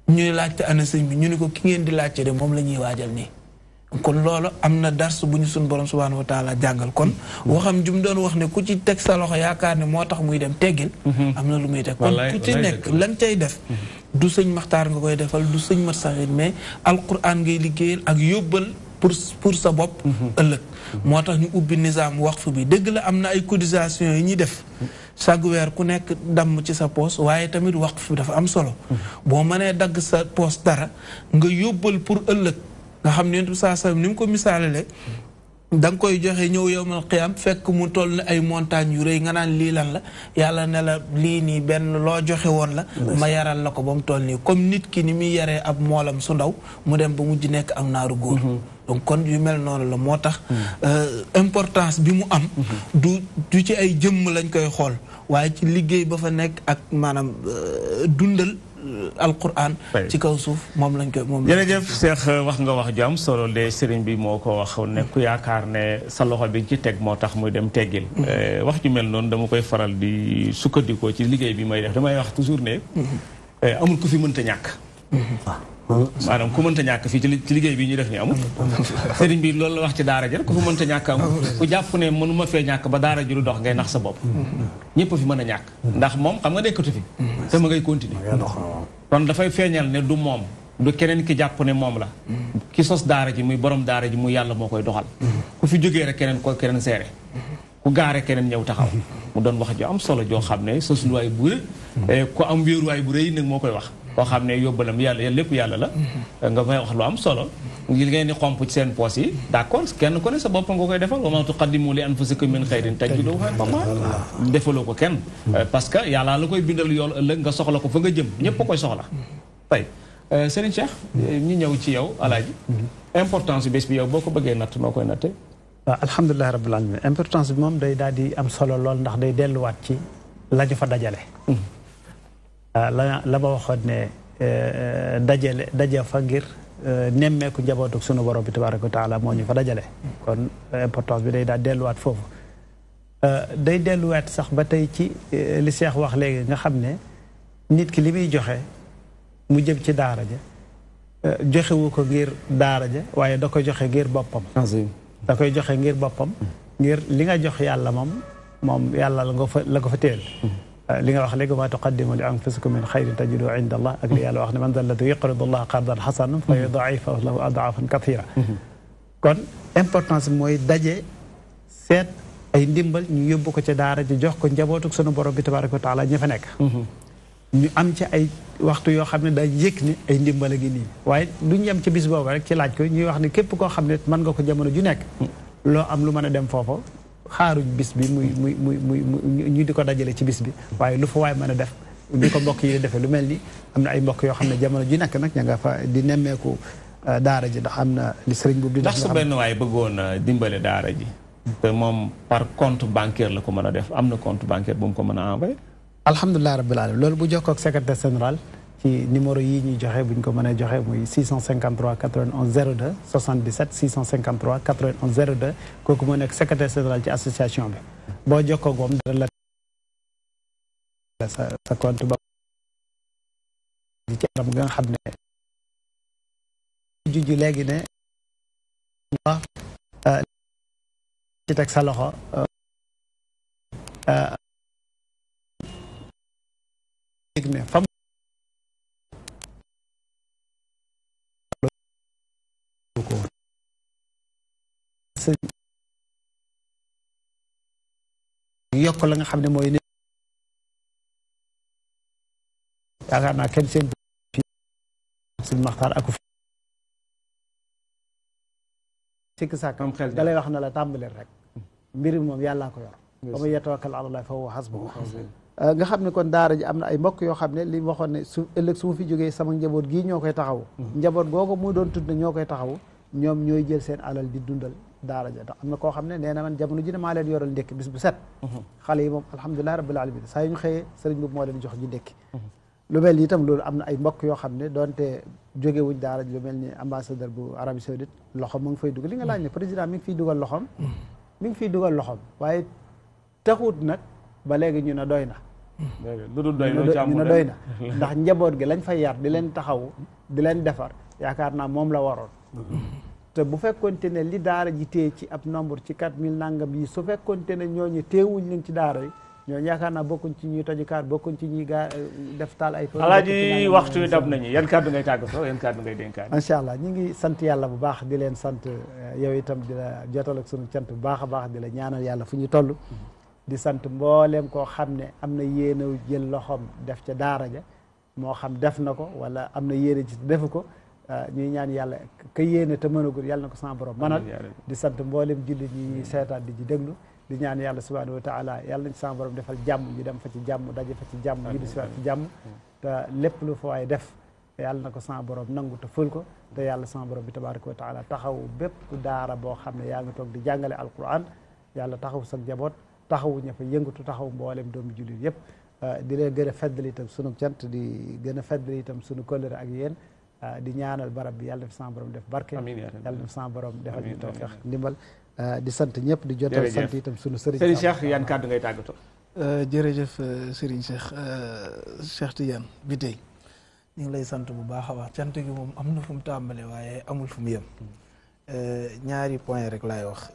ñuy laajte ana sëñ bi ñu ne ko ki ngeen di laajte de moom la ñuy waajal nii kon loolu am na dars bu ñu suñ borom subhaanahu wa jàngal kon waxam jum doon wax ne ku ci teg sa loxo yaakaar ne moo tax muy dem teggil mhm. am na lu muy teg kon ku ci nekk lan cay def mhm. du sëñ maxtaar nga koy defal du sëñ mat saxit mais alquran ngay liggéeyal ak yóbbal pour pour sa bopp mhm. ëllëg moo tax ñu ubbi nizaam waqf bi dëgg la am na ay cotisation yi ñuy def chaque weer ku nekk damm ci sa poos waaye tamit waqf bi dafa am solo boo mënee dagg sa poos dara nga yóbbal pour ëllëg nga xam ne yentu saa sallam ni mu ko misaalalee danga koy joxe ñëw yowmal qiyaam fekk mu toll ni ay montagnes yu rëy nga naan lii lan la yàlla ne la lii nii benn loo joxe woon la ma yaral la ko ba mu toll nii comme nit ki ni muy yaree ab moolam su ndaw mu dem ba mujj nekk am naaru góor mhm. donc kon yu mel noonu la moo tax mhm. euh, importance bi mu am mhm. du ci ay jëmm lañ koy xool waaye ci liggéey ba fa nekk ak maanaam euh, dundal alquran ci kaw suuf moom lañ koy moom jërëjëf Cheikh wax nga wax ju solo de sëriñ bi moo ko wax nekku yaakaar ne sa loxo bi ci teg moo tax muy dem teggil mm-hmm. eh, wax ju mel noonu dama koy faral di sukkandikoo ci liggéey bi may def damay wax toujours ne mm-hmm. eh, amul ku fi mënta ñàkk mm-hmm. maanaam ku mënta ñàkk fii ci liggéey bi ñu def ni amul sëriñ bi loolu la wax ci daara ji rek ku fi mënta ñàkk amul ku jàpp ne mënuma fee ñàkk ba daara ji lu dox ngay nax sa bopp hmm. ñëpp fi mën a ñàkk hmm. ndax moom xam nga nekkatu fi hmm. te ma ngay continuer dafay feeñal ne du moom du keneen ki jàpp ne moom la ki sos daara ji muy borom daara ji muy yàlla moo koy doxal ku fi jógee rek keneen ko keneen seere ku gaare keneen ñëw taxaw mu doon wax ju am solo joo xam ne sosluwaay bu eh, ku am wéeruwaay bu rëy nag moo koy wax koo xam ne yóbbalam yàlla lépp yàlla la mm-hmm. nga may wax lu am solo li ngeen di xomp ci seen poos yi d'accord kenn ku ne koy defal wa ma ko kenn mm-hmm. euh, parce que yàlla la koy bindal yool ëllëg nga soxla ko fa nga jëm ñëpp a koy soxla mm-hmm. tey euh, ñu ñëw ci yow alaaji importance bi bés yow boo ko bëggee natt noo koy natte waaw ah, alhamdulilahi rabbil alamin importance moom day daal di am solo lool ndax day delluwaat ci la ñu fa dajale Euh, la la ma waxoon ne euh, euh, dajale daje fa ngir nemmeeku njabootu sunu borom bi tabaraka wa taala moo ñu fa dajale kon importance bi day daal delluwaat foofu day delluwaat sax ba tey ci li seex wax léegi nga xam ne nit ki li muy joxe mu jëm ci daara ja joxewu ko ngir daara ja waaye da koy joxe ngir boppam ah, da koy joxe ngir boppam ngir li nga jox yàlla moom moom yàlla la nga fa la ko fa mm-hmm. لين أخ ما تقدموا لأنفسكم من خير تجدوا عند الله أقول يا لأخ من ذا الذي يقرض الله قرضا حسنا فيضعيف له أضعافا كثيرة كون امبورتانس موي داجي سيت اي ديمبل ني يوبو كو تي دارا دي جوخ كو نجابوتو سونو بروبي تبارك وتعالى ني فنيك ني ام تي اي وقتو يو خامني دا ييكني اي ديمبل غي ني واي دو ني ام تي بيس بوبو رك تي لاج كو ني واخني كيب كو خامني مان كو جامونو جو نيك لو ام لو مانا ديم فوفو xaaruñ bis bi muy muy muy muy ñu di ko dajale ci bis bi waaye lu fa waay mën a def ñu ko mbokk yi di defee lu mel ni am na ay mbokk yoo xam ne jamono ji nekk nag ña nga fa di nemmeeku euh, daara ji ndax am na li sëriñ boobu di def ndax su benn waaye bëggoon euh, dimbale daara ji te moom par compte bancaire la ko mën a def am na compte bancaire bu mu ko mën a envoyé alhamdulilah rabbil alamin loolu bu jokkoo ak secrétaire général ci numéro yi ñuy joxe bu ñu ko mënee joxe muy 653 91 02 77 653 91 02 kooku moo nekk secrétaire général ci association bi boo jokkoo ak moom dara la sa sa ba di xam ne juju léegi ne euh, ci teg sa loxo euh, euh, yëg ne fam sa yokk nga xam ne mooy ne yaakaar naa kenn seen suñ maxtaar aku sikk sàkk wax na la tàmbaleel rek mbir moom yàllaa ko yor ba ma yatawakkal ala llaah fa huwa euh, nga xam ne kon daara ji am na ay mbokk yoo xam ne li waxoon ne su ëllëg jógee sama njaboot gii ñoo koy taxawu mm-hmm. njaboot googu mu doon tudd ne ñoo koy taxawu ñoom ñooy jël seen alal di dundal daara ja ndax am na koo xam ne nee na man jamono ji ne maa leen yoral ndékki bis bu set mhm. xale yi moom alhamdulilahi rabbil saa yu ñu xëyee sëriñ boobu moo leen jox ji ndékki mhm. lu mel ni itam loolu am na ay mbokk yoo xam ne donte jóge wuñ daara ji lu mel ni ambassadeur bu Arabie Saoudite loxom mu ngi fay dugal li nga laaj ne mhm. président mi ngi fiy dugal loxom mi ngi waaye taxut nag ba léegi ñu ne doy na lu dul doy ñu ne doy na ndax njaboot gi lañ fay yar di leen taxaw di leen defar yaakaar naa moom la waroon te bu fekkonte ne li daara ji téye ci ab nombre ci quatre mille nangam yi su fekkonte ne ñooñu téewuñ leen ci daara yi ñooñu yaakaar naa bokkuñ ci ñuy tojukaat bokkuñ ci ñi gaa euh, def taal ay. alaaji waxtu wi dab nañu yan kàddu ngay tàggatoo yan kàddu ngay dénkaat. macha allah ñu ngi sant yàlla bu baax di leen sant euh, yow itam di la jotal ak sunu cant bu baax a baax di la ñaanal yàlla fu ñu toll. Mm-hmm. di sant mbooleem koo xam ne am na yéene jël loxoom def ca daara ja moo xam def na ko wala am na yéene ci defu ko. ñuy ñaan yàlla ka yéene te mënagul yàlla na ko sama borom manal di sant mboolem jullit ñi ñuy seetaan di ci déglu di ñaan yàlla subhanahu wa taala yàlla nañ sama borom defal jàmm ñu dem fa ci jàmm daje fa ci jàmm ñu di siwaat ci jàmm te lépp lu fa waaye def yàlla na ko sama borom nangu te ful ko te yàlla sama borom bi tabaraka wa taala taxaw bépp daara boo xam ne yaa ngi toog di jàngale alquran yàlla taxaw sa jaboot taxaw ña fa yëngatu taxaw mboolem doomu jullit yëpp di leen gën a feddali itam sunu cant di gën a feddali itam sunu kóllëre ak yéen Euh, di ñaanal barab bi yàlla def sama borom def barke yàlla def sama borom defal ñu tawfeex ndimbal euh, di sant ñëpp di jotal sant itam suñu sëriñ sëriñ Cheikh yan kàddu tàggatoo euh, jërëjëf sëriñ Cheikh Cheikh Tidiane bi tey ñu ngi lay sant bu baax a baax cant gi moom am na fu mu tàmbalee waaye amul fu mu ñaari point rek laay wax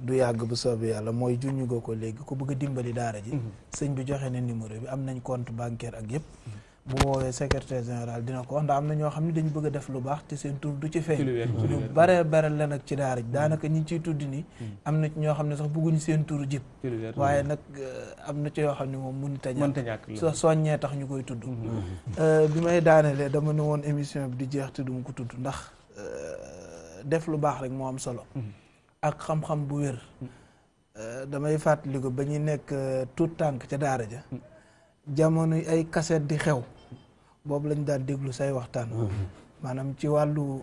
du yàgg bu soobee yàlla mooy junñu ko léegi ko bëgg dimbali daara ji mhm. sëñ bi joxe ne numéro bi am nañ compte bancaire ak yëpp mhm. bu woowee secrétaire général dina ko wax ndax am na ñoo xam ne dañu bëgg a def lu baax te seen tur du ci feeñ lu bare bare la nag ci daara ji mm. daanaka ñi ciy tudd nii mm. am na ñoo xam ne sax bëgguñu seen tur jib waaye nag eh, am na ci yoo xam ne moom mënut a ñàkk so soññee tax ñu koy tudd mm-hmm. eh, bi may daanee daanelee dama ne woon émission bi di jeex te duma ko tudd ndax eh, def lu baax rek moo am solo mm-hmm. ak xam-xam bu wér mm. damay fàttaliku ba ñuy nekk tuut tànk ca daara ja jamono ay kaset di xew boobu lañ daan déglu say waxtaan mm-hmm. maanaam ci wàllu euh,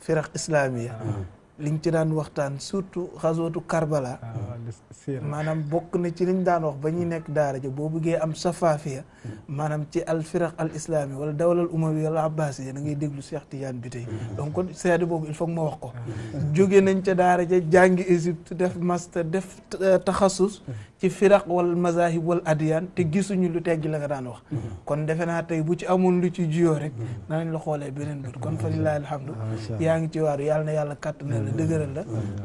firaq islamiya mm-hmm. liñ ci daan waxtaan surtout xasootu Karbala ah, maanaam bokk na ci liñ daan wax ba ñuy nekk daara ja boo buggee am safaafiya mm-hmm. maanaam ci al firaq al islami wala dawlal umawi al abbasi da ngay déglu Cheikh Tidiane bi tey donc kon boobu il faut ma wax ko jóge nañ ca daara ja jàngi Égypte def master def euh, taxasus ci firaq wal mazahib wal adiyaan te gisuñu lu teggi la nga daan wax mhm. kon defe naa tey bu ci amoon lu ci jiyoo rek mhm. naa la xoolee beneen bët kon fa mhm. lillahi alhamdu yaa ngi ci waaru yàlla na yàlla kattanal la dëgëral la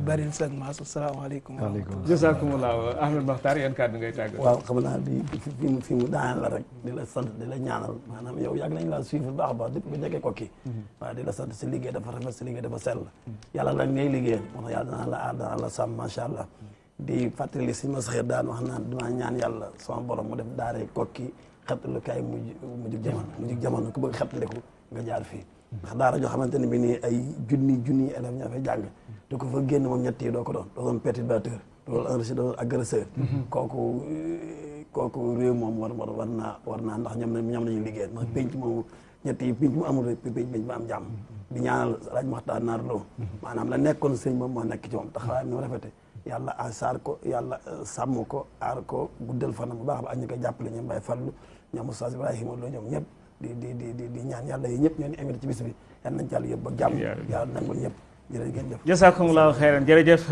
baril sag maas asalaamaaleykum wa rahmatulah jasakumullah Ahmed Makhtar yan ngay tàgg waaw xam naa di fi mu fi mu daaneel la rek di la maanaam yow yàgg nañ laa suivre baax baax depuis bu nekkee kokki waaw di la sant si liggéey dafa rafet si la ngay liggéeyal moo tax yàlla danaa la aar danaa la allah di fàttali si ma saxir daan wax naan dama ñaan yàlla sama borom mu def daaree kokki xettalu kaay mujj mujj mu mujj jamono ku bëgg xettaliku nga jaar fii ndax daara joo xamante ne bi nii ay junni junni élèves ñoo fay jàng te ko ko doon doo doon perturbateur doo doon enrichi doo doon agresseur kooku kooku réew moom war war war naa war naa ndax ñoom ñoom lañuy liggéey ndax pénc moom ñett yi pénc mu amul rek pénc pénc mu am jàmm di ñaanal rajo Maxtaar Naar Lo maanaam la nekkoon sëñ moom moo nekk ci moom taxawaay bi ni mu yàlla asaar ko yàlla euh, sàmm ko aar ko guddal fanam bu baax ba ñu koy jàppale ñoom Baye Fallou ñoom Oustaz ñoom ñëpp di di di di ñaan yàlla yi ñëpp ñoo ñu émir ci bis yàlla nangul ñëpp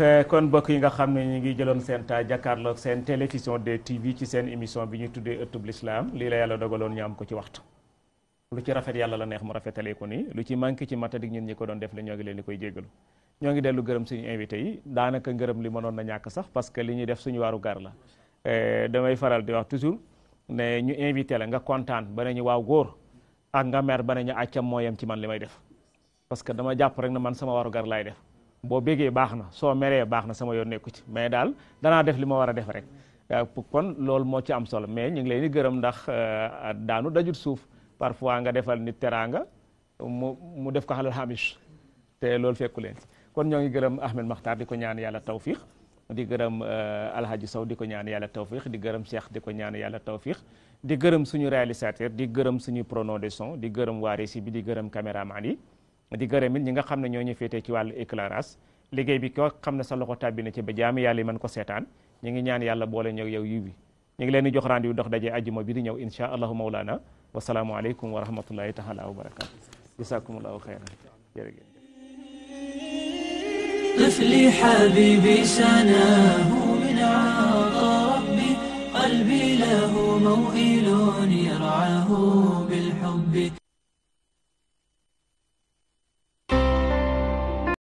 euh, kon bokk yi nga xam ne ñu ngi jëloon seen ta jàkkaarloog seen télévision de TV ci seen émission bi ñuy tuddee ëttub lislaam lii la yàlla dogaloon ñu am ko ci waxtu lu ci rafet yàlla la neex mu rafetalee ko nii lu ci manqué ci matadik ñun ñi ko doon def la ñoo ngi leen di koy jéggalu ñoo ngi dellu gërëm suñu invité yi daanaka ngërëm li mënoon na ñàkk sax parce que li ñuy def suñu waaru gar la eh, damay faral di wax toujours ne ñu invité la nga kontaan ba ne ñu waaw góor ak nga mer ba ne ñu àccam mooyam ci man li may def parce que dama jàpp rek ne man sama waaru gar laay def boo bégee baax na soo meree baax na sama yoon nekku ci mais daal danaa def li ma war a def rek eh, kon loolu moo ci am solo mais ñu ngi leen gërëm ndax eh, daanu dajut suuf parfois nga defal nit teraanga mu mu def ko xalal te loolu fekku leen kon ñoo ngi gërëm ahmed makhtar di ko ñaan yàlla tawfiq di gërëm eh, alhaji saw di ko ñaan yàlla tawfiq di gërëm cheikh di ko ñaan yàlla tawfiq di gërëm suñu réalisateur di gërëm suñu prono de son di gërëm waa récit bi di gërëm caméraman yi di gërëm it ñi nga xam ne ñoo ñu féetee ci wàllu éclairage liggéey bi ko xam sa loxo tàbbi ci ba jaami yàlla man ko seetaan ñi ngi ñaan yàlla boole ñëw yow yiwi ñi ngi leen di jox rendez-vous dox daje ajjuma bi di ñëw insha allahu maulana wasalaamu alaykum wa rahmatullahi taala wa barakatuh jazakumullahu khairan jërëjëf طفلي حبيبي سناه من عطاء ربي قلبي له موئل يرعاه بالحب